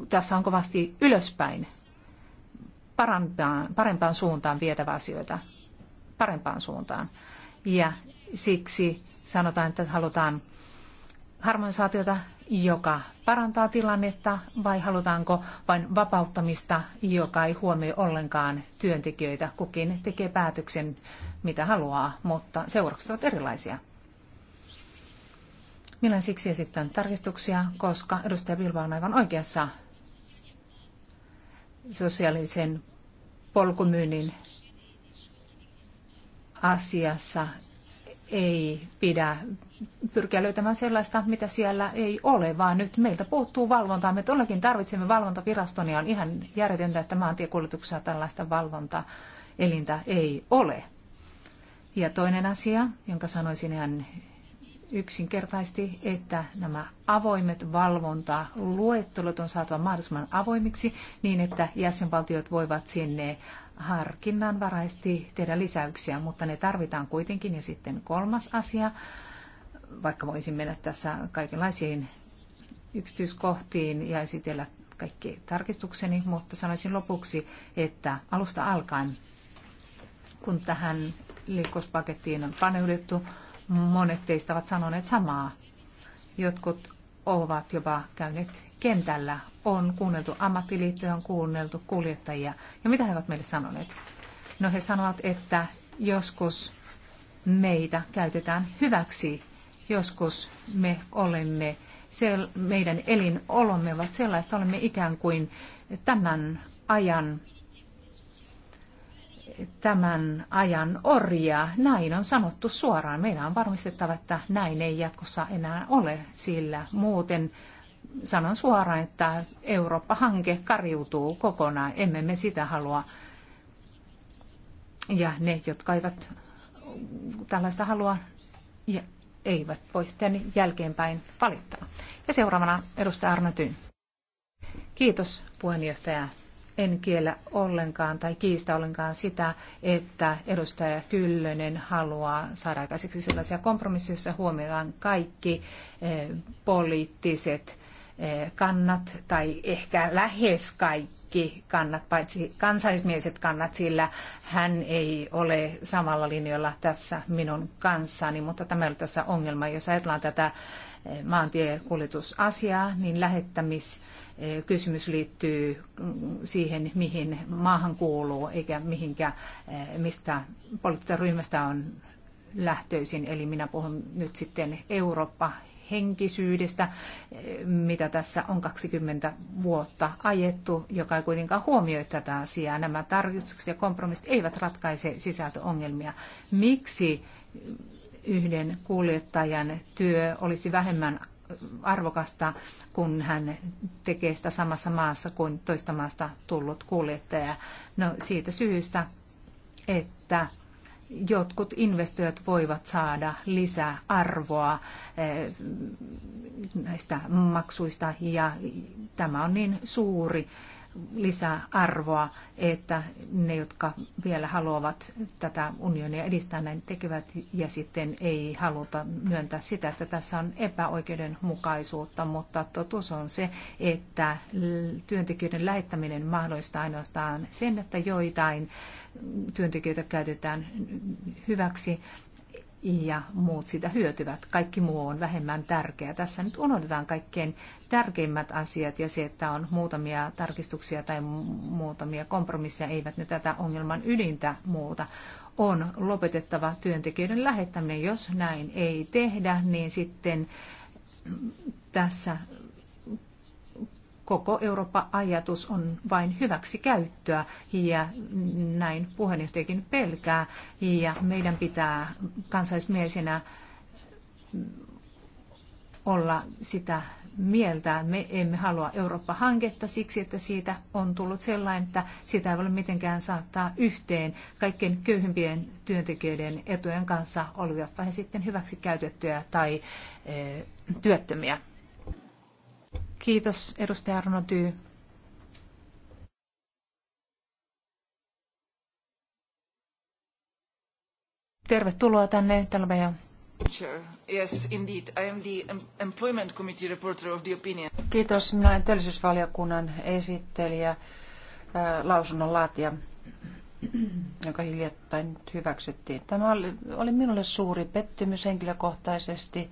tässä on kovasti ylöspäin parempaan, parempaan suuntaan vietävä asioita, parempaan suuntaan. Ja siksi sanotaan, että halutaan harmonisaatiota joka parantaa tilannetta, vai halutaanko vain vapauttamista, joka ei huomioi ollenkaan työntekijöitä. Kukin tekee päätöksen, mitä haluaa, mutta seuraukset ovat erilaisia. Minä siksi esitän tarkistuksia, koska edustaja Vilva on aivan oikeassa sosiaalisen polkumyynnin asiassa ei pidä pyrkiä löytämään sellaista, mitä siellä ei ole, vaan nyt meiltä puuttuu valvontaa. Me todellakin tarvitsemme valvontaviraston ja on ihan järjetöntä, että maantiekuljetuksessa tällaista valvontaelintä ei ole. Ja toinen asia, jonka sanoisin ihan yksinkertaisesti, että nämä avoimet valvontaluettelut on saatava mahdollisimman avoimiksi niin, että jäsenvaltiot voivat sinne harkinnanvaraisesti tehdä lisäyksiä, mutta ne tarvitaan kuitenkin. Ja sitten kolmas asia, vaikka voisin mennä tässä kaikenlaisiin yksityiskohtiin ja esitellä kaikki tarkistukseni, mutta sanoisin lopuksi, että alusta alkaen, kun tähän liikkuuspakettiin on paneuduttu, monet teistä ovat sanoneet samaa. Jotkut ovat jopa käyneet kentällä, on kuunneltu ammattiliittoja, on kuunneltu kuljettajia. Ja mitä he ovat meille sanoneet? No he sanovat, että joskus meitä käytetään hyväksi Joskus me olemme, meidän elinolomme ovat sellaista, olemme ikään kuin tämän ajan tämän ajan orjia. Näin on sanottu suoraan. Meidän on varmistettava, että näin ei jatkossa enää ole, sillä muuten sanon suoraan, että Eurooppa-hanke kariutuu kokonaan. Emme me sitä halua. Ja ne, jotka eivät tällaista halua, eivät voi sitten jälkeenpäin valittaa. Ja seuraavana edustaja Arno Tyn. Kiitos puheenjohtaja. En kiellä ollenkaan tai kiistä ollenkaan sitä, että edustaja Kyllönen haluaa saada aikaiseksi sellaisia kompromisseja, joissa huomioidaan kaikki eh, poliittiset eh, kannat tai ehkä lähes kaikki kaikki kannat, paitsi kansallismieliset kannat, sillä hän ei ole samalla linjalla tässä minun kanssani, mutta tämä on tässä ongelma. Jos ajatellaan tätä eh, maantiekuljetusasiaa, niin lähettämiskysymys eh, liittyy mm, siihen, mihin maahan kuuluu, eikä mihinkä, eh, mistä poliittisesta ryhmästä on lähtöisin. Eli minä puhun nyt sitten Eurooppa henkisyydestä, mitä tässä on 20 vuotta ajettu, joka ei kuitenkaan huomioi tätä asiaa. Nämä tarkistukset ja kompromissit eivät ratkaise sisältöongelmia. Miksi yhden kuljettajan työ olisi vähemmän arvokasta, kun hän tekee sitä samassa maassa kuin toista maasta tullut kuljettaja. No siitä syystä, että jotkut investoijat voivat saada lisää arvoa eh, näistä maksuista ja tämä on niin suuri lisää arvoa, että ne, jotka vielä haluavat tätä unionia edistää, näin tekevät ja sitten ei haluta myöntää sitä, että tässä on epäoikeudenmukaisuutta, mutta totuus on se, että työntekijöiden lähettäminen mahdollistaa ainoastaan sen, että joitain työntekijöitä käytetään hyväksi ja muut sitä hyötyvät. Kaikki muu on vähemmän tärkeää. Tässä nyt unohdetaan kaikkein tärkeimmät asiat ja se, että on muutamia tarkistuksia tai muutamia kompromisseja, eivät ne tätä ongelman ydintä muuta. On lopetettava työntekijöiden lähettäminen. Jos näin ei tehdä, niin sitten tässä koko Eurooppa-ajatus on vain hyväksi käyttöä ja näin puheenjohtajakin pelkää ja meidän pitää kansaismiesinä olla sitä mieltä. Me emme halua Eurooppa-hanketta siksi, että siitä on tullut sellainen, että sitä ei voi mitenkään saattaa yhteen kaikkien köyhimpien työntekijöiden etujen kanssa, olivatpa he sitten hyväksi käytettyjä tai e, työttömiä. Kiitos, edustaja Arno Tyy. Tervetuloa tänne, Talveja. Yes, indeed. I am the employment committee reporter of the opinion. Kiitos. Minä olen työllisyysvaliokunnan esittelijä, äh, lausunnon laatija, joka hiljattain hyväksyttiin. Tämä oli, oli minulle suuri pettymys henkilökohtaisesti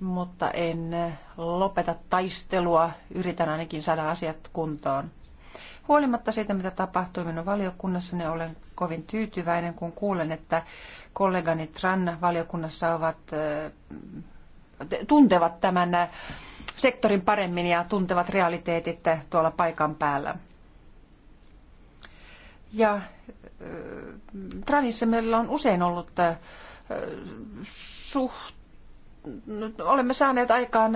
mutta en eh, lopeta taistelua. Yritän ainakin saada asiat kuntoon. Huolimatta siitä, mitä tapahtui minun valiokunnassani, olen kovin tyytyväinen, kun kuulen, että kollegani Tran valiokunnassa ovat, eh, tuntevat tämän eh, sektorin paremmin ja tuntevat realiteetit tuolla paikan päällä. Ja Tranissa meillä on usein ollut suht olemme saaneet aikaan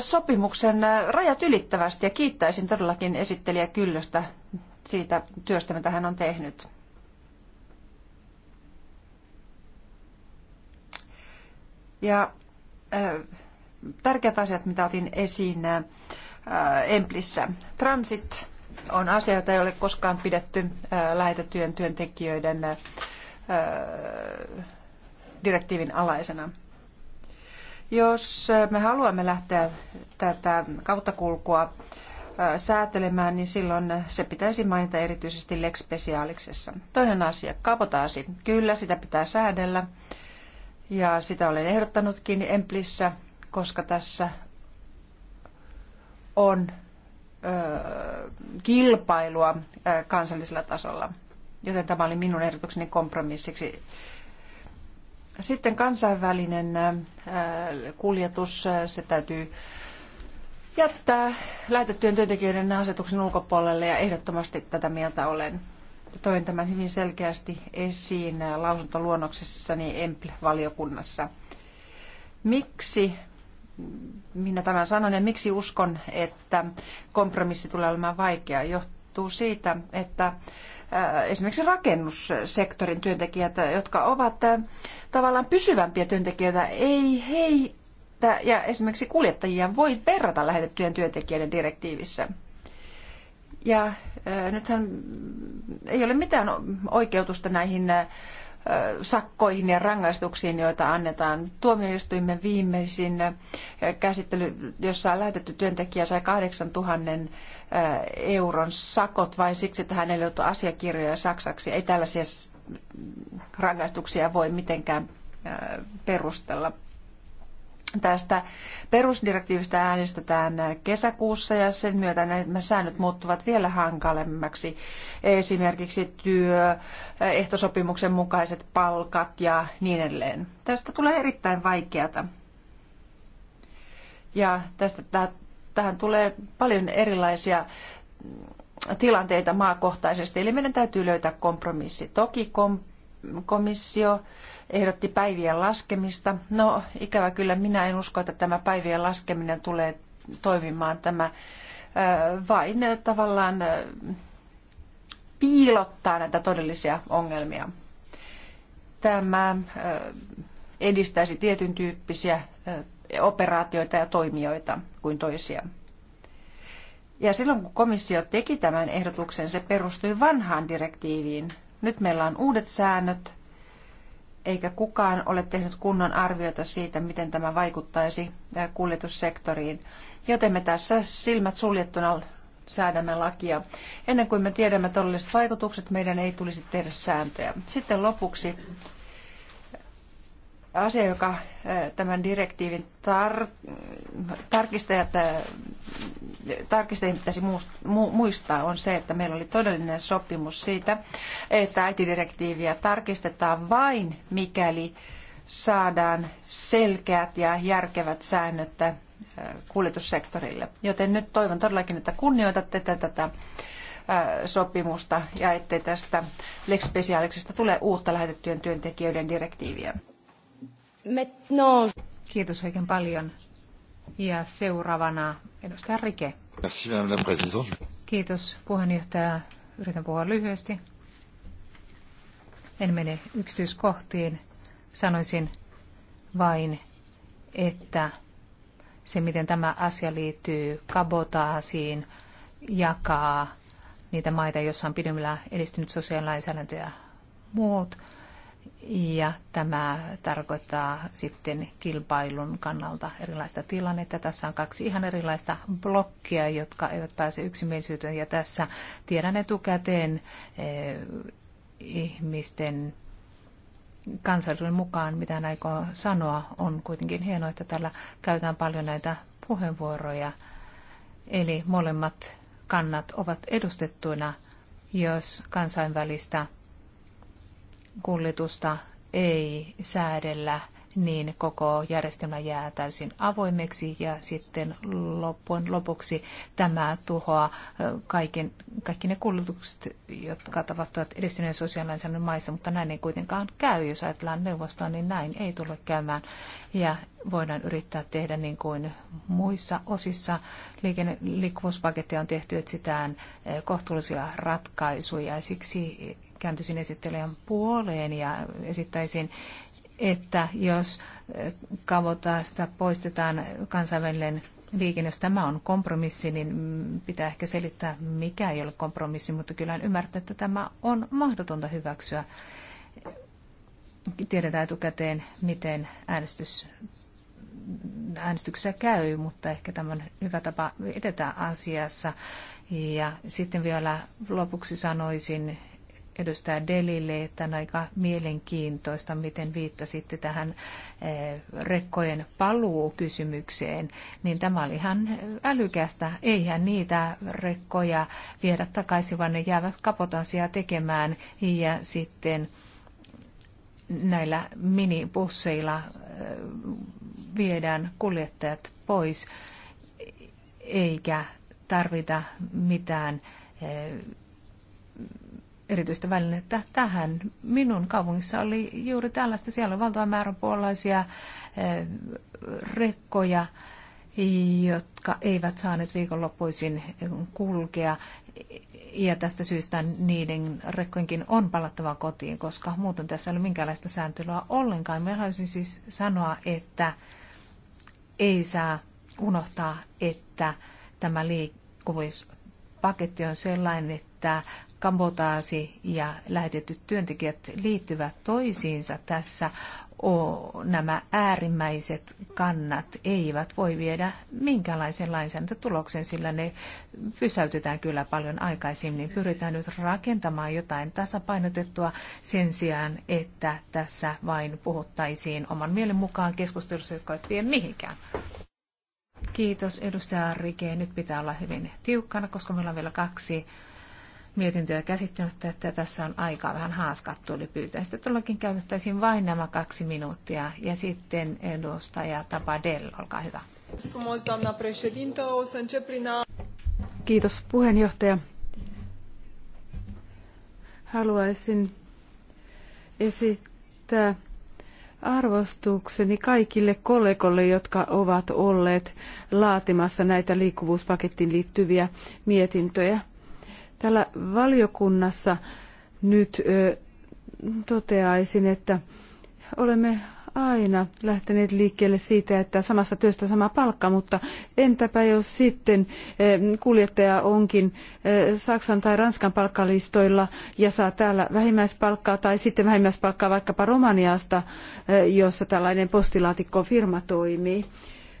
sopimuksen rajat ylittävästi ja kiittäisin todellakin esittelijä Kyllöstä siitä työstä, mitä hän on tehnyt. Ja tärkeät asiat, mitä otin esiin Emplissä. Transit on asia, jota ei ole koskaan pidetty äh, lähetettyjen työntekijöiden direktiivin alaisena. Jos äh, me haluamme lähteä tätä kauttakulkua äh, säätelemään, niin silloin se pitäisi mainita erityisesti Lex Specialiksessa. Toinen asia, kapotaasi. Kyllä, sitä pitää säädellä. Ja sitä olen ehdottanutkin Emplissä, koska tässä on ö, kilpailua ö, kansallisella tasolla. Joten tämä oli minun ehdotukseni kompromissiksi sitten kansainvälinen äh, kuljetus, äh, se täytyy jättää lähetettyjen työntekijöiden asetuksen ulkopuolelle ja ehdottomasti tätä mieltä olen. Toin tämän hyvin selkeästi esiin lausuntoluonnoksessani EMPL-valiokunnassa. Miksi minä tämän sanon ja miksi uskon, että kompromissi tulee olemaan vaikea, johtuu siitä, että Äh, esimerkiksi rakennussektorin työntekijät, jotka ovat äh, tavallaan pysyvämpiä työntekijöitä, ei heitä ja esimerkiksi kuljettajia voi verrata lähetettyjen työntekijöiden direktiivissä. Ja äh, nythän ei ole mitään oikeutusta näihin sakkoihin ja rangaistuksiin, joita annetaan. Tuomioistuimen viimeisin käsittely, jossa lähetetty työntekijä sai 8000 äh, euron sakot vain siksi, että hänelle ei asiakirjoja saksaksi. Ei tällaisia rangaistuksia voi mitenkään äh, perustella. Tästä perusdirektiivistä äänestetään kesäkuussa ja sen myötä nämä säännöt muuttuvat vielä hankalemmaksi. Esimerkiksi työehtosopimuksen mukaiset palkat ja niin edelleen. Tästä tulee erittäin vaikeata. Ja tästä tähän tulee paljon erilaisia tilanteita maakohtaisesti. Eli meidän täytyy löytää kompromissi. Toki kompromissi komissio ehdotti päivien laskemista. No, ikävä kyllä minä en usko, että tämä päivien laskeminen tulee toimimaan. Tämä vain tavallaan piilottaa näitä todellisia ongelmia. Tämä edistäisi tietyn tyyppisiä operaatioita ja toimijoita kuin toisia. Ja silloin kun komissio teki tämän ehdotuksen, se perustui vanhaan direktiiviin nyt meillä on uudet säännöt, eikä kukaan ole tehnyt kunnon arviota siitä, miten tämä vaikuttaisi äh, kuljetussektoriin. Joten me tässä silmät suljettuna säädämme lakia. Ennen kuin me tiedämme todelliset vaikutukset, meidän ei tulisi tehdä sääntöjä. Sitten lopuksi asia, joka tämän direktiivin tar- tarkistajat, tarkistajien pitäisi muistaa, on se, että meillä oli todellinen sopimus siitä, että äitidirektiiviä tarkistetaan vain mikäli saadaan selkeät ja järkevät säännöt kuljetussektorille. Joten nyt toivon todellakin, että kunnioitatte tätä sopimusta ja ettei tästä Lex Specialiksesta tule uutta lähetettyjen työntekijöiden direktiiviä. Maintenant... No. Kiitos oikein paljon. Ja seuraavana edustaja Rike. Merci, madame la présidente. Kiitos puheenjohtaja. Yritän puhua lyhyesti. En mene yksityiskohtiin. Sanoisin vain, että se, miten tämä asia liittyy kabotaasiin, jakaa niitä maita, joissa on pidemmällä edistynyt sosiaalilainsäädäntö ja muut – ja tämä tarkoittaa sitten kilpailun kannalta erilaista tilannetta. Tässä on kaksi ihan erilaista blokkia, jotka eivät pääse yksimielisyyteen. Ja tässä tiedän etukäteen eh, ihmisten kansallisuuden mukaan, mitä hän aikoo sanoa. On kuitenkin hienoa, että täällä käytetään paljon näitä puheenvuoroja. Eli molemmat kannat ovat edustettuina, jos kansainvälistä – kuljetusta ei säädellä, niin koko järjestelmä jää täysin avoimeksi ja sitten loppujen lopuksi tämä tuhoaa kaiken, kaikki ne kuljetukset, jotka tapahtuvat edistyneen sosiaalisen maissa, mutta näin ei kuitenkaan käy. Jos ajatellaan neuvostoa, niin näin ei tule käymään ja voidaan yrittää tehdä niin kuin muissa osissa. Liikenne, on tehty etsitään kohtuullisia ratkaisuja ja siksi kääntyisin esittelijän puoleen ja esittäisin, että jos eh, kavotaasta poistetaan kansainvälinen liikenne, jos tämä on kompromissi, niin mm, pitää ehkä selittää, mikä ei ole kompromissi, mutta kyllä en ymmärtää, että tämä on mahdotonta hyväksyä. Tiedetään etukäteen, miten äänestys äänestyksessä käy, mutta ehkä tämä on hyvä tapa edetä asiassa. Ja sitten vielä lopuksi sanoisin, edustaja Delille, että on aika mielenkiintoista, miten viittasitte tähän eh, rekkojen paluukysymykseen, niin tämä oli ihan älykästä. Eihän niitä rekkoja viedä takaisin, vaan ne jäävät kapotansia tekemään ja sitten näillä minibusseilla eh, viedään kuljettajat pois, eikä tarvita mitään eh, erityistä välinettä tähän. Minun kaupungissa oli juuri tällaista. Siellä oli valtava määrä puolalaisia eh, rekkoja, jotka eivät saaneet viikonloppuisin kulkea. Ja tästä syystä niiden rekkojenkin on palattava kotiin, koska muuten tässä ei ole minkäänlaista sääntelyä ollenkaan. Mä haluaisin siis sanoa, että ei saa unohtaa, että tämä liikkuvuuspaketti on sellainen, että kabotaasi ja lähetetyt työntekijät liittyvät toisiinsa tässä, nämä äärimmäiset kannat eivät voi viedä minkäänlaisen lainsäädäntötuloksen, sillä ne pysäytetään kyllä paljon aikaisemmin. Pyritään nyt rakentamaan jotain tasapainotettua sen sijaan, että tässä vain puhuttaisiin oman mielen mukaan keskustelussa, jotka eivät vie mihinkään. Kiitos edustaja Rike. Nyt pitää olla hyvin tiukkana, koska meillä on vielä kaksi mietintöä käsittelystä, että tässä on aikaa vähän haaskattu, eli pyytäisin, että todellakin käytettäisiin vain nämä kaksi minuuttia. Ja sitten edustaja Tapadell, olkaa hyvä. Kiitos puheenjohtaja. Haluaisin esittää arvostukseni kaikille kollegoille, jotka ovat olleet laatimassa näitä liikkuvuuspakettiin liittyviä mietintöjä Täällä valiokunnassa nyt toteaisin, että olemme aina lähteneet liikkeelle siitä, että samasta työstä sama palkka, mutta entäpä jos sitten kuljettaja onkin Saksan tai Ranskan palkkalistoilla ja saa täällä vähimmäispalkkaa tai sitten vähimmäispalkkaa vaikkapa Romaniasta, jossa tällainen firma toimii.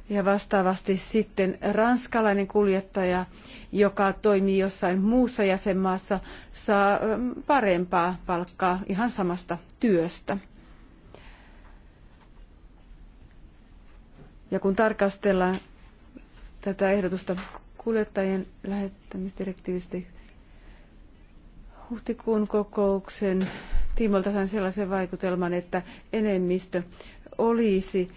Ja vastaavasti sitten ranskalainen kuljettaja, joka toimii jossain muussa jäsenmaassa, saa mm, parempaa palkkaa ihan samasta työstä. Ja kun tarkastellaan tätä ehdotusta kuljettajien lähettämisdirektiivistä huhtikuun kokouksen tiimolta sain sellaisen vaikutelman, että enemmistö olisi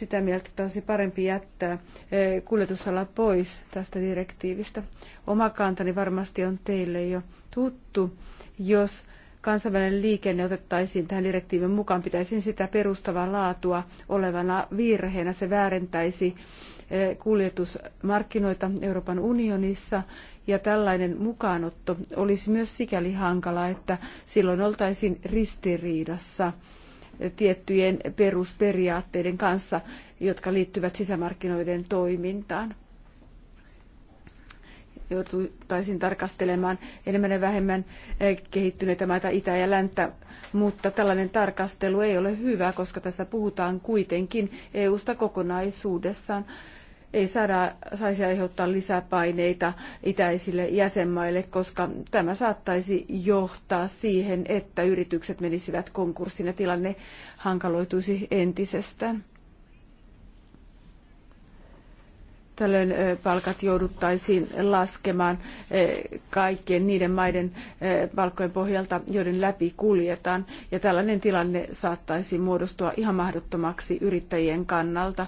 sitä mieltä, että olisi parempi jättää eh, kuljetusala pois tästä direktiivistä. Oma kantani varmasti on teille jo tuttu. Jos kansainvälinen liikenne otettaisiin tähän direktiivin mukaan, pitäisi sitä perustavaa laatua olevana virheenä. Se väärentäisi eh, kuljetusmarkkinoita Euroopan unionissa ja tällainen mukaanotto olisi myös sikäli hankala, että silloin oltaisiin ristiriidassa – tiettyjen perusperiaatteiden kanssa, jotka liittyvät sisämarkkinoiden toimintaan. Joutuisin tarkastelemaan enemmän ja vähemmän eh, kehittyneitä maita itä ja länttä, mutta tällainen tarkastelu ei ole hyvä, koska tässä puhutaan kuitenkin EU-sta kokonaisuudessaan ei saada, saisi aiheuttaa lisäpaineita itäisille jäsenmaille, koska tämä saattaisi johtaa siihen, että yritykset menisivät konkurssiin ja tilanne hankaloituisi entisestään. Tällöin palkat jouduttaisiin laskemaan kaikkien niiden maiden palkkojen pohjalta, joiden läpi kuljetaan. Ja tällainen tilanne saattaisi muodostua ihan mahdottomaksi yrittäjien kannalta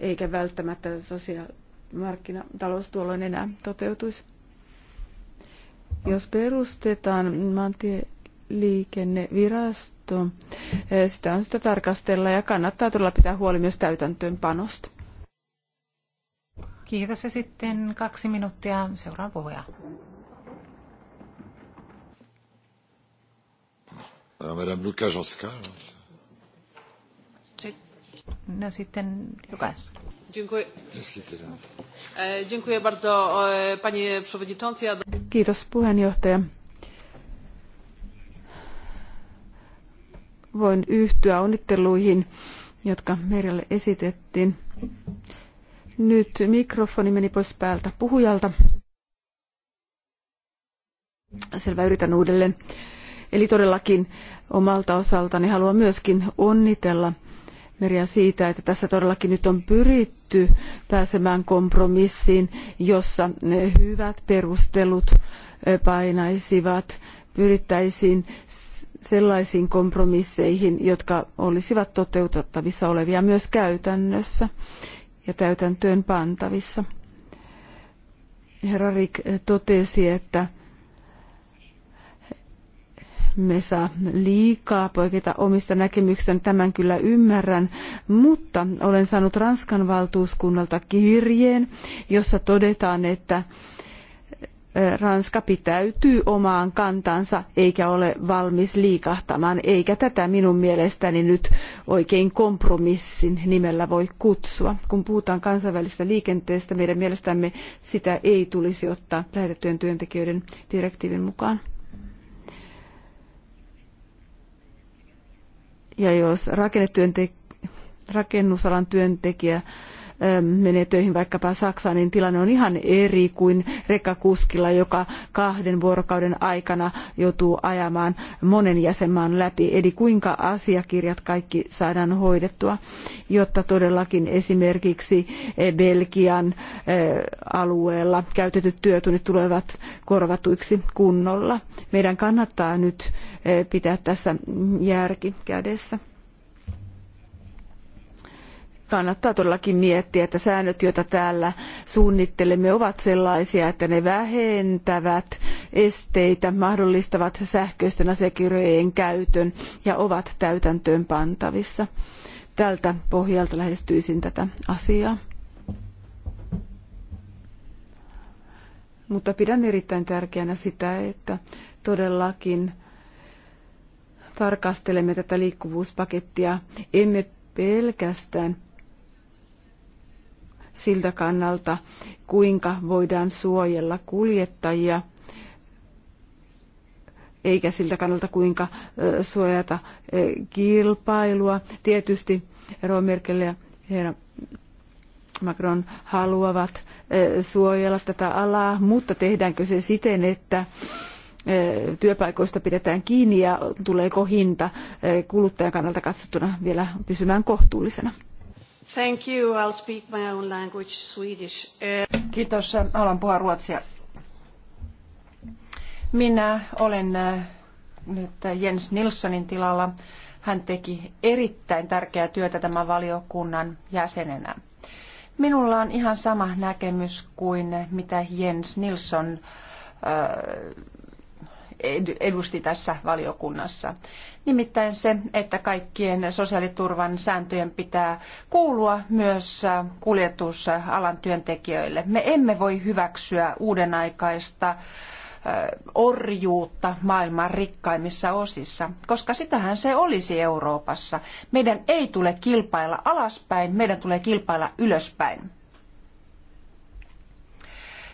eikä välttämättä sosiaalimarkkinatalous tuolloin enää toteutuisi. Jos perustetaan maantieliikennevirasto, eh, sitä on sitä tarkastella ja kannattaa todella pitää huoli myös täytäntöönpanosta. Kiitos ja sitten kaksi minuuttia seuraan puhujaa. Madame Lukajanska. No sitten Lukas. E, Kiitos puheenjohtaja. Voin yhtyä onnitteluihin, jotka Merjalle esitettiin. Nyt mikrofoni meni pois päältä puhujalta. Selvä, yritän uudelleen. Eli todellakin omalta osaltani haluan myöskin onnitella Meria siitä, että tässä todellakin nyt on pyritty pääsemään kompromissiin, jossa hyvät perustelut eh, painaisivat, pyrittäisiin sellaisiin kompromisseihin, jotka olisivat toteutettavissa olevia myös käytännössä ja täytäntöön pantavissa. Herra Rik eh, totesi, että me saa liikaa poiketa omista näkemyksistä, tämän kyllä ymmärrän, mutta olen saanut Ranskan valtuuskunnalta kirjeen, jossa todetaan, että Ranska pitäytyy omaan kantansa eikä ole valmis liikahtamaan, eikä tätä minun mielestäni nyt oikein kompromissin nimellä voi kutsua. Kun puhutaan kansainvälisestä liikenteestä, meidän mielestämme sitä ei tulisi ottaa lähetettyjen työntekijöiden direktiivin mukaan. Ja jos rakennusalan työntekijä menee töihin vaikkapa Saksaan, niin tilanne on ihan eri kuin rekkakuskilla, joka kahden vuorokauden aikana joutuu ajamaan monen jäsenmaan läpi. Eli kuinka asiakirjat kaikki saadaan hoidettua, jotta todellakin esimerkiksi e, Belgian e, alueella käytetyt työtunnit tulevat korvatuiksi kunnolla. Meidän kannattaa nyt e, pitää tässä järki kädessä kannattaa todellakin miettiä, että säännöt, joita täällä suunnittelemme, ovat sellaisia, että ne vähentävät esteitä, mahdollistavat sähköisten asiakirjojen käytön ja ovat täytäntöön pantavissa. Tältä pohjalta lähestyisin tätä asiaa. Mutta pidän erittäin tärkeänä sitä, että todellakin tarkastelemme tätä liikkuvuuspakettia emme pelkästään siltä kannalta, kuinka voidaan suojella kuljettajia eikä siltä kannalta, kuinka suojata kilpailua. Tietysti Rova Merkel ja herra Macron haluavat suojella tätä alaa, mutta tehdäänkö se siten, että työpaikoista pidetään kiinni ja tuleeko hinta kuluttajan kannalta katsottuna vielä pysymään kohtuullisena? Thank you. I'll speak my own language, Swedish. Uh, Kiitos. Haluan puhua ruotsia. Minä olen äh, nyt Jens Nilssonin tilalla. Hän teki erittäin tärkeää työtä tämän valiokunnan jäsenenä. Minulla on ihan sama näkemys kuin mitä Jens Nilsson äh, edusti tässä valiokunnassa. Nimittäin se, että kaikkien sosiaaliturvan sääntöjen pitää kuulua myös äh, kuljetusalan työntekijöille. Me emme voi hyväksyä uudenaikaista äh, orjuutta maailman rikkaimmissa osissa, koska sitähän se olisi Euroopassa. Meidän ei tule kilpailla alaspäin, meidän tulee kilpailla ylöspäin.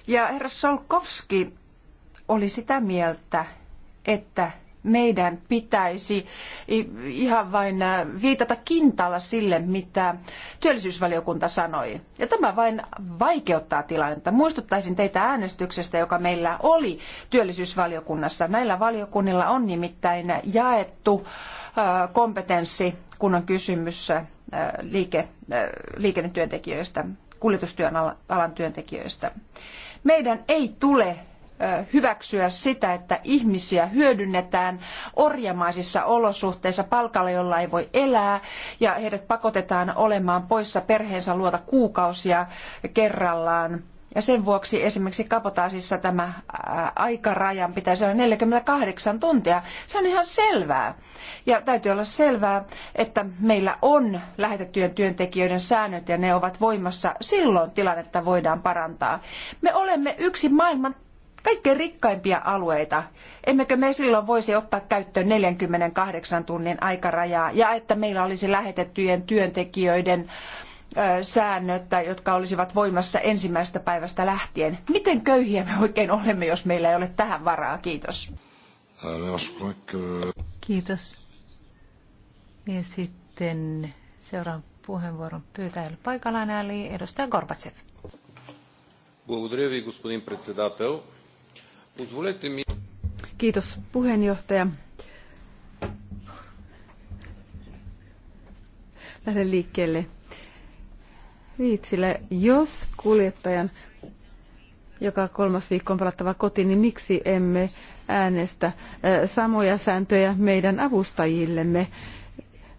Ja herra Solkovski oli sitä mieltä, että meidän pitäisi ihan vain viitata kintaalla sille, mitä työllisyysvaliokunta sanoi. Ja tämä vain vaikeuttaa tilannetta. Muistuttaisin teitä äänestyksestä, joka meillä oli työllisyysvaliokunnassa. Näillä valiokunnilla on nimittäin jaettu kompetenssi, kun on kysymys liike, liikennetyöntekijöistä, kuljetustyön alan työntekijöistä. Meidän ei tule hyväksyä sitä, että ihmisiä hyödynnetään orjamaisissa olosuhteissa palkalla, jolla ei voi elää, ja heidät pakotetaan olemaan poissa perheensä luota kuukausia kerrallaan. Ja sen vuoksi esimerkiksi kapotaasissa tämä aikarajan pitäisi olla 48 tuntia. Se on ihan selvää. Ja täytyy olla selvää, että meillä on lähetettyjen työntekijöiden säännöt ja ne ovat voimassa. Silloin tilannetta voidaan parantaa. Me olemme yksi maailman kaikkein rikkaimpia alueita. Emmekö me silloin voisi ottaa käyttöön 48 tunnin aikarajaa ja että meillä olisi lähetettyjen työntekijöiden säännöt, jotka olisivat voimassa ensimmäisestä päivästä lähtien. Miten köyhiä me oikein olemme, jos meillä ei ole tähän varaa? Kiitos. Kiitos. Ja sitten seuraavan puheenvuoron pyytäjä paikalla eli edustaja Gorbatsev. Благодаря ви, господин председател. Kiitos puheenjohtaja. Lähden liikkeelle Viitsillä. Jos kuljettajan joka kolmas viikko on palattava kotiin, niin miksi emme äänestä samoja sääntöjä meidän avustajillemme?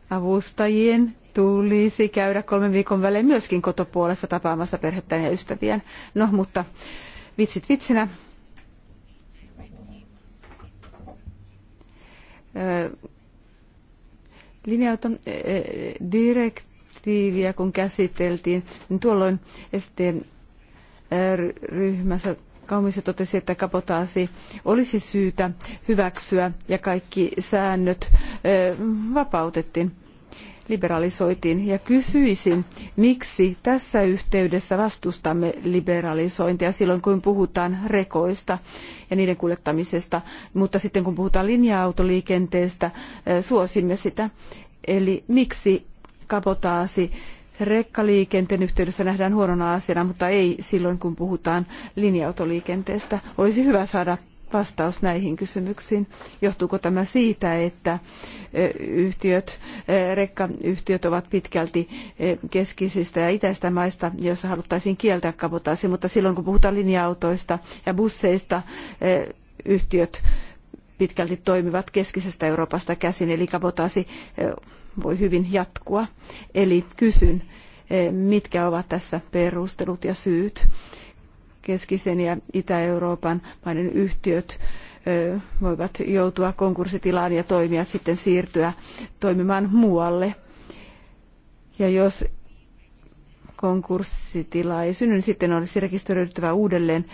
Avustajien tulisi käydä kolmen viikon välein myöskin kotopuolessa tapaamassa perhettään ja ystäviään. No, mutta vitsit vitsinä. linja direktiiviä kun käsiteltiin, niin tuolloin esteen ryhmässä kaumissa totesi, että kapotaasi olisi syytä hyväksyä ja kaikki säännöt vapautettiin liberalisoitiin ja kysyisin, miksi tässä yhteydessä vastustamme liberalisointia silloin, kun puhutaan rekoista ja niiden kuljettamisesta, mutta sitten kun puhutaan linja-autoliikenteestä, eh, suosimme sitä. Eli miksi kabotaasi rekkaliikenteen yhteydessä nähdään huonona asiana, mutta ei silloin, kun puhutaan linja-autoliikenteestä. Olisi hyvä saada vastaus näihin kysymyksiin. Johtuuko tämä siitä, että e, yhtiöt, e, rekkayhtiöt ovat pitkälti e, keskisistä ja itäistä maista, joissa haluttaisiin kieltää kabotaasi, mutta silloin kun puhutaan linja-autoista ja busseista, yhtiöt pitkälti toimivat keskisestä Euroopasta käsin, eli kabotaasi voi hyvin jatkua. Eli kysyn, mitkä ovat tässä perustelut ja syyt keskisen ja Itä-Euroopan maiden yhtiöt voivat joutua konkurssitilaan ja toimijat sitten siirtyä toimimaan muualle. Ja jos konkurssitila ei synny, niin sitten olisi rekisteröidyttävä uudelleen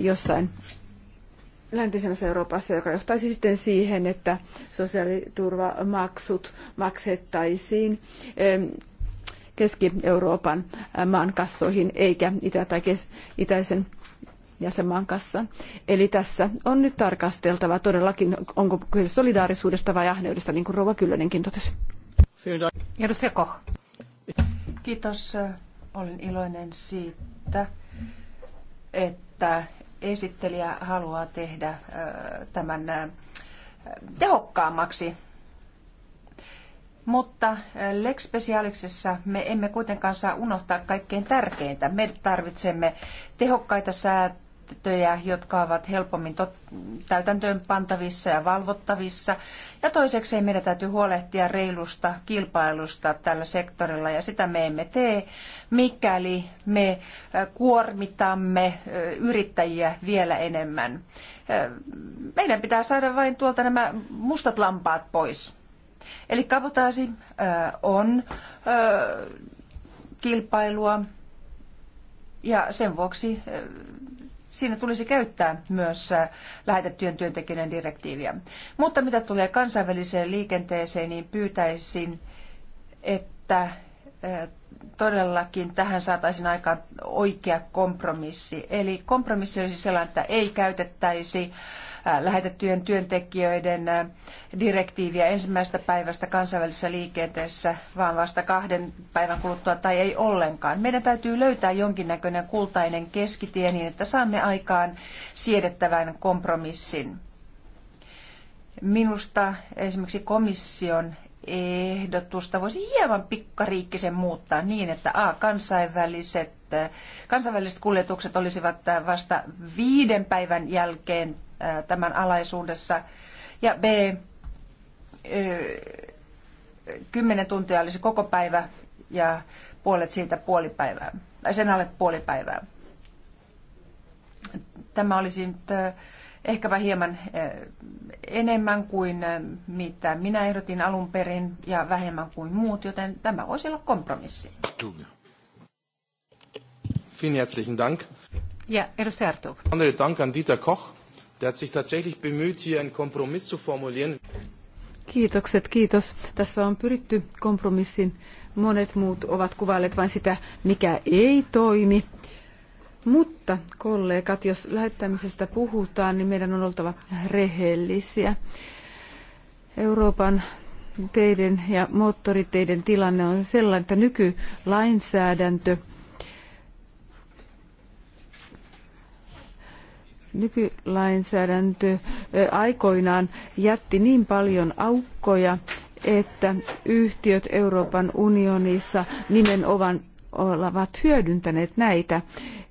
jossain läntisemmässä Euroopassa, joka johtaisi sitten siihen, että sosiaaliturvamaksut maksettaisiin Keski-Euroopan maan kassoihin eikä Itä- tai Itäisen jäsenmaan kanssa. Eli tässä on nyt tarkasteltava todellakin, onko kyse solidaarisuudesta vai ahneudesta, niin kuin Rouva Kyllönenkin totesi. Edustaja Koch. Kiitos. Olen iloinen siitä, että esittelijä haluaa tehdä tämän tehokkaammaksi. Mutta Lex Specialiksessa me emme kuitenkaan saa unohtaa kaikkein tärkeintä. Me tarvitsemme tehokkaita säätöjä sääntöjä, jotka ovat helpommin tot- täytäntöön pantavissa ja valvottavissa. Ja toiseksi meidän täytyy huolehtia reilusta kilpailusta tällä sektorilla ja sitä me emme tee, mikäli me kuormitamme yrittäjiä vielä enemmän. Meidän pitää saada vain tuolta nämä mustat lampaat pois. Eli kabotaasi on kilpailua, ja sen vuoksi siinä tulisi käyttää myös äh, lähetettyjen työntekijöiden direktiiviä. Mutta mitä tulee kansainväliseen liikenteeseen, niin pyytäisin, että äh, todellakin tähän saataisiin aika oikea kompromissi. Eli kompromissi olisi sellainen, että ei käytettäisi Äh, lähetettyjen työntekijöiden äh, direktiiviä ensimmäisestä päivästä kansainvälisessä liikenteessä, vaan vasta kahden päivän kuluttua tai ei ollenkaan. Meidän täytyy löytää jonkinnäköinen kultainen keskitie niin, että saamme aikaan siedettävän kompromissin. Minusta esimerkiksi komission ehdotusta voisi hieman pikkariikkisen muuttaa niin, että A, kansainväliset, äh, kansainväliset kuljetukset olisivat vasta viiden päivän jälkeen tämän alaisuudessa. Ja B, 10 tuntia olisi koko päivä ja puolet siitä puolipäivää, tai sen alle puolipäivää. Tämä olisi nyt ehkäpä hieman enemmän kuin mitä minä ehdotin alun perin ja vähemmän kuin muut, joten tämä voisi olla kompromissi. Vielen herzlichen Dank. Ja, edustaja Artug. Andere Dank an Dieter Koch. Der hat sich tatsächlich bemüht, hier einen Kompromiss zu formulieren. Kiitokset, kiitos. Tässä on pyritty kompromissin. Monet muut ovat kuvailleet vain sitä, mikä ei toimi. Mutta kollegat, jos lähettämisestä puhutaan, niin meidän on oltava rehellisiä. Euroopan teiden ja moottoriteiden tilanne on sellainen, että nykylainsäädäntö – nykylainsäädäntö aikoinaan jätti niin paljon aukkoja, että yhtiöt Euroopan unionissa nimenomaan ovat hyödyntäneet näitä.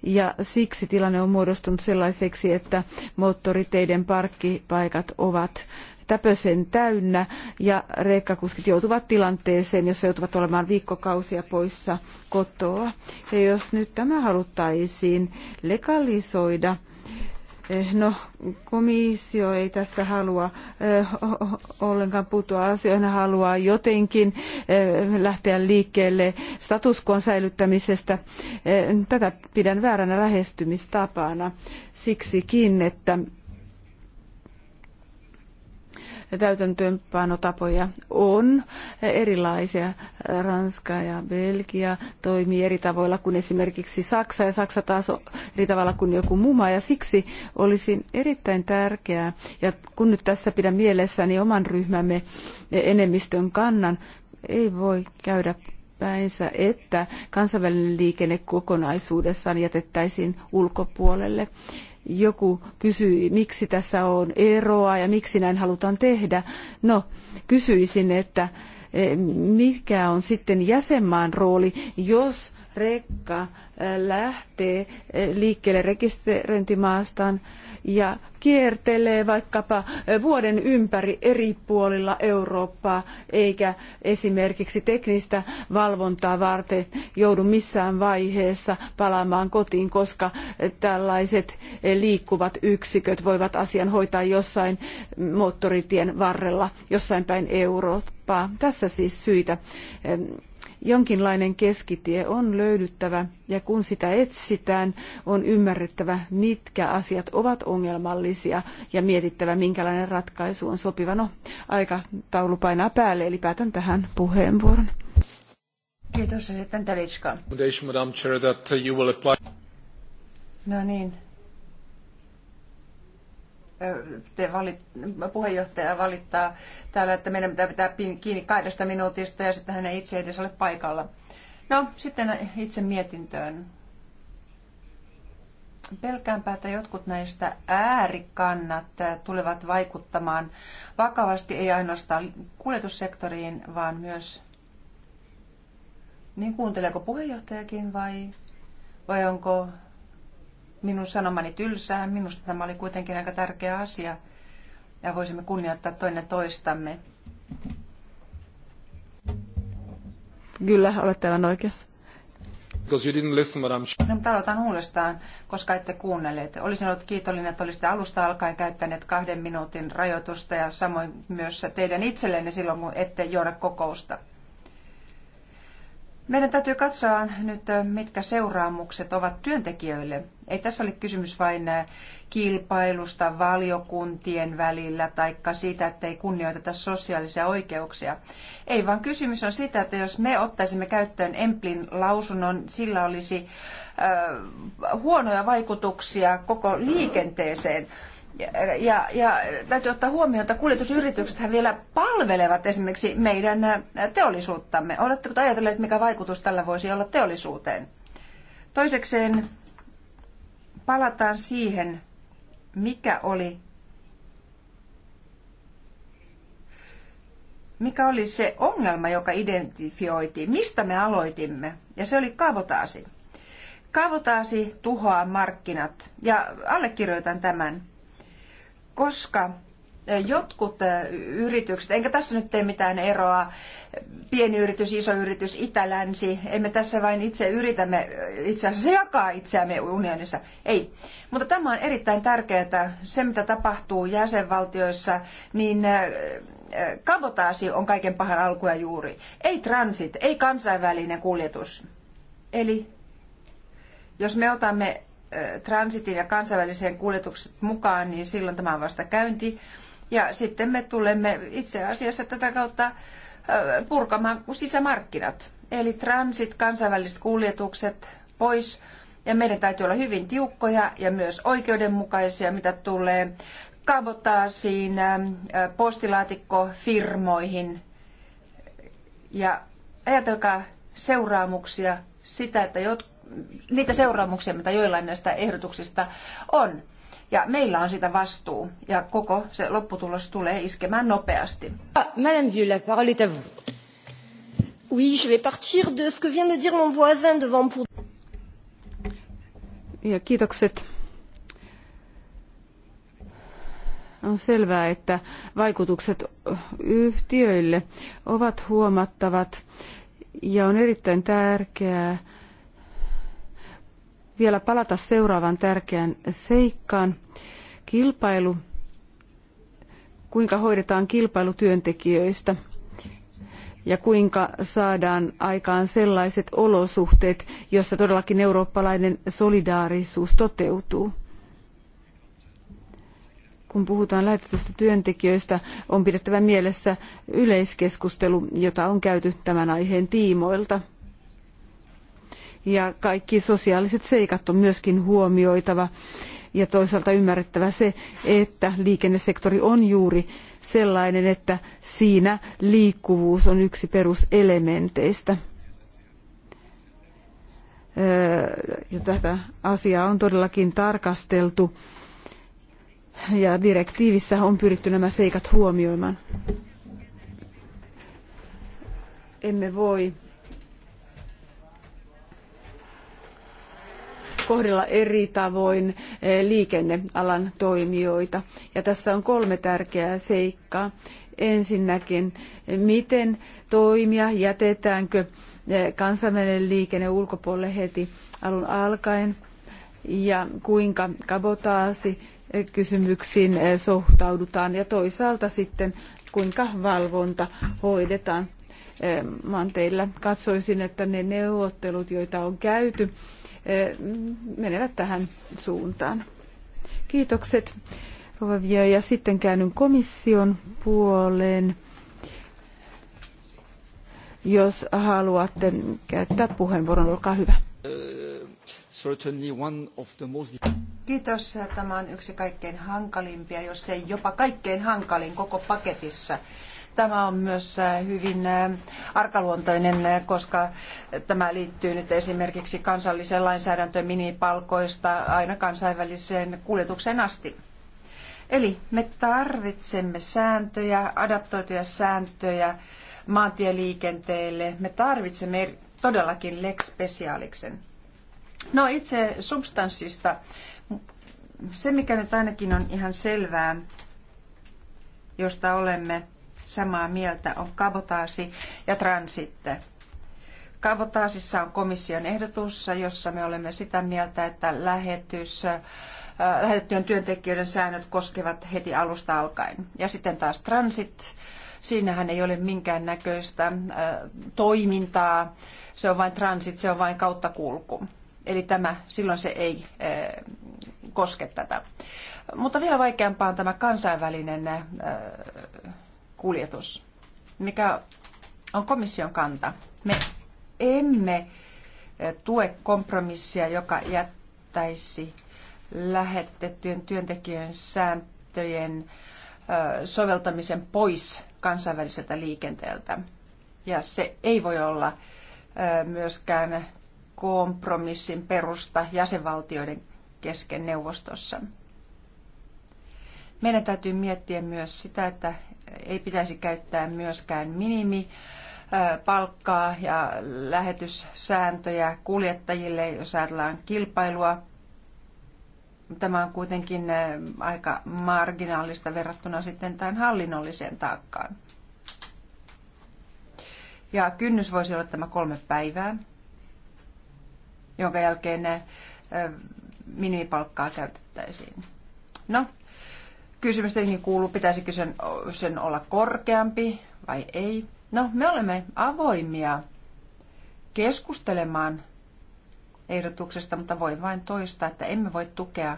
Ja siksi tilanne on muodostunut sellaiseksi, että moottoriteiden parkkipaikat ovat täpösen täynnä ja rekkakuskit joutuvat tilanteeseen, jossa joutuvat olemaan viikkokausia poissa kotoa. Ja jos nyt tämä haluttaisiin legalisoida, Eh, no, komissio ei tässä halua eh, ollenkaan puuttua asioihin, haluaa jotenkin eh, lähteä liikkeelle statuskoon säilyttämisestä. Tätä pidän vääränä lähestymistapana siksikin, että täytäntöönpanotapoja on erilaisia. Ranska ja Belgia toimii eri tavoilla kuin esimerkiksi Saksa ja Saksa taas eri tavalla kuin joku muu maa ja siksi olisi erittäin tärkeää ja kun nyt tässä pidän mielessäni oman ryhmämme enemmistön kannan, ei voi käydä päinsä, että kansainvälinen liikenne kokonaisuudessaan jätettäisiin ulkopuolelle joku kysyi, miksi tässä on eroa ja miksi näin halutaan tehdä. No, kysyisin, että e, mikä on sitten jäsenmaan rooli, jos rekka e, lähtee e, liikkeelle rekisteröintimaastaan ja kiertelee vaikkapa vuoden ympäri eri puolilla Eurooppaa, eikä esimerkiksi teknistä valvontaa varten joudu missään vaiheessa palaamaan kotiin, koska tällaiset liikkuvat yksiköt voivat asian hoitaa jossain moottoritien varrella, jossain päin Eurooppaa. Tässä siis syitä Jonkinlainen keskitie on löydyttävä ja kun sitä etsitään, on ymmärrettävä, mitkä asiat ovat ongelmallisia ja mietittävä, minkälainen ratkaisu on sopiva. No, aikataulu painaa päälle, eli päätän tähän puheenvuoron. Kiitos, sitten Telitska. Uh, no niin, te valit, puheenjohtaja valittaa täällä, että meidän pitää pitää kiinni kahdesta minuutista ja sitten hän ei itse edes ole paikalla. No, sitten itse mietintöön. Pelkäänpä, että jotkut näistä äärikannat tulevat vaikuttamaan vakavasti ei ainoastaan kuljetussektoriin, vaan myös... Niin kuunteleeko puheenjohtajakin vai, vai onko minun sanomani tylsää. Minusta tämä oli kuitenkin aika tärkeä asia ja voisimme kunnioittaa toinen toistamme. Kyllä, olette aivan oikeassa. you didn't listen, madam. No, mutta aloitan uudestaan, koska ette kuunnelleet. Olisin ollut kiitollinen, että olisitte alusta alkaen käyttäneet kahden minuutin rajoitusta ja samoin myös teidän itsellenne silloin, kun ette juoda kokousta. Meidän täytyy katsoa nyt, äh, mitkä seuraamukset ovat työntekijöille. Ei tässä ole kysymys vain äh, kilpailusta valiokuntien välillä tai siitä, että ei kunnioiteta sosiaalisia oikeuksia. Ei, vaan kysymys on sitä, että jos me ottaisimme käyttöön Emplin lausunnon, sillä olisi äh, huonoja vaikutuksia koko liikenteeseen. Ja, ja, ja täytyy ottaa huomioon, että kuljetusyrityksethän vielä palvelevat esimerkiksi meidän äh, teollisuuttamme. Oletteko ajatelleet, mikä vaikutus tällä voisi olla teollisuuteen? Toisekseen palataan siihen, mikä oli mikä oli se ongelma, joka identifioitiin, mistä me aloitimme, ja se oli kaavotaasi. Kaavotaasi tuhoaa markkinat, ja allekirjoitan tämän koska e, jotkut e, yritykset, enkä tässä nyt tee mitään eroa, pieni yritys, iso yritys, itä-länsi, emme tässä vain itse yritämme e, itse asiassa jakaa itseämme unionissa, ei. Mutta tämä on erittäin tärkeää, se mitä tapahtuu jäsenvaltioissa, niin kabotaasi on kaiken pahan alkuja juuri. Ei transit, ei kansainvälinen kuljetus. Eli jos me otamme transitin ja kansainväliseen kuljetukset mukaan, niin silloin tämä on vasta käynti. Ja sitten me tulemme itse asiassa tätä kautta purkamaan sisämarkkinat. Eli transit, kansainväliset kuljetukset pois. Ja meidän täytyy olla hyvin tiukkoja ja myös oikeudenmukaisia, mitä tulee kabotaasiin, postilaatikkofirmoihin. Ja ajatelkaa seuraamuksia sitä, että jotkut niitä seuraamuksia, mitä joillain näistä ehdotuksista on. Ja meillä on sitä vastuu ja koko se lopputulos tulee iskemään nopeasti. Ah, Madame Vieux, la parole est à vous. Oui, je vais partir de ce que vient de dire mon voisin devant pour... Ja kiitokset. On selvää, että vaikutukset yhtiöille ovat huomattavat ja on erittäin tärkeää, vielä palata seuraavan tärkeään seikkaan. Kilpailu, kuinka hoidetaan kilpailutyöntekijöistä ja kuinka saadaan aikaan sellaiset olosuhteet, joissa todellakin eurooppalainen solidaarisuus toteutuu kun puhutaan lähetetystä työntekijöistä, on pidettävä mielessä yleiskeskustelu, jota on käyty tämän aiheen tiimoilta ja kaikki sosiaaliset seikat on myöskin huomioitava ja toisaalta ymmärrettävä se, että liikennesektori on juuri sellainen, että siinä liikkuvuus on yksi peruselementeistä. Öö, ja tätä asiaa on todellakin tarkasteltu ja direktiivissä on pyritty nämä seikat huomioimaan. Emme voi kohdella eri tavoin eh, liikennealan toimijoita. Ja tässä on kolme tärkeää seikkaa. Ensinnäkin, eh, miten toimia, jätetäänkö eh, kansainvälinen liikenne ulkopuolelle heti alun alkaen ja kuinka kabotaasi kysymyksiin suhtaudutaan ja toisaalta sitten kuinka valvonta hoidetaan manteilla. Katsoisin, että ne neuvottelut, joita on käyty menevät tähän suuntaan. Kiitokset ja sitten käännyn komission puoleen. Jos haluatte käyttää puheenvuoron, olkaa hyvä. Kiitos. Tämä on yksi kaikkein hankalimpia, jos ei jopa kaikkein hankalin koko paketissa. Tämä on myös äh, hyvin äh, arkaluontoinen, äh, koska tämä liittyy nyt esimerkiksi kansalliseen lainsäädäntöön minipalkoista aina kansainväliseen kuljetukseen asti. Eli me tarvitsemme sääntöjä, adaptoituja sääntöjä maantieliikenteelle. Me tarvitsemme todellakin lex specialiksen. No itse substanssista. Se, mikä nyt ainakin on ihan selvää, josta olemme samaa mieltä on kabotaasi ja transitte. Kabotaasissa on komission ehdotus, jossa me olemme sitä mieltä, että lähetys, äh, lähetettyjen työntekijöiden säännöt koskevat heti alusta alkaen. Ja sitten taas transit, siinähän ei ole minkään näköistä äh, toimintaa, se on vain transit, se on vain kauttakulku. Eli tämä, silloin se ei äh, koske tätä. Mutta vielä vaikeampaa on tämä kansainvälinen kuljetus. Mikä on komission kanta? Me emme eh, tue kompromissia, joka jättäisi lähetettyjen työntekijöiden sääntöjen eh, soveltamisen pois kansainväliseltä liikenteeltä. Ja se ei voi olla eh, myöskään kompromissin perusta jäsenvaltioiden kesken neuvostossa. Meidän täytyy miettiä myös sitä, että ei pitäisi käyttää myöskään minimi palkkaa ja lähetyssääntöjä kuljettajille, jos ajatellaan kilpailua. Tämä on kuitenkin aika marginaalista verrattuna sitten tähän hallinnolliseen taakkaan. Ja kynnys voisi olla tämä kolme päivää, jonka jälkeen minimipalkkaa käytettäisiin. No, kysymys tietenkin kuuluu, pitäisikö sen, sen olla korkeampi vai ei. No, me olemme avoimia keskustelemaan ehdotuksesta, mutta voin vain toistaa, että emme voi tukea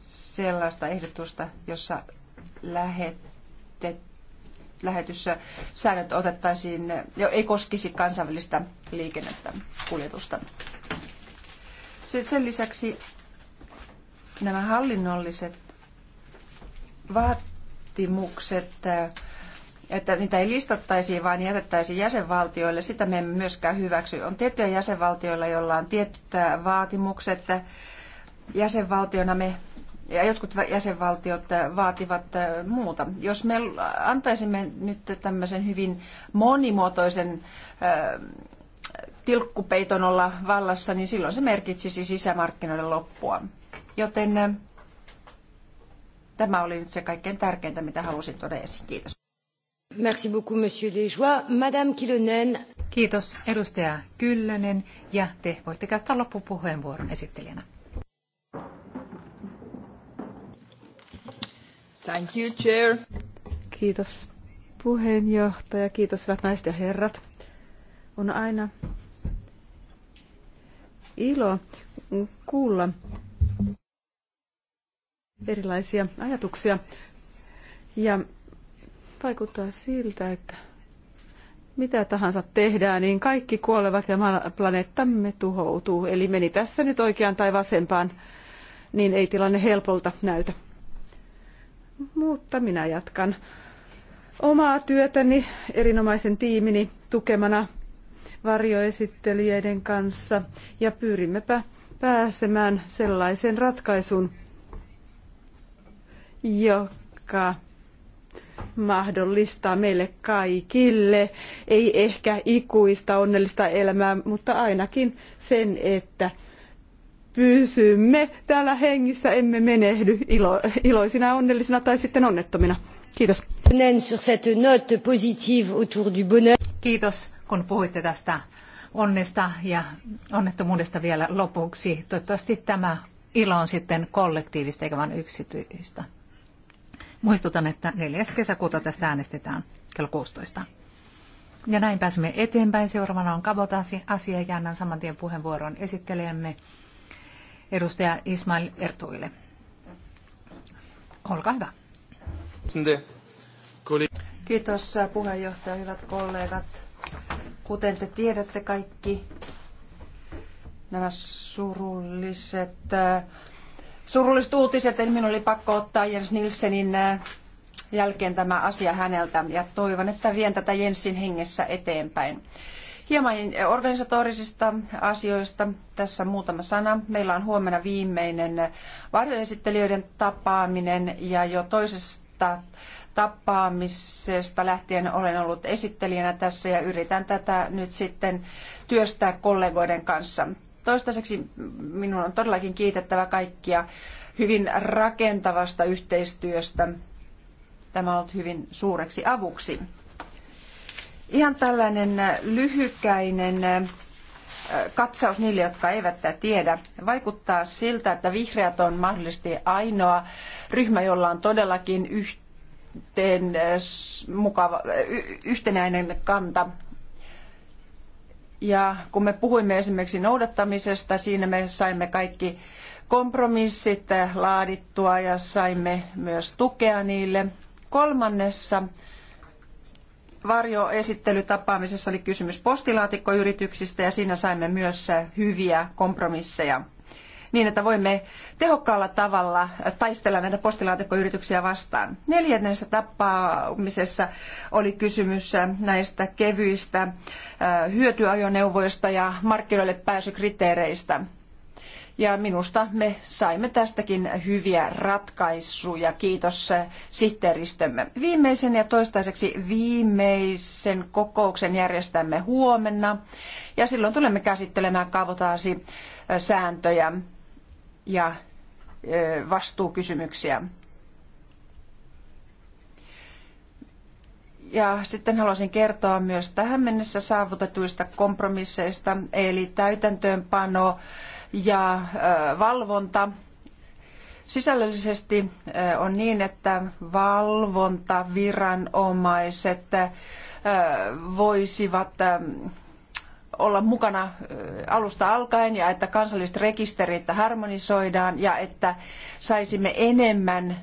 sellaista ehdotusta, jossa lähetet, lähetyssäännöt otettaisiin, jo ei koskisi kansainvälistä liikennettä, kuljetusta. Sitten sen lisäksi nämä hallinnolliset vaatimukset, että niitä ei listattaisi, vaan jätettäisiin jäsenvaltioille, sitä me emme myöskään hyväksy. On tiettyjä jäsenvaltioilla, joilla on tietyt vaatimukset. Jäsenvaltiona me ja jotkut jäsenvaltiot vaativat muuta. Jos me antaisimme nyt tämmöisen hyvin monimuotoisen äh, tilkkupeiton olla vallassa, niin silloin se merkitsisi sisämarkkinoiden loppua. Joten äh, Tämä oli nyt se kaikkein tärkeintä, mitä halusin tuoda esiin. Kiitos. Merci beaucoup, monsieur Lejoie. Madame Kilonen. Kiitos, edustaja Kyllönen. Ja te voitte käyttää loppupuheenvuoron esittelijänä. Thank you, chair. Kiitos, puheenjohtaja. Kiitos, hyvät naiset ja herrat. On aina ilo kuulla erilaisia ajatuksia. Ja vaikuttaa siltä, että mitä tahansa tehdään, niin kaikki kuolevat ja planeettamme tuhoutuu. Eli meni tässä nyt oikeaan tai vasempaan, niin ei tilanne helpolta näytä. Mutta minä jatkan omaa työtäni erinomaisen tiimini tukemana varjoesittelijöiden kanssa ja pyrimmepä pääsemään sellaiseen ratkaisuun, joka mahdollistaa meille kaikille, ei ehkä ikuista onnellista elämää, mutta ainakin sen, että pysymme täällä hengissä, emme menehdy ilo, iloisina, onnellisina tai sitten onnettomina. Kiitos. Kiitos, kun puhuitte tästä onnesta ja onnettomuudesta vielä lopuksi. Toivottavasti tämä ilo on sitten kollektiivista eikä vain yksityistä. Muistutan, että 4. kesäkuuta tästä äänestetään kello 16. Ja näin pääsemme eteenpäin. Seuraavana on kabotaasi asia ja annan saman tien puheenvuoron esittelemme edustaja Ismail Ertuille. Olkaa hyvä. Kiitos puheenjohtaja, hyvät kollegat. Kuten te tiedätte kaikki, nämä surulliset surulliset uutiset, eli minun oli pakko ottaa Jens Nilsenin äh, jälkeen tämä asia häneltä ja toivon, että vien tätä Jensin hengessä eteenpäin. Hieman äh, organisatorisista asioista tässä muutama sana. Meillä on huomenna viimeinen äh, varjoesittelijöiden tapaaminen ja jo toisesta tapaamisesta lähtien olen ollut esittelijänä tässä ja yritän tätä nyt sitten työstää kollegoiden kanssa toistaiseksi minun on todellakin kiitettävä kaikkia hyvin rakentavasta yhteistyöstä. Tämä on ollut hyvin suureksi avuksi. Ihan tällainen lyhykäinen katsaus niille, jotka eivät tiedä. Vaikuttaa siltä, että vihreät on mahdollisesti ainoa ryhmä, jolla on todellakin yhteen, mukava, yhtenäinen kanta ja kun me puhuimme esimerkiksi noudattamisesta, siinä me saimme kaikki kompromissit laadittua ja saimme myös tukea niille. Kolmannessa varjoesittelytapaamisessa oli kysymys postilaatikkoyrityksistä ja siinä saimme myös hyviä kompromisseja niin, että voimme tehokkaalla tavalla taistella näitä postilaatikkoyrityksiä vastaan. Neljännessä tapaamisessa oli kysymys näistä kevyistä äh, hyötyajoneuvoista ja markkinoille pääsykriteereistä. Ja minusta me saimme tästäkin hyviä ratkaisuja, kiitos äh, sihteeristömme. Viimeisen ja toistaiseksi viimeisen kokouksen järjestämme huomenna ja silloin tulemme käsittelemään kavotaasi sääntöjä ja vastuukysymyksiä. Ja sitten haluaisin kertoa myös tähän mennessä saavutetuista kompromisseista, eli täytäntöönpano ja valvonta. Sisällöllisesti on niin, että valvontaviranomaiset voisivat olla mukana alusta alkaen ja että kansalliset rekisterit harmonisoidaan ja että saisimme enemmän,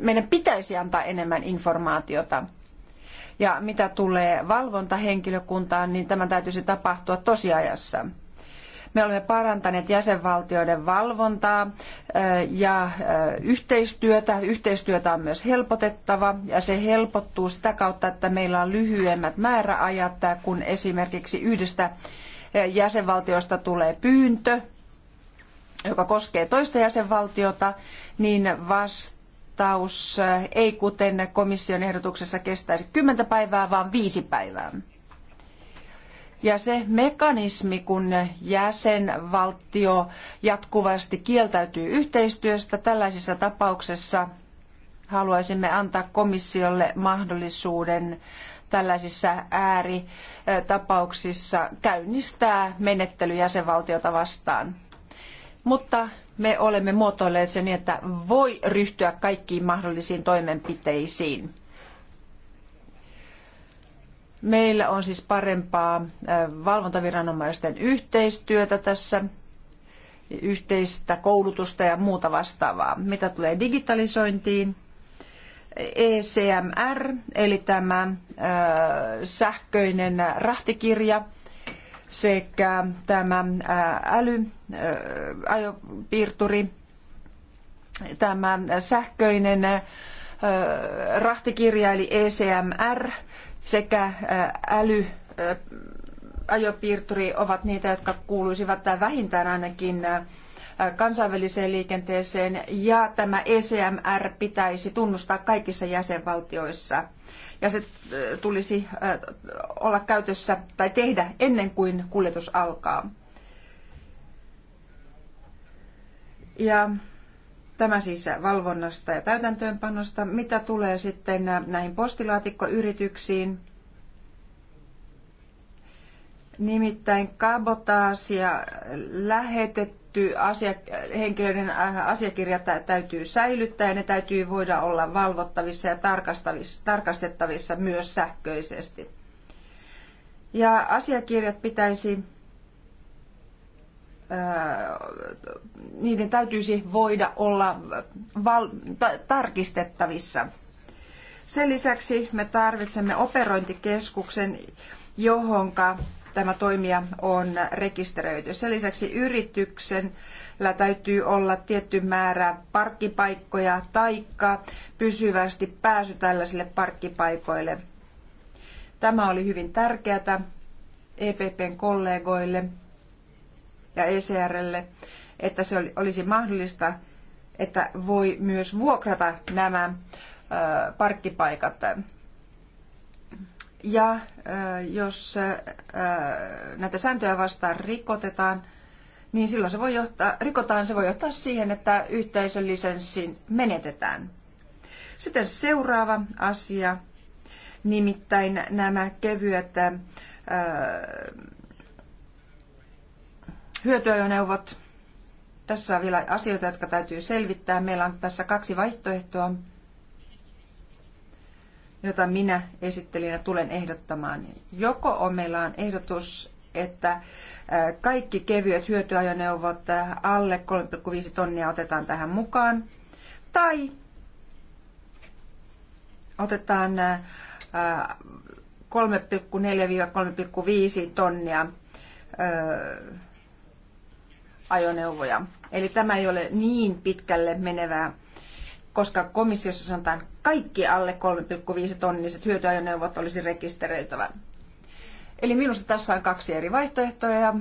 meidän pitäisi antaa enemmän informaatiota. Ja mitä tulee valvontahenkilökuntaan, niin tämän täytyisi tapahtua tosiajassa. Me olemme parantaneet jäsenvaltioiden valvontaa ja yhteistyötä. Yhteistyötä on myös helpotettava ja se helpottuu sitä kautta, että meillä on lyhyemmät määräajat, kun esimerkiksi yhdestä jäsenvaltiosta tulee pyyntö, joka koskee toista jäsenvaltiota, niin vastaus ei kuten komission ehdotuksessa kestäisi kymmentä päivää, vaan viisi päivää. Ja se mekanismi, kun jäsenvaltio jatkuvasti kieltäytyy yhteistyöstä, tällaisissa tapauksissa haluaisimme antaa komissiolle mahdollisuuden tällaisissa ääritapauksissa käynnistää menettely jäsenvaltiota vastaan. Mutta me olemme muotoilleet sen niin, että voi ryhtyä kaikkiin mahdollisiin toimenpiteisiin. Meillä on siis parempaa valvontaviranomaisten yhteistyötä tässä, yhteistä koulutusta ja muuta vastaavaa. Mitä tulee digitalisointiin, ECMR, eli tämä sähköinen rahtikirja sekä tämä älyajopiirturi, tämä sähköinen rahtikirja eli ECMR sekä äly ajopiirturi ovat niitä, jotka kuuluisivat vähintään ainakin kansainväliseen liikenteeseen ja tämä ECMR pitäisi tunnustaa kaikissa jäsenvaltioissa. Ja se äh, tulisi äh, olla käytössä tai tehdä ennen kuin kuljetus alkaa. Ja Tämä siis valvonnasta ja täytäntöönpanosta. Mitä tulee sitten äh, näihin postilaatikkoyrityksiin? Nimittäin kabotaasia lähetet tietty asia, henkilöiden asiakirjat täytyy säilyttää ja ne täytyy voida olla valvottavissa ja tarkastettavissa myös sähköisesti. Ja asiakirjat pitäisi, niiden täytyisi voida olla val, tarkistettavissa. Sen lisäksi me tarvitsemme operointikeskuksen, johonka tämä toimija on rekisteröity. Sen lisäksi yrityksellä täytyy olla tietty määrä parkkipaikkoja taikka pysyvästi pääsy tällaisille parkkipaikoille. Tämä oli hyvin tärkeää EPPn kollegoille ja ECRlle, että se olisi mahdollista, että voi myös vuokrata nämä parkkipaikat ja jos näitä sääntöjä vastaan rikotetaan, niin silloin se voi johtaa, rikotaan, se voi johtaa siihen, että yhteisön lisenssin menetetään. Sitten seuraava asia, nimittäin nämä kevyet ää, hyötyajoneuvot. Tässä on vielä asioita, jotka täytyy selvittää. Meillä on tässä kaksi vaihtoehtoa jota minä esittelijänä tulen ehdottamaan. Joko on, meillä on ehdotus, että kaikki kevyet hyötyajoneuvot alle 3,5 tonnia otetaan tähän mukaan, tai otetaan 3,4-3,5 tonnia ajoneuvoja. Eli tämä ei ole niin pitkälle menevää koska komissiossa sanotaan kaikki alle 3,5 tonniset hyötyajoneuvot olisi rekisteröitävä. Eli minusta tässä on kaksi eri vaihtoehtoa ja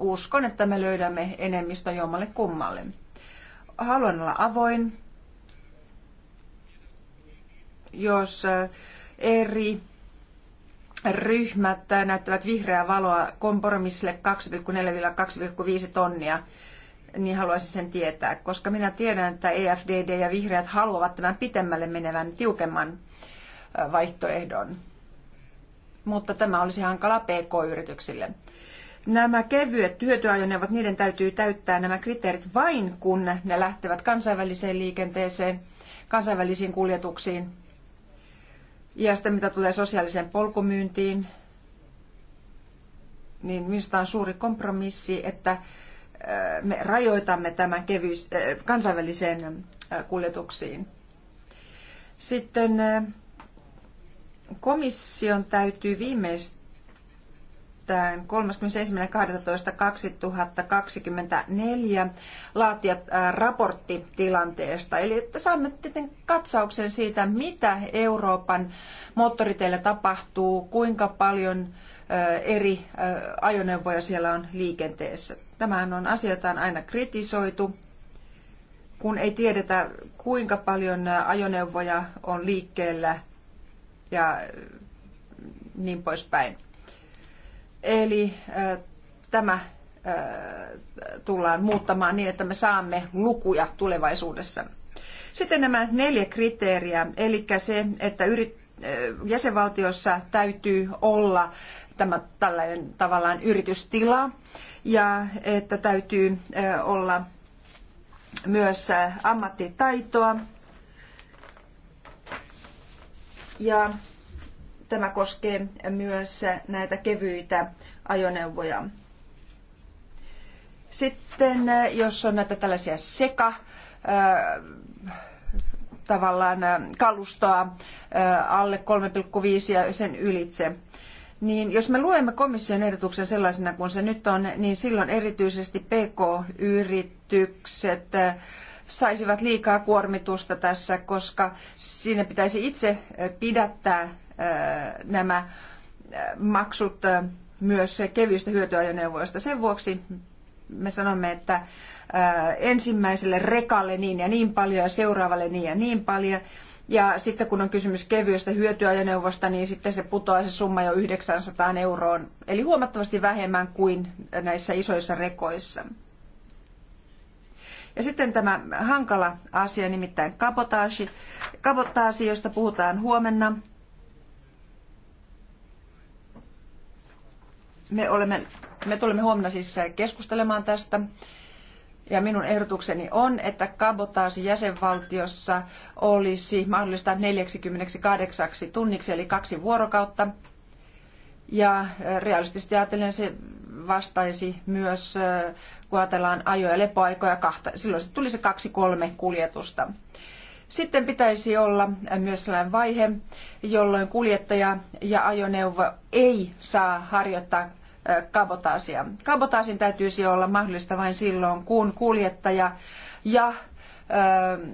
uskon, että me löydämme enemmistön jommalle kummalle. Haluan olla avoin. Jos eh, eri ryhmät näyttävät vihreää valoa kompromissille 2,4-2,5 tonnia, niin haluaisin sen tietää, koska minä tiedän, että EFDD ja vihreät haluavat tämän pitemmälle menevän tiukemman vaihtoehdon. Mutta tämä olisi hankala PK-yrityksille. Nämä kevyet hyötyajoneuvot, niiden täytyy täyttää nämä kriteerit vain, kun ne lähtevät kansainväliseen liikenteeseen, kansainvälisiin kuljetuksiin. Ja sitten mitä tulee sosiaaliseen polkumyyntiin, niin minusta on suuri kompromissi, että me rajoitamme tämän kevyys, äh, kansainväliseen äh, kuljetuksiin. Sitten äh, komission täytyy viimeistään 31.12.2024 laatia raportti tilanteesta. Eli että saamme tietenkin katsauksen siitä, mitä Euroopan moottoriteillä tapahtuu, kuinka paljon eri ajoneuvoja siellä on liikenteessä. Tämähän on asioitaan aina kritisoitu, kun ei tiedetä, kuinka paljon ajoneuvoja on liikkeellä ja niin poispäin. Eli tämä tullaan muuttamaan niin, että me saamme lukuja tulevaisuudessa. Sitten nämä neljä kriteeriä, eli se, että yrit, jäsenvaltiossa täytyy olla tämä tällainen tavallaan yritystila ja että täytyy olla myös ammattitaitoa. Ja tämä koskee myös näitä kevyitä ajoneuvoja. Sitten jos on näitä tällaisia seka tavallaan kalustoa alle 3,5 ja sen ylitse, niin jos me luemme komission ehdotuksen sellaisena kuin se nyt on, niin silloin erityisesti PK-yritykset äh, saisivat liikaa kuormitusta tässä, koska siinä pitäisi itse äh, pidättää äh, nämä maksut myös kevyistä hyötyajoneuvoista. Sen vuoksi me sanomme, että ensimmäiselle rekalle niin ja niin paljon ja seuraavalle niin ja niin paljon. Ja sitten kun on kysymys kevyestä hyötyajoneuvosta, niin sitten se putoaa se summa jo 900 euroon, eli huomattavasti vähemmän kuin näissä isoissa rekoissa. Ja sitten tämä hankala asia, nimittäin kabotaasi, kabotaasi josta puhutaan huomenna. Me, olemme, me tulemme huomenna siis keskustelemaan tästä. Ja minun ehdotukseni on, että kabotaasi jäsenvaltiossa olisi mahdollista 48 tunniksi eli kaksi vuorokautta. Ja realistisesti ajatellen se vastaisi myös, kun ajatellaan ajo- ja lepoaikoja, kahta, silloin se tulisi kaksi kolme kuljetusta. Sitten pitäisi olla myös sellainen vaihe, jolloin kuljettaja ja ajoneuvo ei saa harjoittaa kabotaasia. Kabotaasin täytyisi olla mahdollista vain silloin, kun kuljettaja ja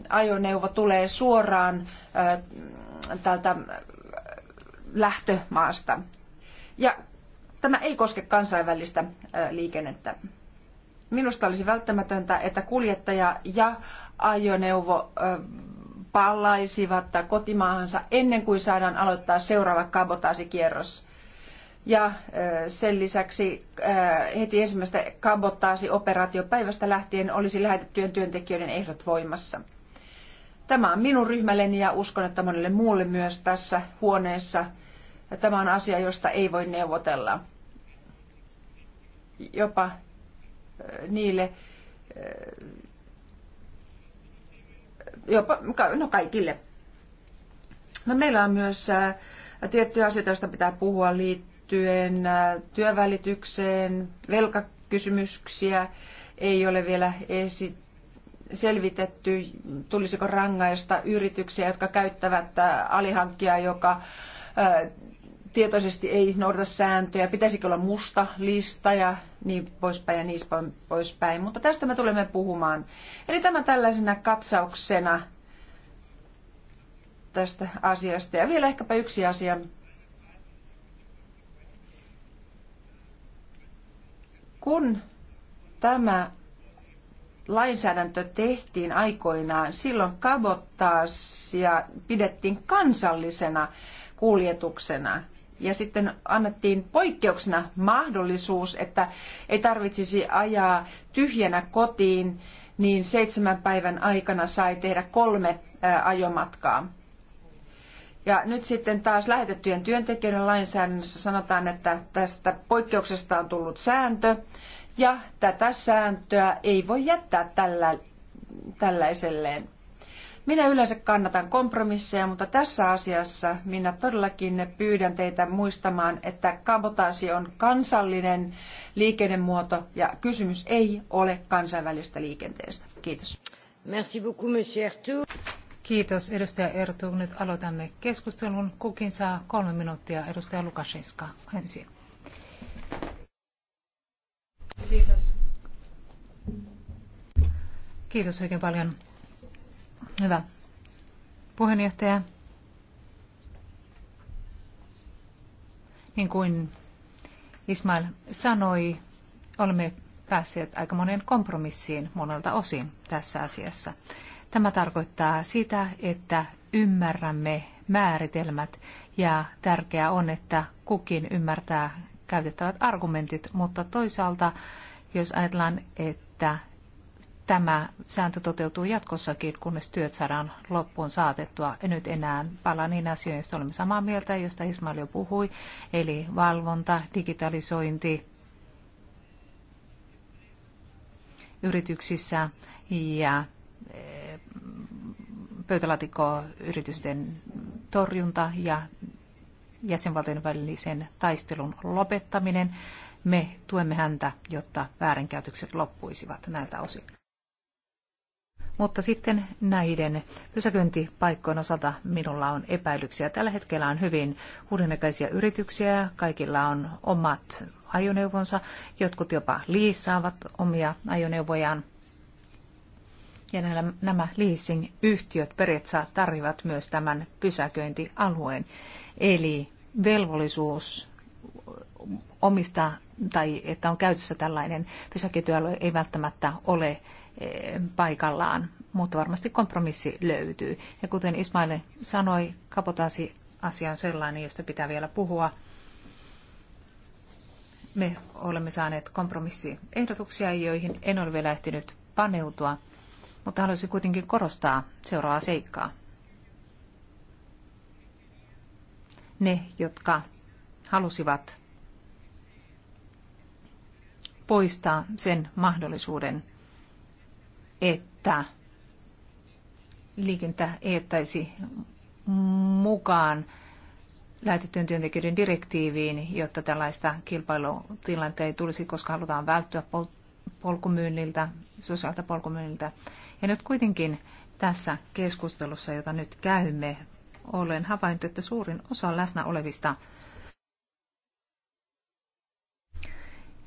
ajoneuvo tulee suoraan tältä lähtömaasta. Ja tämä ei koske kansainvälistä liikennettä. Minusta olisi välttämätöntä, että kuljettaja ja ajoneuvo palaisivat kotimaahansa ennen kuin saadaan aloittaa seuraava kabotaasikierros ja sen lisäksi heti ensimmäistä kabotaasioperaatiopäivästä lähtien olisi lähetettyjen työntekijöiden ehdot voimassa. Tämä on minun ryhmälleni ja uskon, että monelle muulle myös tässä huoneessa. Tämä on asia, josta ei voi neuvotella. Jopa niille, jopa, no kaikille. No meillä on myös tiettyjä asioita, joista pitää puhua liittyen liittyen äh, työvälitykseen, velkakysymyksiä ei ole vielä esitetty selvitetty, tulisiko rangaista yrityksiä, jotka käyttävät äh, alihankkia joka äh, tietoisesti ei noudata sääntöjä, pitäisikö olla musta lista ja niin poispäin ja niin poispäin. Mutta tästä me tulemme puhumaan. Eli tämä tällaisena katsauksena tästä asiasta. Ja vielä ehkäpä yksi asia, Kun tämä lainsäädäntö tehtiin aikoinaan, silloin kabottaasia pidettiin kansallisena kuljetuksena. Ja sitten annettiin poikkeuksena mahdollisuus, että ei tarvitsisi ajaa tyhjänä kotiin, niin seitsemän päivän aikana sai tehdä kolme ajomatkaa. Ja nyt sitten taas lähetettyjen työntekijöiden lainsäädännössä sanotaan, että tästä poikkeuksesta on tullut sääntö, ja tätä sääntöä ei voi jättää tällä, tällaiselleen. Minä yleensä kannatan kompromisseja, mutta tässä asiassa minä todellakin pyydän teitä muistamaan, että kabotaasi on kansallinen liikennemuoto ja kysymys ei ole kansainvälistä liikenteestä. Kiitos. Merci beaucoup, monsieur Kiitos edustaja Ertu. Nyt aloitamme keskustelun. Kukin saa kolme minuuttia. Edustaja Lukashenska ensin. Kiitos. Kiitos oikein paljon. Hyvä. Puheenjohtaja. Niin kuin Ismail sanoi, olemme päässeet aika monen kompromissiin monelta osin tässä asiassa. Tämä tarkoittaa sitä, että ymmärrämme määritelmät ja tärkeää on, että kukin ymmärtää käytettävät argumentit, mutta toisaalta jos ajatellaan, että tämä sääntö toteutuu jatkossakin, kunnes työt saadaan loppuun saatettua. En nyt enää palaa niin asioihin, joista olemme samaa mieltä, josta Ismail jo puhui, eli valvonta, digitalisointi, yrityksissä ja eh, pöytälaatikkoyritysten torjunta ja jäsenvaltion välisen taistelun lopettaminen. Me tuemme häntä, jotta väärinkäytökset loppuisivat näiltä osin. Mutta sitten näiden pysäköintipaikkojen osalta minulla on epäilyksiä. Tällä hetkellä on hyvin uudenlaisia yrityksiä, kaikilla on omat ajoneuvonsa, jotkut jopa liissaavat omia ajoneuvojaan. Ja nämä, nämä leasing-yhtiöt periaatteessa tarvivat myös tämän pysäköintialueen. Eli velvollisuus omistaa tai että on käytössä tällainen pysäköintialue ei välttämättä ole Eh, paikallaan, mutta varmasti kompromissi löytyy. Ja kuten Ismail sanoi, kapotaasi asia on sellainen, josta pitää vielä puhua. Me olemme saaneet kompromissiehdotuksia, joihin en ole vielä ehtinyt paneutua, mutta haluaisin kuitenkin korostaa seuraavaa seikkaa. Ne, jotka halusivat poistaa sen mahdollisuuden, että liikentä ei mukaan lähetettyjen työntekijöiden direktiiviin, jotta tällaista kilpailutilanteita ei tulisi, koska halutaan välttyä polkumyynniltä, sosiaalta polkumyynniltä. Ja nyt kuitenkin tässä keskustelussa, jota nyt käymme, olen havainnut, että suurin osa läsnä olevista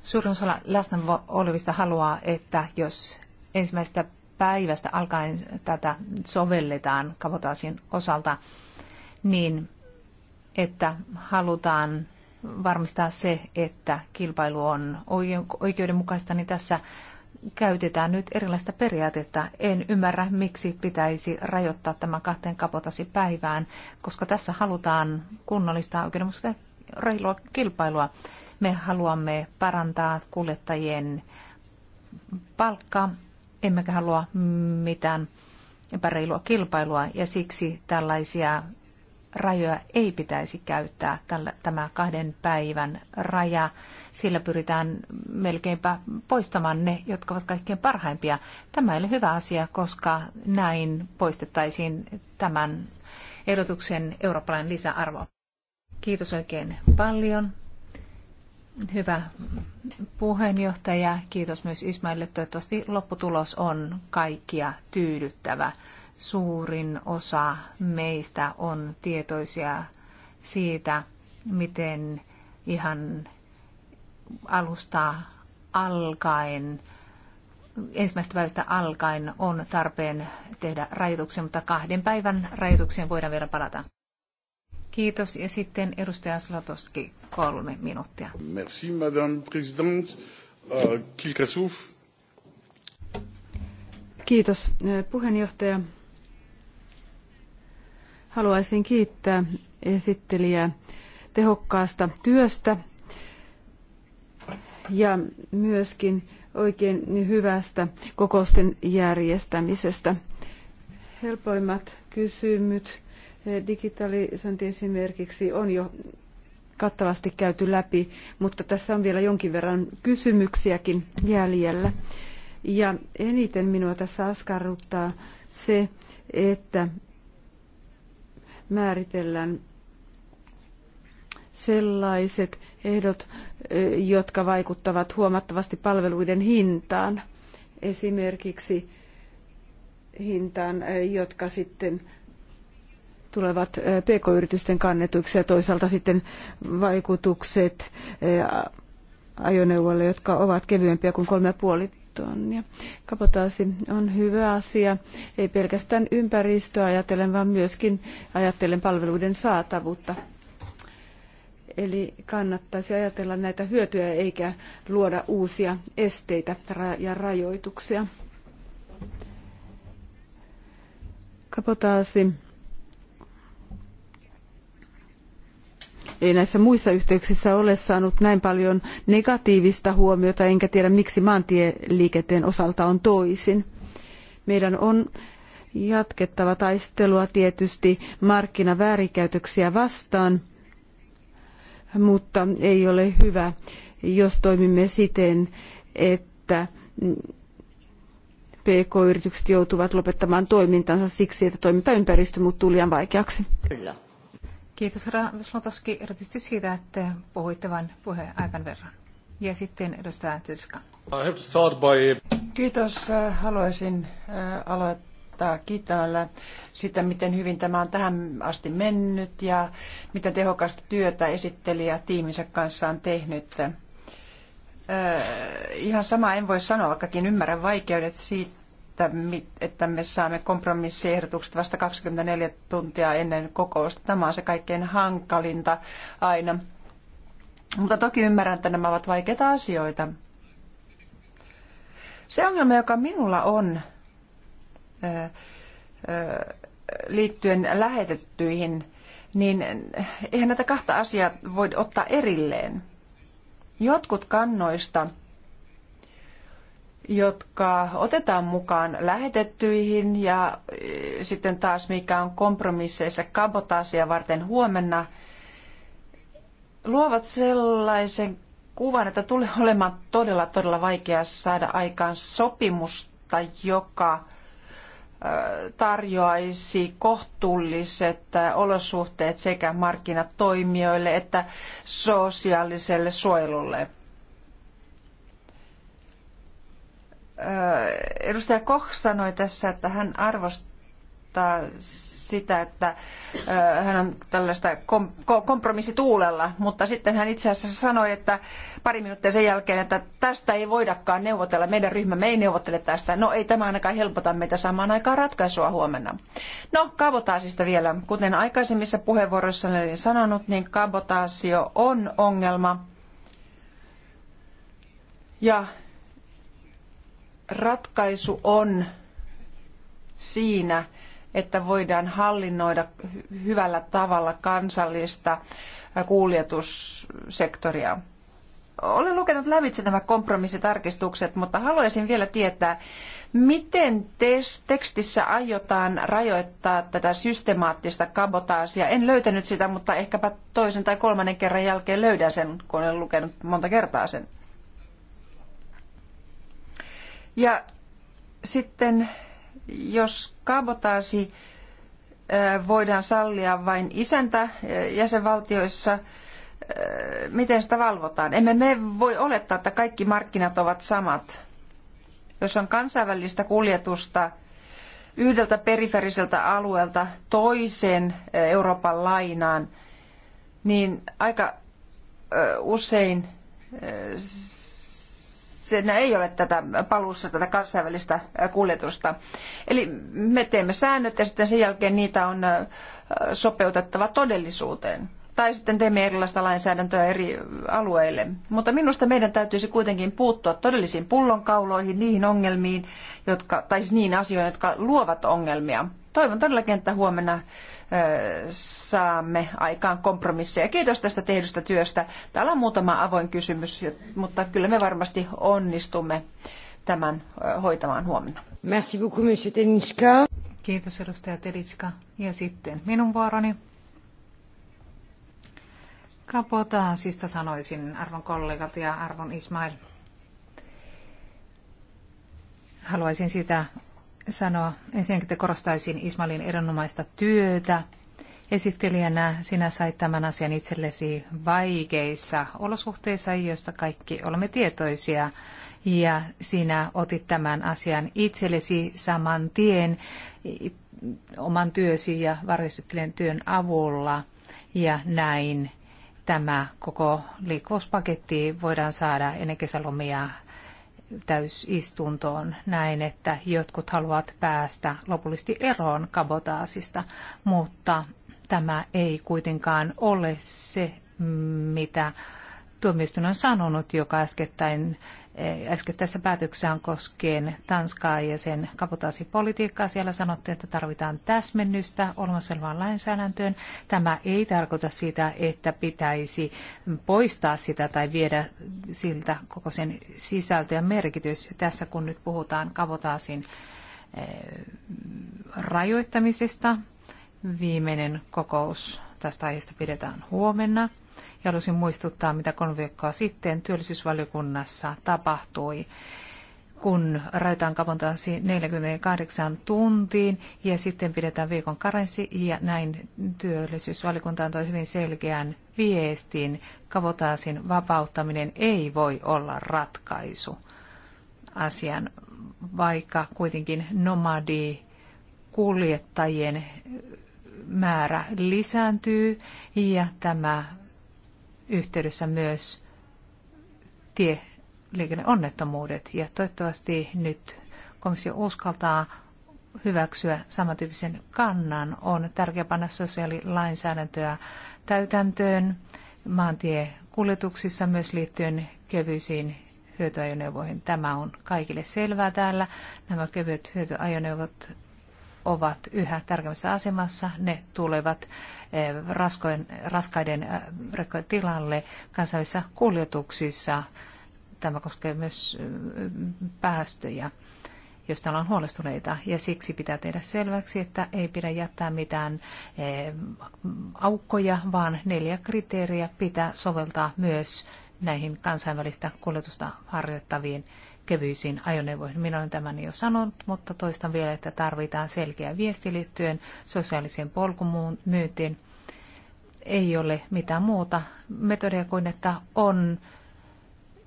Suurin osa läsnä olevista haluaa, että jos ensimmäisestä päivästä alkaen tätä sovelletaan kavotaasin osalta niin, että halutaan varmistaa se, että kilpailu on oikeudenmukaista, niin tässä käytetään nyt erilaista periaatetta. En ymmärrä, miksi pitäisi rajoittaa tämä kahteen päivään, koska tässä halutaan kunnollista oikeudenmukaista reilua kilpailua. Me haluamme parantaa kuljettajien palkkaa emmekä halua mitään epäreilua kilpailua ja siksi tällaisia rajoja ei pitäisi käyttää, tämä kahden päivän raja. Sillä pyritään melkeinpä poistamaan ne, jotka ovat kaikkein parhaimpia. Tämä ei ole hyvä asia, koska näin poistettaisiin tämän ehdotuksen eurooppalainen lisäarvo. Kiitos oikein paljon. Hyvä puheenjohtaja, kiitos myös Ismaille. Toivottavasti lopputulos on kaikkia tyydyttävä. Suurin osa meistä on tietoisia siitä, miten ihan alusta alkaen, ensimmäistä päivästä alkaen on tarpeen tehdä rajoituksia, mutta kahden päivän rajoitukseen voidaan vielä palata. Kiitos. Ja sitten edustaja Slotoski, kolme minuuttia. Merci, madame présidente. Uh, Kiitos, äh, puheenjohtaja. Haluaisin kiittää esittelijää tehokkaasta työstä ja myöskin oikein hyvästä kokousten järjestämisestä. Helpoimmat kysymykset Digitalisointi esimerkiksi on jo kattavasti käyty läpi, mutta tässä on vielä jonkin verran kysymyksiäkin jäljellä. Ja eniten minua tässä askarruttaa se, että määritellään sellaiset ehdot, jotka vaikuttavat huomattavasti palveluiden hintaan. Esimerkiksi hintaan, jotka sitten tulevat pk-yritysten kannetuiksi ja toisaalta sitten vaikutukset ajoneuvoille, jotka ovat kevyempiä kuin kolme 3,5 tonnia. Kapotaasi on hyvä asia, ei pelkästään ympäristöä ajatellen, vaan myöskin ajatellen palveluiden saatavuutta. Eli kannattaisi ajatella näitä hyötyjä eikä luoda uusia esteitä ja rajoituksia. Kapotaasi ei näissä muissa yhteyksissä ole saanut näin paljon negatiivista huomiota, enkä tiedä miksi maantieliikenteen osalta on toisin. Meidän on jatkettava taistelua tietysti markkinaväärinkäytöksiä vastaan, mutta ei ole hyvä, jos toimimme siten, että PK-yritykset joutuvat lopettamaan toimintansa siksi, että toimintaympäristö muuttuu liian vaikeaksi. Kyllä. Kiitos herra Slotoski erityisesti siitä, että puhuitte vain puheen aikan verran. Ja sitten edustaja Tylska. By... Kiitos. Haluaisin äh, aloittaa kiittämällä sitä, miten hyvin tämä on tähän asti mennyt ja miten tehokasta työtä esittelijä tiiminsä kanssa on tehnyt. Äh, ihan sama en voi sanoa, vaikkakin ymmärrän vaikeudet siitä, että, että me saamme kompromissiehdotukset vasta 24 tuntia ennen kokousta. Tämä on se kaikkein hankalinta aina. Mutta toki ymmärrän, että nämä ovat vaikeita asioita. Se ongelma, joka minulla on liittyen lähetettyihin, niin eihän näitä kahta asiaa voi ottaa erilleen. Jotkut kannoista jotka otetaan mukaan lähetettyihin ja e, sitten taas mikä on kompromisseissa kabotaasia varten huomenna, luovat sellaisen kuvan, että tulee olemaan todella, todella vaikea saada aikaan sopimusta, joka e, tarjoaisi kohtuulliset e, olosuhteet sekä markkinatoimijoille että sosiaaliselle suojelulle. Äh, edustaja Koch sanoi tässä, että hän arvostaa sitä, että äh, hän on tällaista kompromissituulella, mutta sitten hän itse asiassa sanoi, että pari minuuttia sen jälkeen, että tästä ei voidakaan neuvotella, meidän ryhmämme ei neuvottele tästä. No ei tämä ainakaan helpota meitä saamaan aikaan ratkaisua huomenna. No, kabotaasista vielä. Kuten aikaisemmissa puheenvuoroissa olen sanonut, niin kabotaasio on ongelma. Ja ratkaisu on siinä, että voidaan hallinnoida hyvällä tavalla kansallista kuljetussektoria. Olen lukenut lävitse nämä kompromissitarkistukset, mutta haluaisin vielä tietää, miten tekstissä aiotaan rajoittaa tätä systemaattista kabotaasia. En löytänyt sitä, mutta ehkäpä toisen tai kolmannen kerran jälkeen löydän sen, kun olen lukenut monta kertaa sen. Ja sitten jos kabotaasi voidaan sallia vain isäntä jäsenvaltioissa, miten sitä valvotaan? Emme me voi olettaa, että kaikki markkinat ovat samat. Jos on kansainvälistä kuljetusta yhdeltä periferiseltä alueelta toiseen Euroopan lainaan, niin aika usein siinä ei ole tätä palussa tätä kansainvälistä kuljetusta. Eli me teemme säännöt ja sitten sen jälkeen niitä on sopeutettava todellisuuteen. Tai sitten teemme erilaista lainsäädäntöä eri alueille. Mutta minusta meidän täytyisi kuitenkin puuttua todellisiin pullonkauloihin, niihin ongelmiin, jotka, tai siis niihin asioihin, jotka luovat ongelmia toivon todellakin, että huomenna saamme aikaan kompromisseja. Kiitos tästä tehdystä työstä. Täällä on muutama avoin kysymys, mutta kyllä me varmasti onnistumme tämän hoitamaan huomenna. Merci beaucoup, monsieur Teniska. Kiitos, edustaja Telitska. Ja sitten minun vuoroni. Kapotaasista sanoisin arvon kollegat ja arvon Ismail. Haluaisin sitä sanoa. Ensinnäkin te korostaisin Ismailin erinomaista työtä. Esittelijänä sinä sait tämän asian itsellesi vaikeissa olosuhteissa, joista kaikki olemme tietoisia. Ja sinä otit tämän asian itsellesi saman tien oman työsi ja varjoesittelijän työn avulla. Ja näin tämä koko liikkuvuuspaketti voidaan saada ennen kesälomia täysistuntoon näin, että jotkut haluavat päästä lopullisesti eroon kabotaasista, mutta tämä ei kuitenkaan ole se, mitä tuomioistuin on sanonut, joka äskettäin Eh, äskettäisessä päätöksessä koskien Tanskaa ja sen kapotaasipolitiikkaa. Siellä sanottiin, että tarvitaan täsmennystä olemassa olevaan lainsäädäntöön. Tämä ei tarkoita sitä, että pitäisi poistaa sitä tai viedä siltä koko sen sisältö ja merkitys. Tässä kun nyt puhutaan kapotaasin eh, rajoittamisesta, viimeinen kokous tästä aiheesta pidetään huomenna. Ja haluaisin muistuttaa, mitä kolme viikkoa sitten työllisyysvaliokunnassa tapahtui kun rajoitetaan kapontaasi 48 tuntiin ja sitten pidetään viikon karenssi ja näin työllisyysvalikunta antoi hyvin selkeän viestin. Kavotaasin vapauttaminen ei voi olla ratkaisu asian, vaikka kuitenkin nomadi kuljettajien määrä lisääntyy ja tämä yhteydessä myös tieliikenneonnettomuudet. Ja toivottavasti nyt komissio uskaltaa hyväksyä samantyyppisen kannan. On tärkeää panna sosiaalilainsäädäntöä täytäntöön maantiekuljetuksissa myös liittyen kevyisiin hyötyajoneuvoihin. Tämä on kaikille selvää täällä. Nämä kevyet hyötyajoneuvot ovat yhä tärkeämmässä asemassa. Ne tulevat raskojen, raskaiden äh, rekkojen tilalle kansainvälisissä kuljetuksissa. Tämä koskee myös äh, päästöjä josta ollaan huolestuneita. Ja siksi pitää tehdä selväksi, että ei pidä jättää mitään äh, aukkoja, vaan neljä kriteeriä pitää soveltaa myös näihin kansainvälistä kuljetusta harjoittaviin kevyisiin ajoneuvoihin. Minä olen tämän jo sanonut, mutta toistan vielä, että tarvitaan selkeä viesti liittyen sosiaaliseen polkumyyntiin. Ei ole mitään muuta metodia kuin, että on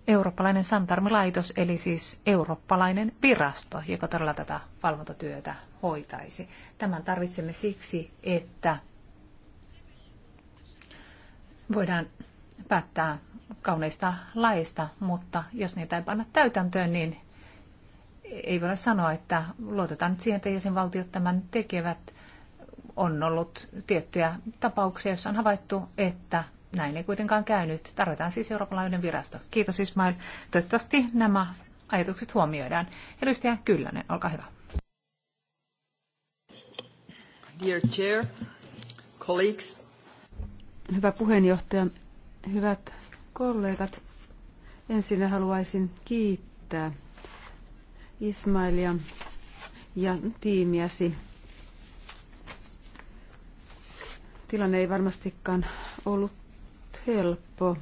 eurooppalainen santarmilaitos, eli siis eurooppalainen virasto, joka todella tätä valvontatyötä hoitaisi. Tämän tarvitsemme siksi, että voidaan päättää kauneista laista, mutta jos niitä ei panna täytäntöön, niin ei voida sanoa, että luotetaan nyt siihen, että jäsenvaltiot tämän tekevät. On ollut tiettyjä tapauksia, joissa on havaittu, että näin ei kuitenkaan käynyt. Tarvitaan siis eurooppalainen virasto. Kiitos Ismail. Toivottavasti nämä ajatukset huomioidaan. Edustaja Kyllönen, olkaa hyvä. Dear Chair, colleagues. Hyvä puheenjohtaja, hyvät Kollegat, ensin haluaisin kiittää Ismailia ja tiimiäsi. Tilanne ei varmastikaan ollut helppo.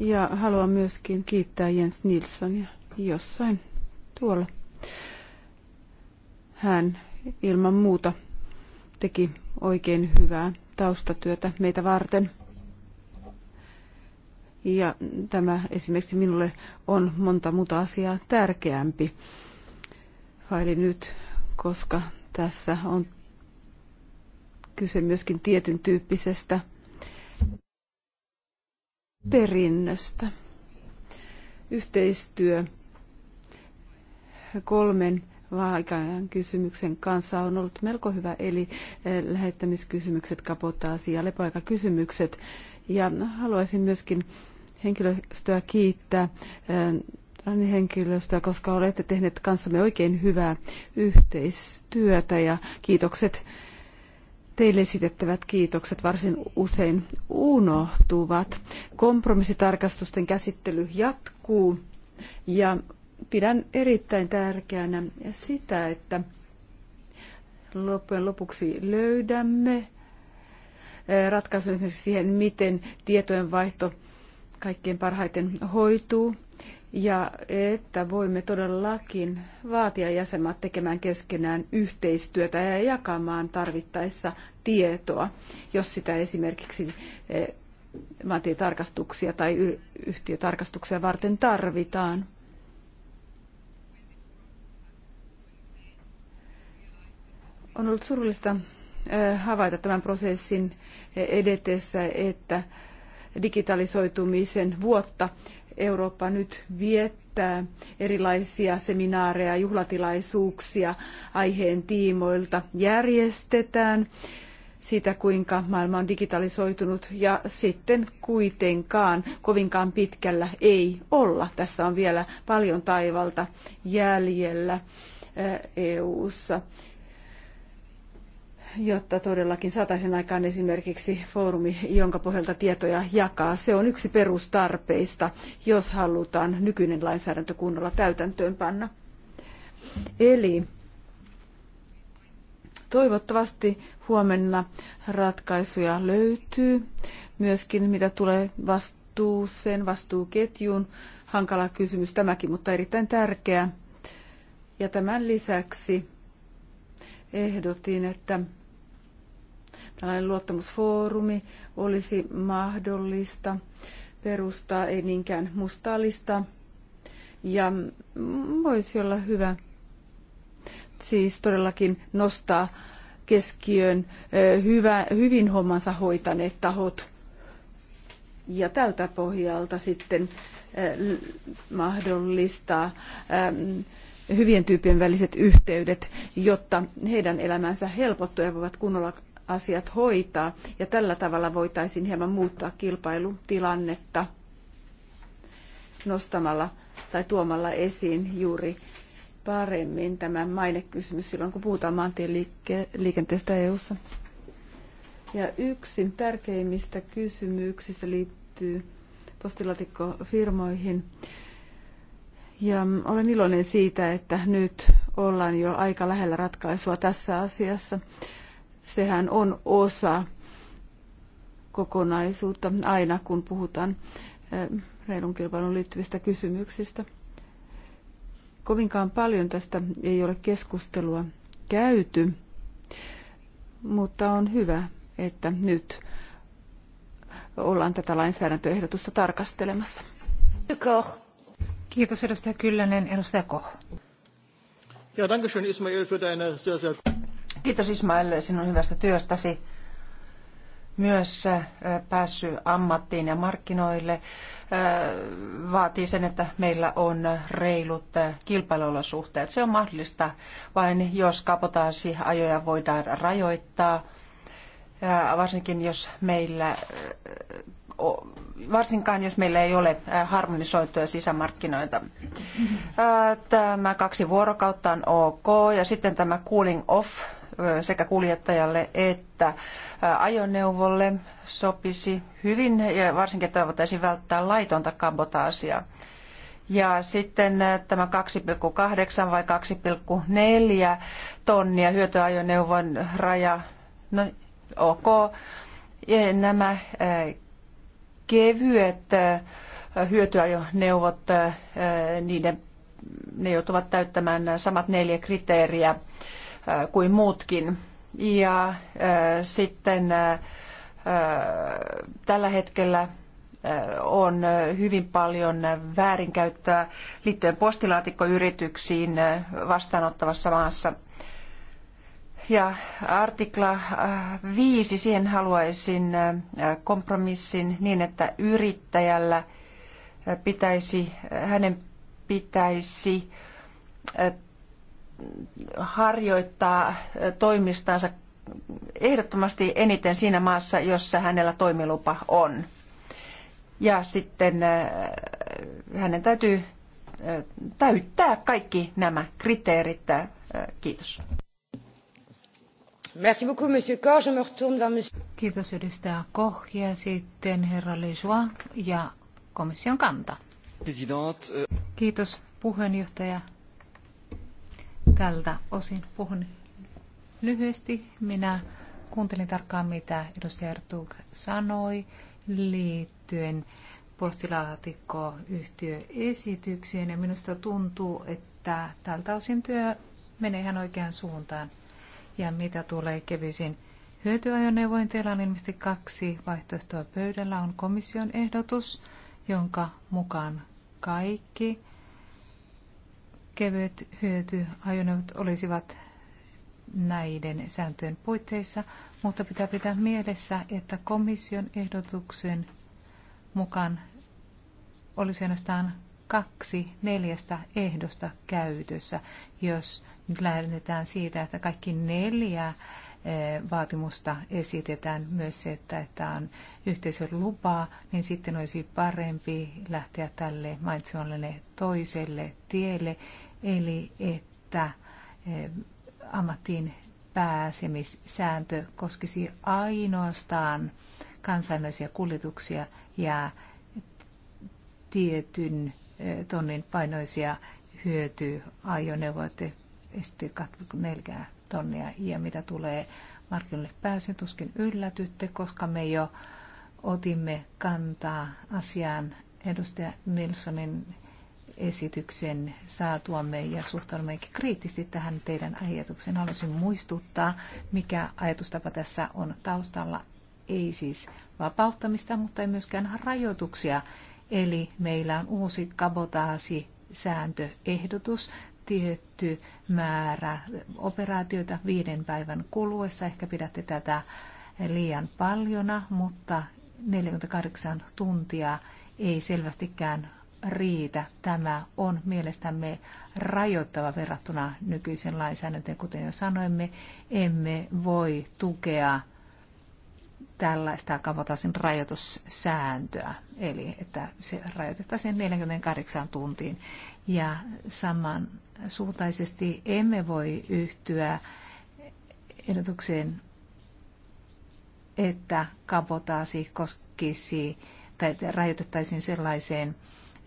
Ja haluan myöskin kiittää Jens Nilssonia jossain tuolla. Hän ilman muuta teki oikein hyvää taustatyötä meitä varten ja tämä esimerkiksi minulle on monta muuta asiaa tärkeämpi faili nyt, koska tässä on kyse myöskin tietyn tyyppisestä perinnöstä. Yhteistyö kolmen vaikajan kysymyksen kanssa on ollut melko hyvä, eli eh, lähettämiskysymykset, kapotaasi ja lepoaikakysymykset. Ja haluaisin myöskin henkilöstöä kiittää eh, henkilöstöä, koska olette tehneet kanssamme oikein hyvää yhteistyötä ja kiitokset teille esitettävät kiitokset varsin usein unohtuvat. Kompromissitarkastusten käsittely jatkuu ja pidän erittäin tärkeänä sitä, että loppujen lopuksi löydämme eh, ratkaisun siihen, miten tietojenvaihto vaihto kaikkein parhaiten hoituu ja että voimme todellakin vaatia jäsenmaat tekemään keskenään yhteistyötä ja jakamaan tarvittaessa tietoa, jos sitä esimerkiksi eh, maantietarkastuksia tai yhtiötarkastuksia varten tarvitaan. On ollut surullista eh, havaita tämän prosessin edetessä, että digitalisoitumisen vuotta Eurooppa nyt viettää erilaisia seminaareja, juhlatilaisuuksia aiheen tiimoilta järjestetään siitä, kuinka maailma on digitalisoitunut ja sitten kuitenkaan kovinkaan pitkällä ei olla. Tässä on vielä paljon taivalta jäljellä EU:ssa eh, e jotta todellakin saataisiin aikaan esimerkiksi foorumi, jonka pohjalta tietoja jakaa. Se on yksi perustarpeista, jos halutaan nykyinen lainsäädäntö kunnolla täytäntöönpanna. Eli toivottavasti huomenna ratkaisuja löytyy, myöskin mitä tulee vastuuseen, vastuuketjuun. Hankala kysymys tämäkin, mutta erittäin tärkeä. Ja tämän lisäksi ehdotin, että tällainen luottamusfoorumi olisi mahdollista perustaa, ei niinkään mustalista, Ja voisi olla hyvä siis todellakin nostaa keskiön hyvä, hyvin hommansa hoitaneet tahot. Ja tältä pohjalta sitten mahdollistaa hyvien tyyppien väliset yhteydet, jotta heidän elämänsä helpottuu ja voivat kunnolla asiat hoitaa. Ja tällä tavalla voitaisiin hieman muuttaa kilpailutilannetta nostamalla tai tuomalla esiin juuri paremmin tämä mainekysymys silloin, kun puhutaan liikenteestä EU-ssa. Ja yksi tärkeimmistä kysymyksistä liittyy postilatikkofirmoihin. Ja olen iloinen siitä, että nyt ollaan jo aika lähellä ratkaisua tässä asiassa sehän on osa kokonaisuutta aina, kun puhutaan eh, reilun kilpailun liittyvistä kysymyksistä. Kovinkaan paljon tästä ei ole keskustelua käyty, mutta on hyvä, että nyt ollaan tätä lainsäädäntöehdotusta tarkastelemassa. Kiitos edustaja Kyllönen. Edustaja Koh. Ja, danke schön Ismail für deine sehr, sehr... Kiitos Ismail sinun hyvästä työstäsi myös pääsy ammattiin ja markkinoille vaatii sen, että meillä on reilut kilpailuolosuhteet. Se on mahdollista vain, jos kapotaasiajoja voidaan rajoittaa, varsinkin jos meillä varsinkaan jos meillä ei ole harmonisoituja sisämarkkinoita. Tämä kaksi vuorokautta on ok ja sitten tämä cooling off sekä kuljettajalle että ajoneuvolle sopisi hyvin ja varsinkin, että voitaisiin välttää laitonta kabotaasia. Ja sitten tämä 2,8 vai 2,4 tonnia hyötyajoneuvon raja, no ok. Ja nämä kevyet hyötyajoneuvot, niiden, ne joutuvat täyttämään samat neljä kriteeriä Äh, kuin muutkin. Ja äh, sitten äh, tällä hetkellä on hyvin paljon väärinkäyttöä liittyen postilaatikkoyrityksiin vastaanottavassa maassa. Ja artikla 5, siihen haluaisin kompromissin niin, että yrittäjällä pitäisi, hänen pitäisi harjoittaa äh, toimistansa ehdottomasti eniten siinä maassa, jossa hänellä toimilupa on. Ja sitten äh, hänen täytyy äh, täyttää kaikki nämä kriteerit. Kiitos. Merci beaucoup, monsieur Koch. Je me retourne vers monsieur... Kiitos edustaja Koch ja sitten herra Lejoa ja komission kanta. Euh- kiitos puheenjohtaja. Tältä osin puhun lyhyesti. Minä kuuntelin tarkkaan, mitä edustaja Ertug sanoi liittyen postilaatikkoyhtiöesitykseen ja minusta tuntuu, että tältä osin työ menee ihan oikeaan suuntaan. Ja mitä tulee kevyisiin hyötyajoneuvojen teillä on ilmeisesti kaksi vaihtoehtoa pöydällä. On komission ehdotus, jonka mukaan kaikki kevyet hyötyajoneuvot olisivat näiden sääntöjen puitteissa, mutta pitää pitää mielessä, että komission ehdotuksen mukaan olisi ainoastaan kaksi neljästä ehdosta käytössä, jos nyt lähdetään siitä, että kaikki neljä eh, vaatimusta esitetään myös se, että, että on yhteisön lupaa, niin sitten olisi parempi lähteä tälle mainitsemallenne toiselle tielle, eli että eh, ammattiin pääsemissääntö koskisi ainoastaan kansainvälisiä kuljetuksia ja tietyn eh, tonnin painoisia hyötyajoneuvoja, sitten 24 tonnia. Ja mitä tulee markkinoille pääsyyn, tuskin yllätytte, koska me jo otimme kantaa asiaan edustaja Nilssonin esityksen saatuamme ja suhtaudumme kriittisesti tähän teidän ajatukseen. Haluaisin muistuttaa, mikä ajatustapa tässä on taustalla. Ei siis vapauttamista, mutta ei myöskään rajoituksia. Eli meillä on uusi sääntöehdotus tietty määrä operaatioita viiden päivän kuluessa. Ehkä pidätte tätä liian paljona, mutta 48 tuntia ei selvästikään riitä. Tämä on mielestämme rajoittava verrattuna nykyisen lainsäädäntöön. Kuten jo sanoimme, emme voi tukea tällaista kavotasin rajoitussääntöä, eli että se rajoitettaisiin 48 tuntiin. Ja saman emme voi yhtyä ehdotukseen, että kabotaasi koskisi tai rajoitettaisiin sellaiseen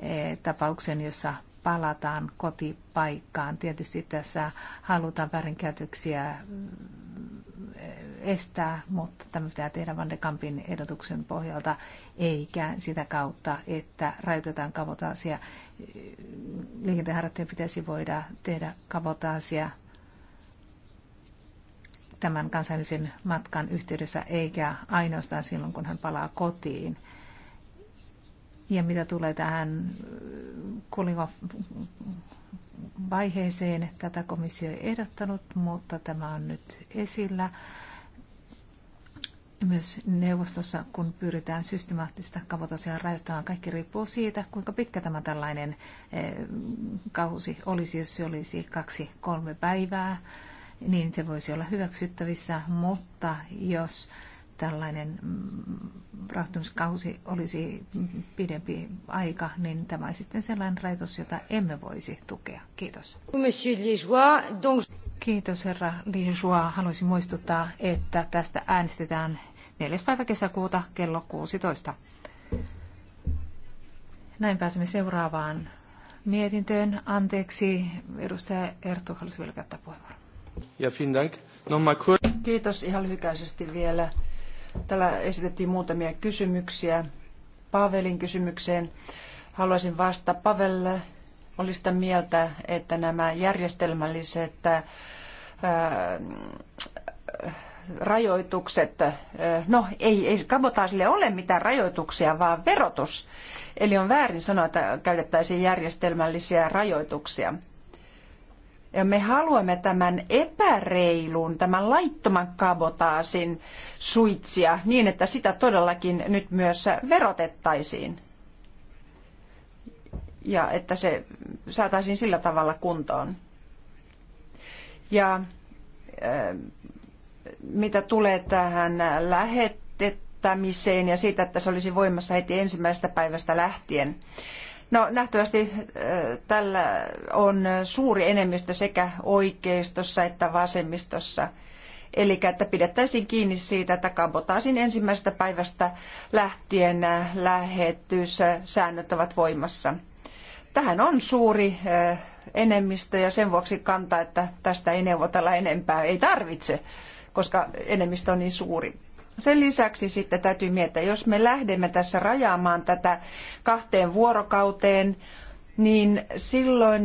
Eh, tapauksen, jossa palataan kotipaikkaan. Tietysti tässä halutaan väärinkäytöksiä eh, estää, mutta tämä pitää tehdä Van de Kampin ehdotuksen pohjalta, eikä sitä kautta, että rajoitetaan kavotaasia. Liikenteenharjoittajan pitäisi voida tehdä kavotaasia tämän kansainvälisen matkan yhteydessä, eikä ainoastaan silloin, kun hän palaa kotiin. Ja mitä tulee tähän äh, kuoliva vaiheeseen, tätä komissio ei ehdottanut, mutta tämä on nyt esillä myös neuvostossa, kun pyritään systemaattista kavotasiaa rajoittamaan. Kaikki riippuu siitä, kuinka pitkä tämä tällainen äh, kausi olisi, jos se olisi kaksi-kolme päivää, niin se voisi olla hyväksyttävissä, mutta jos tällainen mm, rahoituskausi olisi pidempi aika, niin tämä on sitten sellainen rajoitus, jota emme voisi tukea. Kiitos. Kiitos herra Liesua. Haluaisin muistuttaa, että tästä äänestetään 4. päivä kesäkuuta kello 16. Näin pääsemme seuraavaan mietintöön. Anteeksi, edustaja Erttu halusi vielä käyttää puheenvuoron. Ja, Kiitos ihan lyhykäisesti vielä. Täällä esitettiin muutamia kysymyksiä. Pavelin kysymykseen haluaisin vastata. Pavel oli sitä mieltä, että nämä järjestelmälliset äh, rajoitukset, äh, no ei, ei kabotaasille ole mitään rajoituksia, vaan verotus. Eli on väärin sanoa, että käytettäisiin järjestelmällisiä rajoituksia. Ja me haluamme tämän epäreilun, tämän laittoman kabotaasin suitsia niin, että sitä todellakin nyt myös verotettaisiin. Ja että se saataisiin sillä tavalla kuntoon. Ja äh, mitä tulee tähän lähetettämiseen ja siitä, että se olisi voimassa heti ensimmäisestä päivästä lähtien, No nähtävästi äh, tällä on suuri enemmistö sekä oikeistossa että vasemmistossa. Eli että pidettäisiin kiinni siitä, että kabotaasin ensimmäisestä päivästä lähtien äh, äh, säännöt ovat voimassa. Tähän on suuri enemmistö ja sen vuoksi kanta, että tästä ei neuvotella enempää, ei tarvitse, koska enemmistö on niin suuri. Sen lisäksi sitten täytyy miettiä, jos me lähdemme tässä rajaamaan tätä kahteen vuorokauteen, niin silloin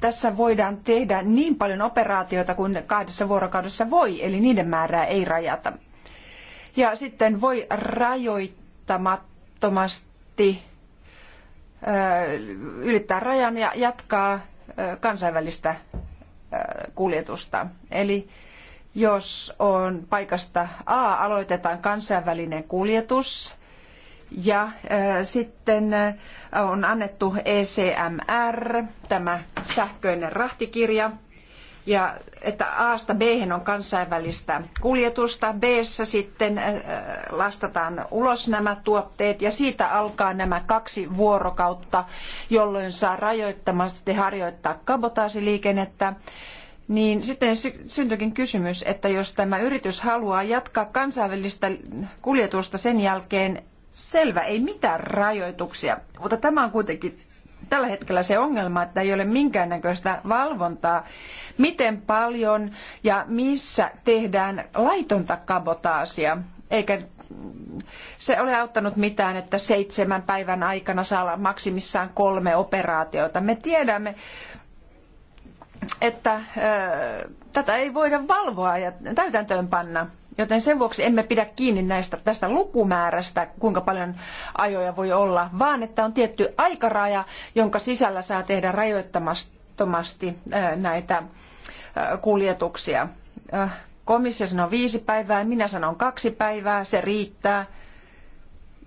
tässä voidaan tehdä niin paljon operaatioita kuin kahdessa vuorokaudessa voi, eli niiden määrää ei rajata. Ja sitten voi rajoittamattomasti ylittää rajan ja jatkaa kansainvälistä kuljetusta. Eli jos on paikasta A aloitetaan kansainvälinen kuljetus ja sitten on annettu ECMR, tämä sähköinen rahtikirja, ja että Asta B on kansainvälistä kuljetusta, B sitten lastataan ulos nämä tuotteet ja siitä alkaa nämä kaksi vuorokautta, jolloin saa rajoittamasti harjoittaa kabotaasiliikennettä niin sitten syntyikin kysymys, että jos tämä yritys haluaa jatkaa kansainvälistä kuljetusta sen jälkeen, selvä, ei mitään rajoituksia. Mutta tämä on kuitenkin tällä hetkellä se ongelma, että ei ole minkäännäköistä valvontaa, miten paljon ja missä tehdään laitonta kabotaasia. Eikä se ole auttanut mitään, että seitsemän päivän aikana saa olla maksimissaan kolme operaatiota. Me tiedämme että tätä ei voida valvoa ja täytäntöönpanna. Joten sen vuoksi emme pidä kiinni näistä, tästä lukumäärästä, kuinka paljon ajoja voi olla, vaan että on tietty aikaraja, jonka sisällä saa tehdä rajoittamattomasti näitä kuljetuksia. Komissio sanoo viisi päivää, minä sanon kaksi päivää, se riittää.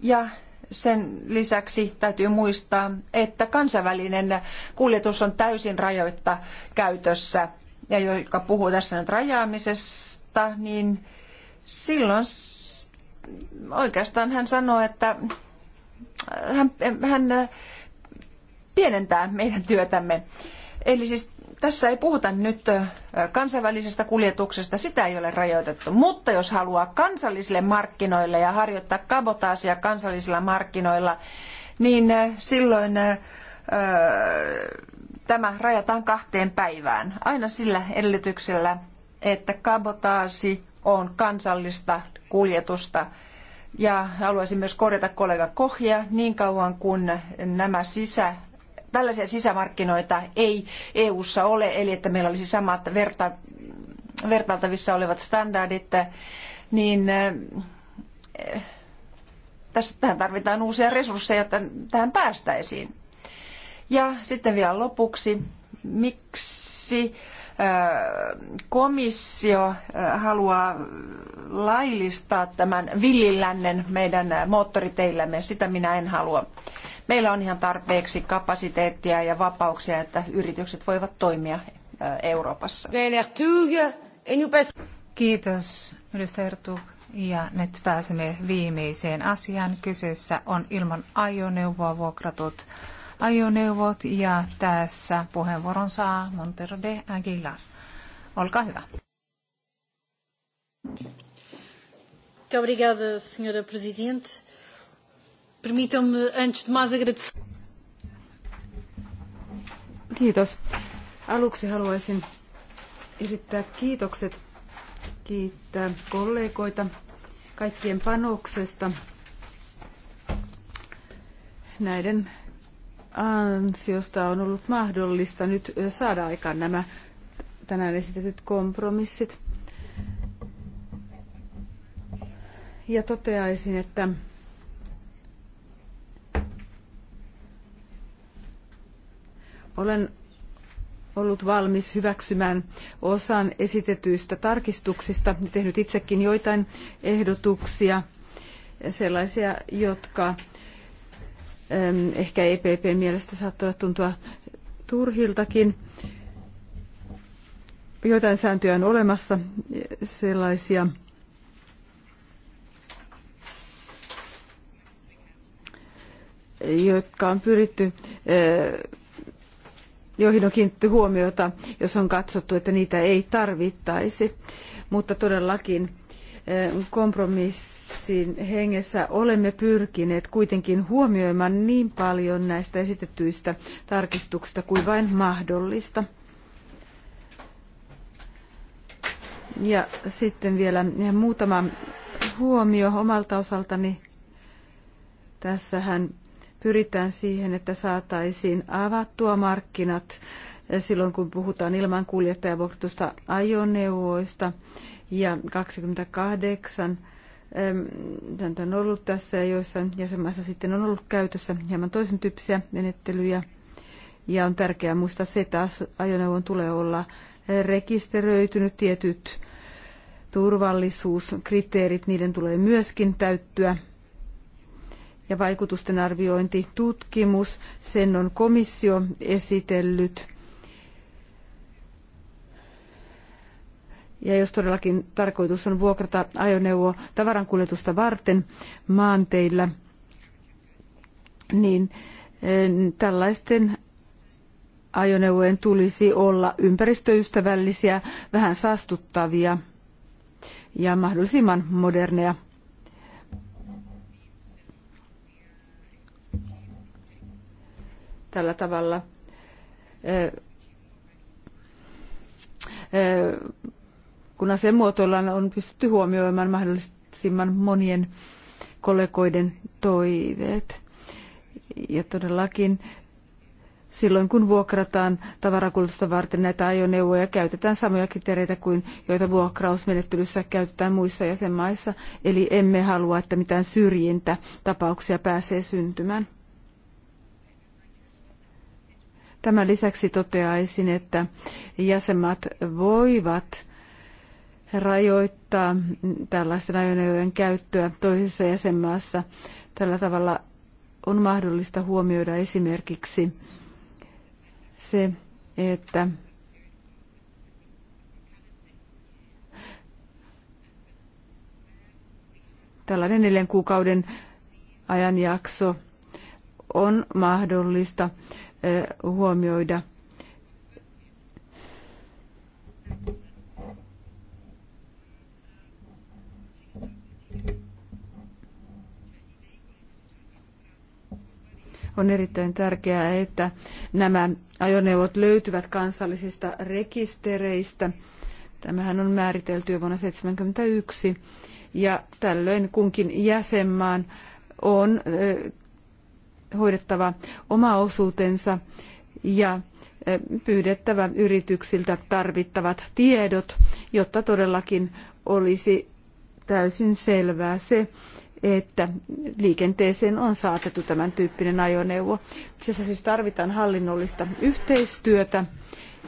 Ja sen lisäksi täytyy muistaa, että kansainvälinen kuljetus on täysin rajoitta käytössä. Ja joka puhuu tässä nyt rajaamisesta, niin silloin oikeastaan hän sanoo, että hän, hän pienentää meidän työtämme. Eli siis tässä ei puhuta nyt kansainvälisestä kuljetuksesta, sitä ei ole rajoitettu. Mutta jos haluaa kansallisille markkinoille ja harjoittaa kabotaasia kansallisilla markkinoilla, niin silloin tämä rajataan kahteen päivään. Aina sillä edellytyksellä, että kabotaasi on kansallista kuljetusta. Ja haluaisin myös korjata kollega Kohja, niin kauan kuin nämä sisä tällaisia sisämarkkinoita ei EU:ssa ole, eli että meillä olisi samat verta, vertailtavissa olevat standardit, niin eh, tässä, tähän tarvitaan uusia resursseja, jotta tähän päästäisiin. Ja sitten vielä lopuksi, miksi komissio haluaa laillistaa tämän villilännen meidän moottoriteillämme. Sitä minä en halua. Meillä on ihan tarpeeksi kapasiteettia ja vapauksia, että yritykset voivat toimia Euroopassa. Kiitos, edustaja Ertug. Ja nyt pääsemme viimeiseen asiaan. Kyseessä on ilman ajoneuvoa vuokratut ajoneuvot ja tässä puheenvuoron saa Montero de Aguilar. Olkaa hyvä. Muito obrigada, senhora presidente. Permitam-me antes de mais agradecer. Kiitos. Aluksi haluaisin esittää kiitokset, kiittää kollegoita kaikkien panoksesta näiden ansiosta on ollut mahdollista nyt saada aikaan nämä tänään esitetyt kompromissit. Ja toteaisin, että olen ollut valmis hyväksymään osan esitetyistä tarkistuksista, tehnyt itsekin joitain ehdotuksia, sellaisia, jotka ehkä EPPn mielestä saattoi tuntua turhiltakin. Joitain sääntöjä on olemassa sellaisia. jotka on pyritty, eh, joihin on kiinnitetty huomiota, jos on katsottu, että niitä ei tarvittaisi. Mutta todellakin eh, kompromissi kompromissin hengessä olemme pyrkineet kuitenkin huomioimaan niin paljon näistä esitettyistä tarkistuksista kuin vain mahdollista. Ja sitten vielä muutama huomio omalta osaltani. Tässähän pyritään siihen, että saataisiin avattua markkinat silloin, kun puhutaan ilman kuljettajavakuutusta ajoneuvoista ja 28 Tätä on ollut tässä ja joissain jäsenmaissa sitten on ollut käytössä hieman toisen tyyppisiä menettelyjä. Ja on tärkeää muistaa se, että ajoneuvon tulee olla rekisteröitynyt tietyt turvallisuuskriteerit, niiden tulee myöskin täyttyä. Ja vaikutusten arviointi, tutkimus, sen on komissio esitellyt Ja jos todellakin tarkoitus on vuokrata ajoneuvo tavarankuljetusta varten maanteillä, niin eh, tällaisten ajoneuvojen tulisi olla ympäristöystävällisiä, vähän saastuttavia ja mahdollisimman moderneja. Tällä tavalla eh, eh, kun asian muotoillaan on pystytty huomioimaan mahdollisimman monien kollegoiden toiveet. Ja todellakin silloin, kun vuokrataan tavarakulutusta varten näitä ajoneuvoja, käytetään samoja kriteereitä kuin joita vuokrausmenettelyssä käytetään muissa jäsenmaissa. Eli emme halua, että mitään syrjintätapauksia pääsee syntymään. Tämän lisäksi toteaisin, että jäsenmaat voivat rajoittaa tällaisten ajoneuvojen käyttöä toisessa jäsenmaassa. Tällä tavalla on mahdollista huomioida esimerkiksi se, että tällainen neljän kuukauden ajanjakso on mahdollista eh, huomioida – On erittäin tärkeää, että nämä ajoneuvot löytyvät kansallisista rekistereistä. Tämähän on määritelty jo vuonna 1971 ja tällöin kunkin jäsenmaan on hoidettava oma osuutensa ja pyydettävä yrityksiltä tarvittavat tiedot, jotta todellakin olisi täysin selvää se, että liikenteeseen on saatettu tämän tyyppinen ajoneuvo. Tässä siis tarvitaan hallinnollista yhteistyötä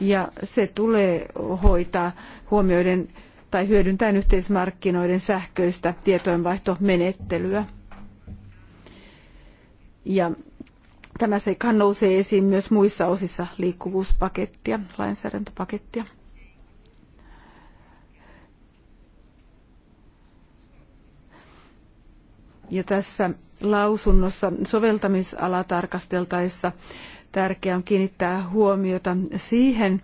ja se tulee hoitaa huomioiden tai hyödyntäen yhteismarkkinoiden sähköistä tietojenvaihtomenettelyä. Ja tämä seikka nousee esiin myös muissa osissa liikkuvuuspakettia, lainsäädäntöpakettia. Ja tässä lausunnossa soveltamisala tarkasteltaessa tärkeää on kiinnittää huomiota siihen,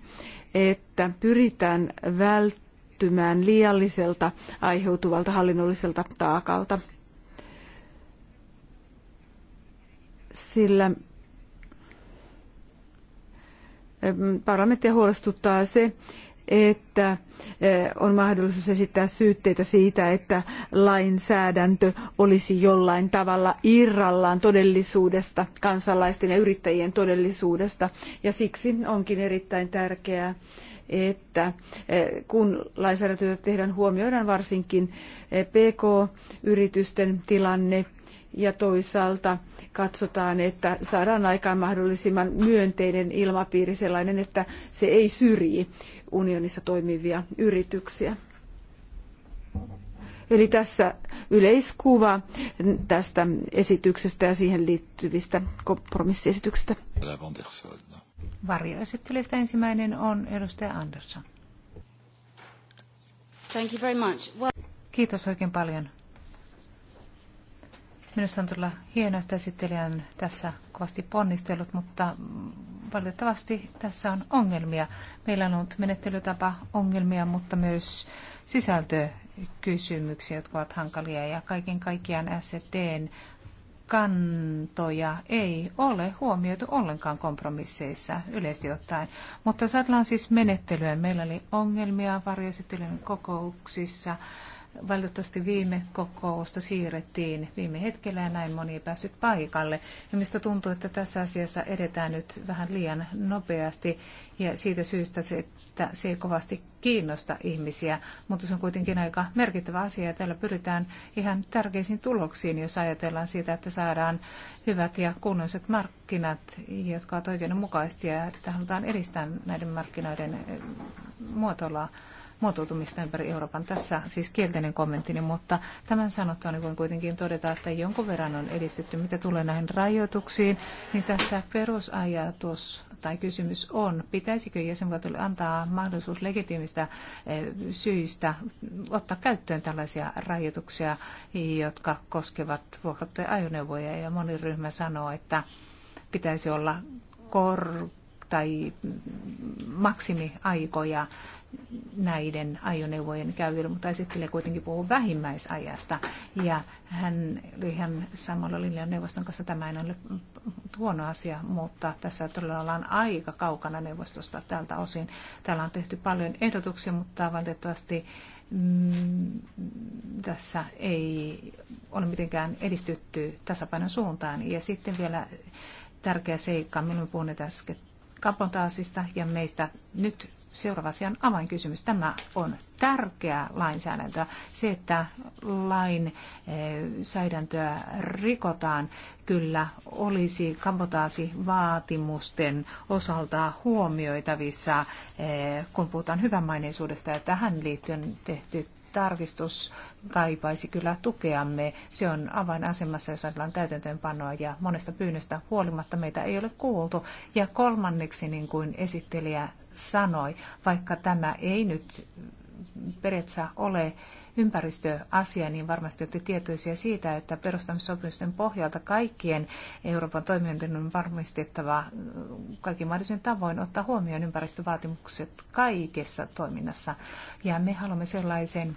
että pyritään välttymään liialliselta aiheutuvalta hallinnolliselta taakalta. Sillä parlamenttia huolestuttaa se, että eh, on mahdollisuus esittää syytteitä siitä, että lainsäädäntö olisi jollain tavalla irrallaan todellisuudesta, kansalaisten ja yrittäjien todellisuudesta. Ja siksi onkin erittäin tärkeää, että eh, kun lainsäädäntöä tehdään, huomioidaan varsinkin eh, PK-yritysten tilanne ja toisaalta katsotaan, että saadaan aikaan mahdollisimman myönteinen ilmapiiri sellainen, että se ei syrji unionissa toimivia yrityksiä. Eli tässä yleiskuva tästä esityksestä ja siihen liittyvistä kompromissiesityksistä. Varjoesittelystä ensimmäinen on edustaja Andersson. Thank you very much. Well... Kiitos oikein paljon. Minusta on todella hienoa, että esittelijä on tässä kovasti ponnistellut, mutta valitettavasti tässä on ongelmia. Meillä on ollut menettelytapa ongelmia, mutta myös sisältökysymyksiä, jotka ovat hankalia. Ja kaiken kaikkiaan STn kantoja ei ole huomioitu ollenkaan kompromisseissa yleisesti ottaen. Mutta jos ajatellaan siis menettelyä, meillä oli ongelmia varjoesittelyjen kokouksissa valitettavasti viime kokousta siirrettiin viime hetkellä ja näin moni ei päässyt paikalle. Ja mistä tuntuu, että tässä asiassa edetään nyt vähän liian nopeasti ja siitä syystä se, että se ei kovasti kiinnosta ihmisiä, mutta se on kuitenkin aika merkittävä asia ja tällä pyritään ihan tärkeisiin tuloksiin, jos ajatellaan sitä, että saadaan hyvät ja kunnolliset markkinat, jotka ovat oikeudenmukaisesti ja että halutaan edistää näiden markkinoiden eh, muotoilua muotoutumista ympäri Euroopan. Tässä siis kielteinen kommenttini, mutta tämän sanottuani voin kuitenkin todeta, että jonkun verran on edistetty, mitä tulee näihin rajoituksiin, niin tässä perusajatus tai kysymys on, pitäisikö jäsenvaltiolle antaa mahdollisuus legitiimistä eh, syistä ottaa käyttöön tällaisia rajoituksia, jotka koskevat vuokrattuja ajoneuvoja. Ja moni ryhmä sanoo, että pitäisi olla kor- tai maksimiaikoja näiden ajoneuvojen käytölle, mutta esittelee kuitenkin puhuu vähimmäisajasta. Ja hän oli ihan samalla linjan neuvoston kanssa. Tämä ei ole huono asia, mutta tässä todella ollaan aika kaukana neuvostosta tältä osin. Täällä on tehty paljon ehdotuksia, mutta valitettavasti mm, tässä ei ole mitenkään edistytty tasapainon suuntaan. Ja sitten vielä tärkeä seikka, minun puhuneet äsken kapotaasista ja meistä nyt seuraava asian avainkysymys. Tämä on tärkeä lainsäädäntö. Se, että lain eh, säädäntöä rikotaan, kyllä olisi kabotaasivaatimusten osalta huomioitavissa, eh, kun puhutaan hyvänmaineisuudesta. Ja tähän liittyen tehty tarkistus kaipaisi kyllä tukeamme. Se on avainasemassa, jos ajatellaan täytäntöönpanoa ja monesta pyynnöstä huolimatta meitä ei ole kuultu. Ja kolmanneksi, niin kuin esittelijä sanoi, vaikka tämä ei nyt periaatteessa ole ympäristöasia, niin varmasti olette tietoisia siitä, että perustamissopimusten pohjalta kaikkien Euroopan toimijoiden on varmistettava mm, kaikki mahdollisen tavoin ottaa huomioon ympäristövaatimukset kaikessa toiminnassa. Ja me haluamme sellaisen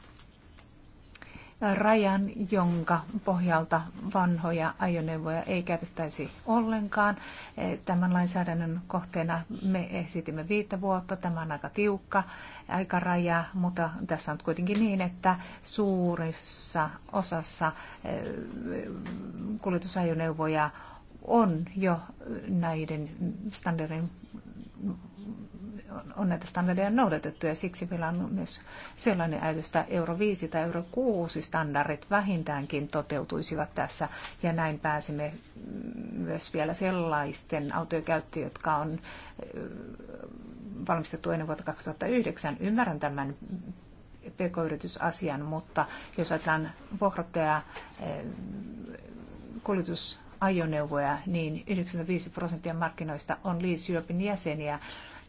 rajan, jonka pohjalta vanhoja ajoneuvoja ei käytettäisi ollenkaan. Eh, tämän lainsäädännön kohteena me esitimme viittä vuotta. Tämä on aika tiukka aikaraja, mutta tässä on kuitenkin niin, että suurissa osassa eh, kuljetusajoneuvoja on jo näiden standardin on näitä standardeja noudatettu ja siksi meillä on myös sellainen ajatus, että euro 5 tai euro 6 standardit vähintäänkin toteutuisivat tässä ja näin pääsimme myös vielä sellaisten autojen jotka on eh, valmistettu ennen vuotta 2009. Ymmärrän tämän pk-yritysasian, mutta jos ajatellaan vuokrattaja eh, kuljetus ajoneuvoja, niin 95 prosenttia markkinoista on Lease Europein jäseniä.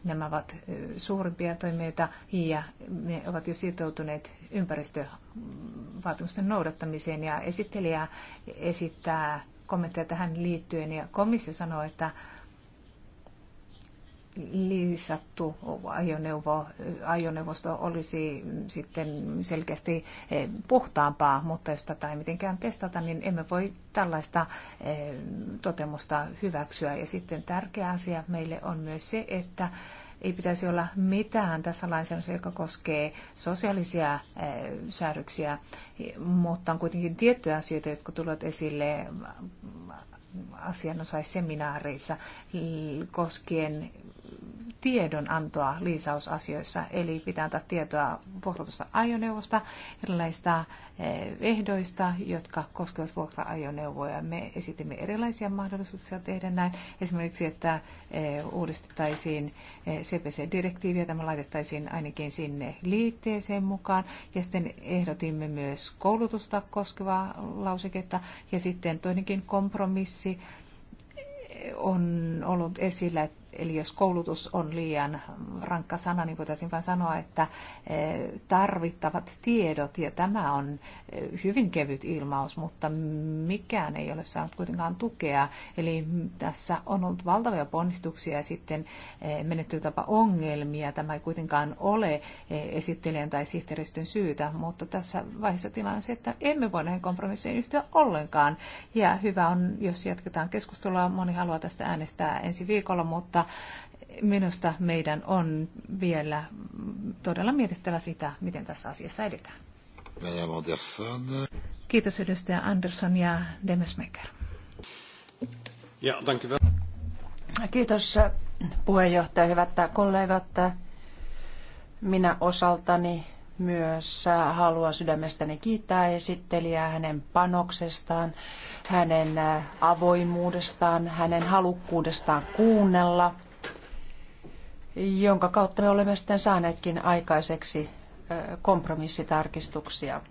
Nämä ovat suurimpia toimijoita ja ne ovat jo sitoutuneet ympäristövaatimusten noudattamiseen ja esittelijä esittää kommentteja tähän liittyen ja komissio sanoo, että liisattu ajoneuvo, ajoneuvosto olisi sitten selkeästi eh, puhtaampaa, mutta jos tätä ei mitenkään testata, niin emme voi tällaista eh, totemusta hyväksyä. Ja sitten tärkeä asia meille on myös se, että ei pitäisi olla mitään tässä lainsäädännössä, joka koskee sosiaalisia eh, säädöksiä, mutta on kuitenkin tiettyjä asioita, jotka tulevat esille asianosaisseminaareissa koskien tiedonantoa liisausasioissa, eli pitää antaa tietoa vuokratusta ajoneuvosta, erilaisista eh, ehdoista, jotka koskevat vuokra-ajoneuvoja. Me esitimme erilaisia mahdollisuuksia tehdä näin, esimerkiksi, että eh, uudistettaisiin eh, CPC-direktiiviä, tämä laitettaisiin ainakin sinne liitteeseen mukaan, ja sitten ehdotimme myös koulutusta koskevaa lauseketta, ja sitten toinenkin kompromissi, on ollut esillä, että Eli jos koulutus on liian rankka sana, niin voitaisiin vain sanoa, että e, tarvittavat tiedot, ja tämä on e, hyvin kevyt ilmaus, mutta mikään ei ole saanut kuitenkaan tukea. Eli tässä on ollut valtavia ponnistuksia ja sitten e, menettelytapa ongelmia. Tämä ei kuitenkaan ole esittelijän tai sihteeristön syytä, mutta tässä vaiheessa tilanne se, että emme voi näihin kompromisseihin yhtyä ollenkaan. Ja hyvä on, jos jatketaan keskustelua. Moni haluaa tästä äänestää ensi viikolla, mutta minusta meidän on vielä todella mietittävä sitä, miten tässä asiassa edetään. Kiitos edustaja Andersson ja Demesmaker. Ja, Kiitos puheenjohtaja, hyvät kollegat. Minä osaltani myös haluan sydämestäni kiittää esittelijää hänen panoksestaan, hänen äh, avoimuudestaan, hänen halukkuudestaan kuunnella, jonka kautta me olemme sitten saaneetkin aikaiseksi äh, kompromissitarkistuksia.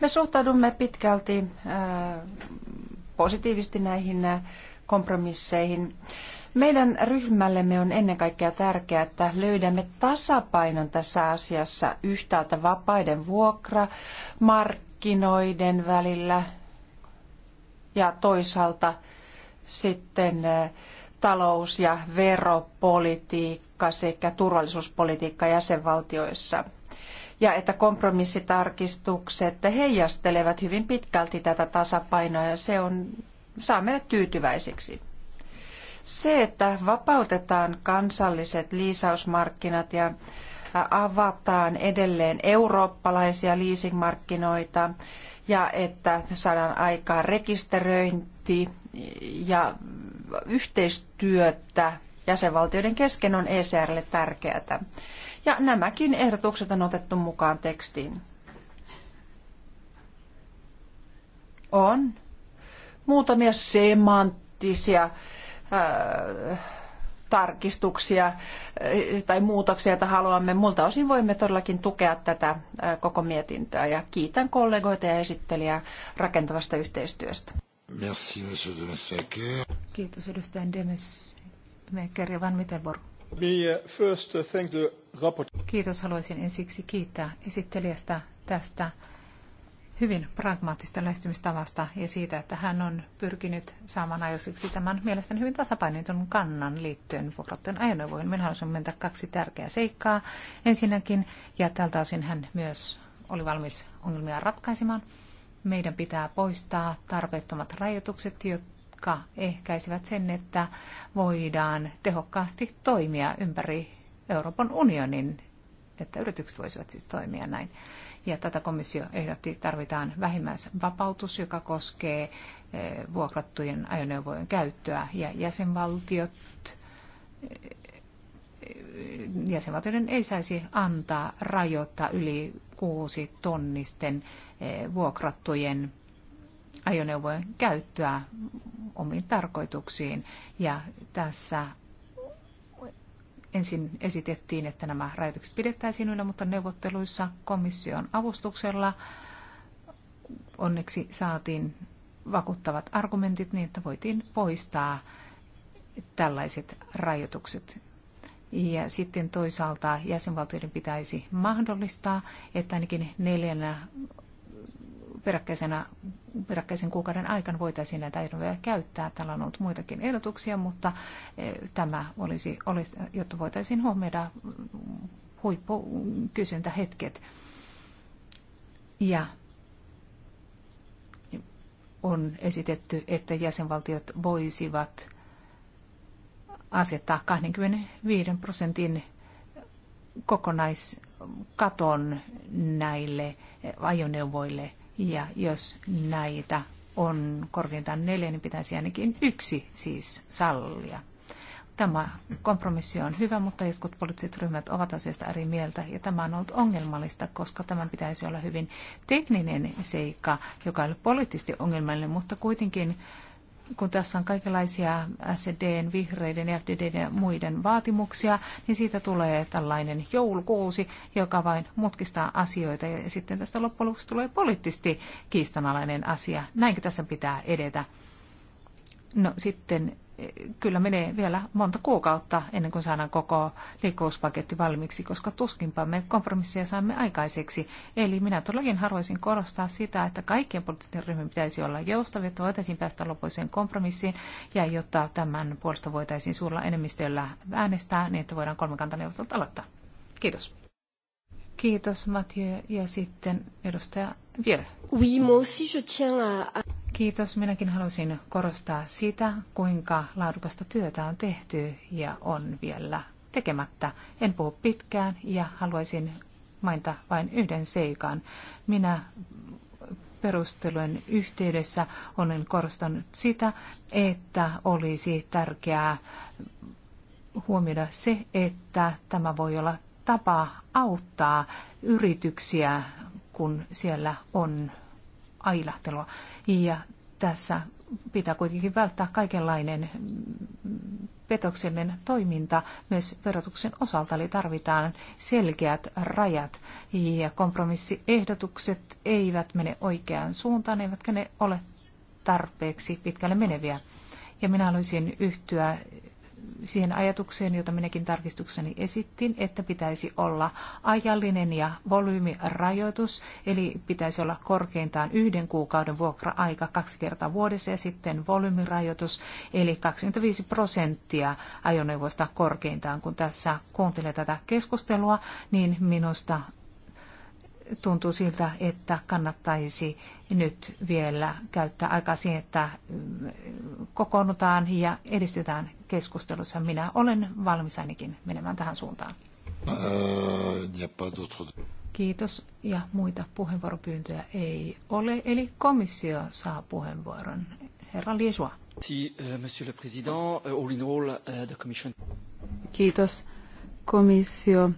Me suhtaudumme pitkälti äh, positiivisesti näihin kompromisseihin. Meidän ryhmällemme on ennen kaikkea tärkeää, että löydämme tasapainon tässä asiassa yhtäältä vapaiden markkinoiden välillä ja toisaalta sitten eh, talous- ja veropolitiikka sekä turvallisuuspolitiikka jäsenvaltioissa. Ja että kompromissitarkistukset heijastelevat hyvin pitkälti tätä tasapainoa ja se on, saa meidät tyytyväisiksi. Se, että vapautetaan kansalliset liisausmarkkinat ja avataan edelleen eurooppalaisia leasingmarkkinoita ja että saadaan aikaan rekisteröinti ja yhteistyötä jäsenvaltioiden kesken on ECRlle tärkeää. Ja nämäkin ehdotukset on otettu mukaan tekstiin. On muutamia semanttisia tarkistuksia tai muutoksia, joita haluamme. Multa osin voimme todellakin tukea tätä koko mietintöä ja kiitän kollegoita ja esittelijää rakentavasta yhteistyöstä. Merci, monsieur de Kiitos, edustaja ja Van Mittelborg. Uh, uh, Kiitos, haluaisin ensiksi kiittää esittelijästä tästä hyvin pragmaattista lähestymistavasta ja siitä, että hän on pyrkinyt saamaan ajoiseksi tämän mielestäni hyvin tasapainoitun kannan liittyen vuokrattujen ajoneuvoihin. Minä haluaisin mennä kaksi tärkeää seikkaa ensinnäkin, ja tältä osin hän myös oli valmis ongelmia ratkaisemaan. Meidän pitää poistaa tarpeettomat rajoitukset, jotka ehkäisivät sen, että voidaan tehokkaasti toimia ympäri Euroopan unionin, että yritykset voisivat siis toimia näin ja tätä komissio ehdotti, tarvitaan vähimmäisvapautus, joka koskee eh, vuokrattujen ajoneuvojen käyttöä ja jäsenvaltiot eh, jäsenvaltioiden ei saisi antaa rajoittaa yli kuusi tonnisten eh, vuokrattujen ajoneuvojen käyttöä omiin tarkoituksiin. Ja tässä ensin esitettiin, että nämä rajoitukset pidettäisiin yllä, mutta neuvotteluissa komission avustuksella onneksi saatiin vakuuttavat argumentit niin, että voitiin poistaa tällaiset rajoitukset. Ja sitten toisaalta jäsenvaltioiden pitäisi mahdollistaa, että ainakin neljänä peräkkäisenä, peräkkäisen kuukauden aikana voitaisiin näitä ehdoja käyttää. Täällä on ollut muitakin ehdotuksia, mutta eh, tämä olisi, olisi jotta voitaisiin huomioida huippukysyntähetket. Ja on esitetty, että jäsenvaltiot voisivat asettaa 25 prosentin kokonaiskaton näille ajoneuvoille – ja jos näitä on korkeintaan neljä, niin pitäisi ainakin yksi siis sallia. Tämä kompromissi on hyvä, mutta jotkut poliittiset ryhmät ovat asiasta eri mieltä ja tämä on ollut ongelmallista, koska tämän pitäisi olla hyvin tekninen seikka, joka ei ole poliittisesti ongelmallinen, mutta kuitenkin kun tässä on kaikenlaisia SDn, vihreiden, FDDn ja muiden vaatimuksia, niin siitä tulee tällainen joulukuusi, joka vain mutkistaa asioita ja sitten tästä loppujen lopuksi tulee poliittisesti kiistanalainen asia. Näinkö tässä pitää edetä? No sitten kyllä menee vielä monta kuukautta ennen kuin saadaan koko liikkuvuuspaketti valmiiksi, koska tuskinpa me kompromissia saamme aikaiseksi. Eli minä todellakin haluaisin korostaa sitä, että kaikkien poliittisten ryhmien pitäisi olla joustavia, että voitaisiin päästä lopuiseen kompromissiin ja jotta tämän puolesta voitaisiin suurella enemmistöllä äänestää, niin että voidaan kolmikantaneuvottelut aloittaa. Kiitos. Kiitos Mathieu ja sitten edustaja Vier. Oui, moi aussi je tiens à... Kiitos. Minäkin haluaisin korostaa sitä, kuinka laadukasta työtä on tehty ja on vielä tekemättä. En puhu pitkään ja haluaisin mainita vain yhden seikan. Minä perustelujen yhteydessä olen korostanut sitä, että olisi tärkeää huomioida se, että tämä voi olla tapa auttaa yrityksiä, kun siellä on ailahtelua. Ja tässä pitää kuitenkin välttää kaikenlainen petoksellinen toiminta myös verotuksen osalta, eli tarvitaan selkeät rajat ja kompromissiehdotukset eivät mene oikeaan suuntaan, eivätkä ne ole tarpeeksi pitkälle meneviä. Ja minä haluaisin yhtyä siihen ajatukseen, jota minäkin tarkistukseni esittin, että pitäisi olla ajallinen ja volyymirajoitus, eli pitäisi olla korkeintaan yhden kuukauden vuokra-aika kaksi kertaa vuodessa ja sitten volyymirajoitus, eli 25 prosenttia ajoneuvoista korkeintaan. Kun tässä kuuntelee tätä keskustelua, niin minusta tuntuu siltä, että kannattaisi nyt vielä käyttää aikaa siihen, että kokoonnutaan ja edistytään keskustelussa. Minä olen valmis ainakin menemään tähän suuntaan. Äh, tuota- tuota- Kiitos ja muita puheenvuoropyyntöjä ei ole, eli komissio saa puheenvuoron. Herra Liesua. Kiitos. Komissio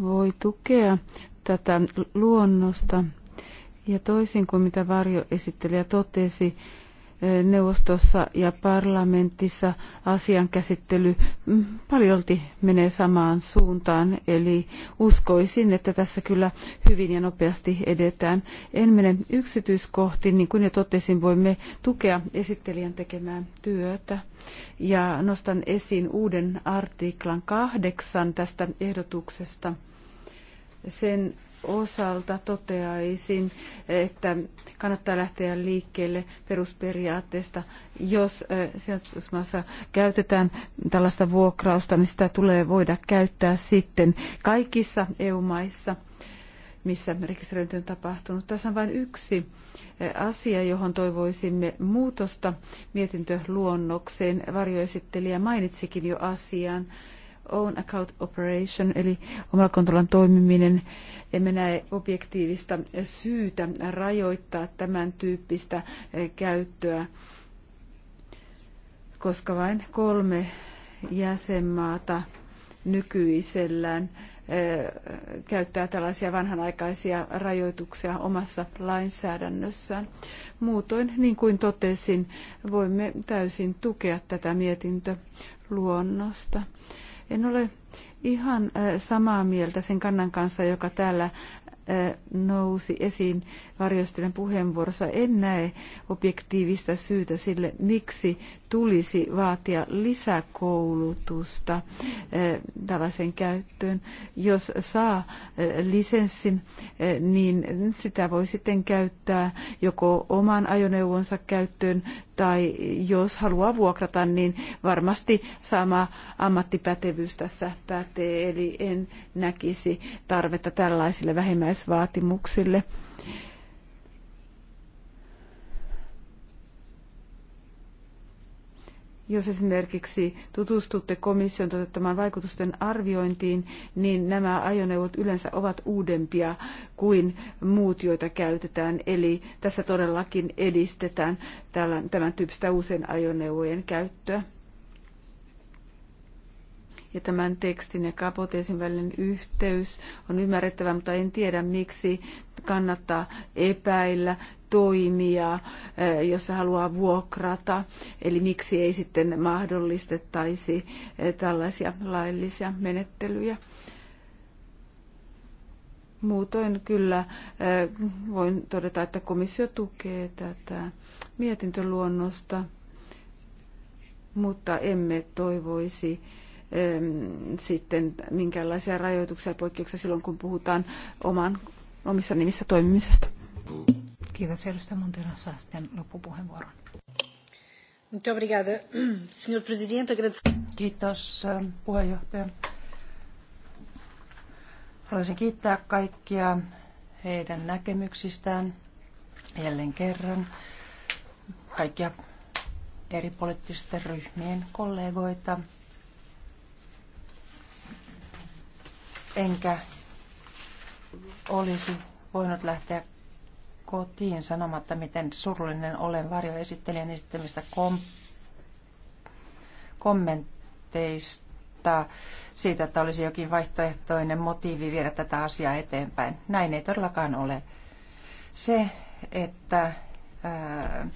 voi tukea tätä luonnosta. Ja toisin kuin mitä varjoesittelijä totesi, neuvostossa ja parlamentissa asian käsittely mm, paljolti menee samaan suuntaan, eli uskoisin, että tässä kyllä hyvin ja nopeasti edetään. En mene yksityiskohtiin, niin kuin jo totesin, voimme tukea esittelijän tekemää työtä. Ja nostan esiin uuden artiklan kahdeksan tästä ehdotuksesta. Sen osalta toteaisin, että kannattaa lähteä liikkeelle perusperiaatteesta. Jos sijoitusmaassa käytetään tällaista vuokrausta, niin sitä tulee voida käyttää sitten kaikissa EU-maissa missä rekisteröinti on tapahtunut. Tässä on vain yksi asia, johon toivoisimme muutosta mietintöluonnokseen. Varjoesittelijä mainitsikin jo asian own account operation, eli omalla toimiminen. Emme näe objektiivista syytä rajoittaa tämän tyyppistä eh, käyttöä, koska vain kolme jäsenmaata nykyisellään eh, käyttää tällaisia vanhanaikaisia rajoituksia omassa lainsäädännössään. Muutoin, niin kuin totesin, voimme täysin tukea tätä mietintöluonnosta. luonnosta en ole ihan äh, samaa mieltä sen kannan kanssa, joka täällä äh, nousi esiin varjostelen puheenvuorossa en näe objektiivista syytä sille, miksi tulisi vaatia lisäkoulutusta eh, tällaisen käyttöön. Jos saa eh, lisenssin, eh, niin sitä voi sitten käyttää joko oman ajoneuvonsa käyttöön tai jos haluaa vuokrata, niin varmasti sama ammattipätevyys tässä pätee, eli en näkisi tarvetta tällaisille vähimmäisvaatimuksille. Jos esimerkiksi tutustutte komission toteuttamaan vaikutusten arviointiin, niin nämä ajoneuvot yleensä ovat uudempia kuin muut, joita käytetään. Eli tässä todellakin edistetään tämän tyyppistä uusien ajoneuvojen käyttöä ja tämän tekstin ja kapoteesin välinen yhteys on ymmärrettävä, mutta en tiedä miksi kannattaa epäillä toimia, eh, jos haluaa vuokrata. Eli miksi ei sitten mahdollistettaisi eh, tällaisia laillisia menettelyjä? Muutoin kyllä eh, voin todeta, että komissio tukee tätä mietintöluonnosta, mutta emme toivoisi sitten minkäänlaisia rajoituksia ja poikkeuksia silloin, kun puhutaan oman, omissa nimissä toimimisesta. Kiitos edustaja Montero saa sitten loppupuheenvuoron. <clears throat> Kiitos eh, puheenjohtaja. Haluaisin kiittää kaikkia heidän näkemyksistään jälleen kerran. Kaikkia eri poliittisten ryhmien kollegoita. Enkä olisi voinut lähteä kotiin sanomatta, miten surullinen olen varjoesittelijän esittämistä kom- kommenteista siitä, että olisi jokin vaihtoehtoinen motiivi viedä tätä asiaa eteenpäin. Näin ei todellakaan ole. Se, että ää,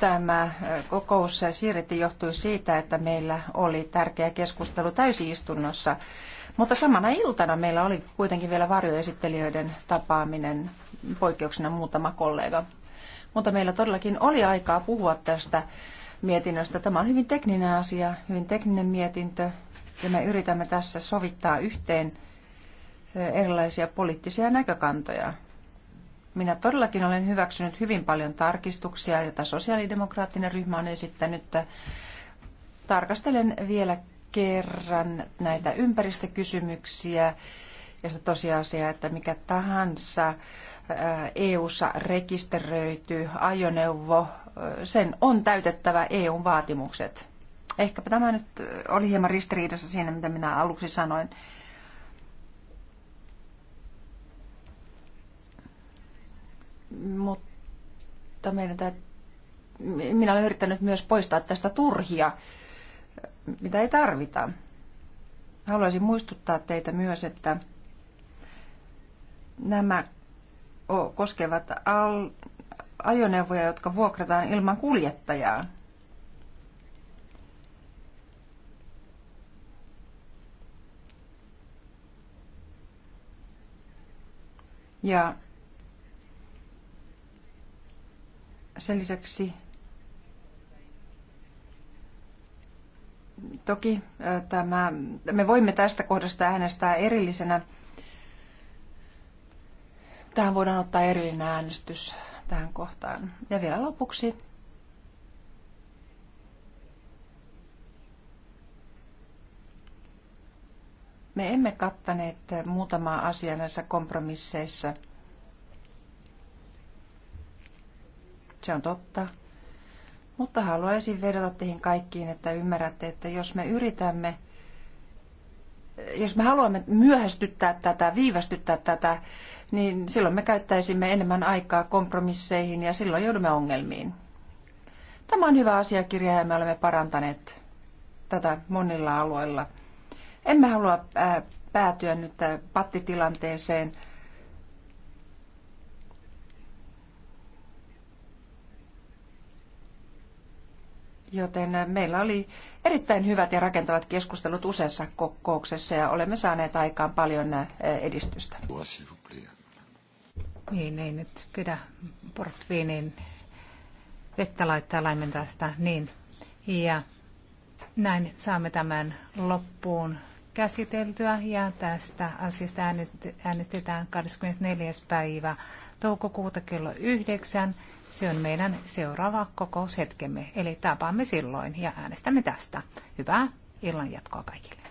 tämä kokous siirrettiin johtui siitä, että meillä oli tärkeä keskustelu täysistunnossa. Mutta samana iltana meillä oli kuitenkin vielä varjoesittelijöiden tapaaminen poikkeuksena muutama kollega. Mutta meillä todellakin oli aikaa puhua tästä mietinnöstä. Tämä on hyvin tekninen asia, hyvin tekninen mietintö, ja me yritämme tässä sovittaa yhteen erilaisia poliittisia näkökantoja. Minä todellakin olen hyväksynyt hyvin paljon tarkistuksia, joita sosiaalidemokraattinen ryhmä on esittänyt. Tarkastelen vielä kerran näitä ympäristökysymyksiä ja sitä tosiasiaa, että mikä tahansa EU-ssa rekisteröity ajoneuvo, sen on täytettävä EU-vaatimukset. Ehkäpä tämä nyt oli hieman ristiriidassa siinä, mitä minä aluksi sanoin. Mutta meidän tä... minä olen yrittänyt myös poistaa tästä turhia, mitä ei tarvita. Haluaisin muistuttaa teitä myös, että nämä koskevat ajoneuvoja, jotka vuokrataan ilman kuljettajaa. Ja sen lisäksi toki tämä, me voimme tästä kohdasta äänestää erillisenä tähän voidaan ottaa erillinen äänestys tähän kohtaan. Ja vielä lopuksi Me emme kattaneet muutamaa asiaa näissä kompromisseissa. Se on totta. Mutta haluaisin vedota teihin kaikkiin, että ymmärrätte, että jos me yritämme jos me haluamme myöhästyttää tätä, viivästyttää tätä, niin silloin me käyttäisimme enemmän aikaa kompromisseihin ja silloin joudumme ongelmiin. Tämä on hyvä asiakirja ja me olemme parantaneet tätä monilla alueilla. Emme halua päätyä nyt pattitilanteeseen – Joten meillä oli erittäin hyvät ja rakentavat keskustelut useassa kokouksessa ja olemme saaneet aikaan paljon edistystä. Niin, ei niin, nyt pidä portviinin vettä laittaa laimentaa sitä. Niin. Ja näin saamme tämän loppuun käsiteltyä ja tästä asiasta äänestetään 24. päivä toukokuuta kello 9. Se on meidän seuraava kokoushetkemme, eli tapaamme silloin ja äänestämme tästä. Hyvää illan jatkoa kaikille.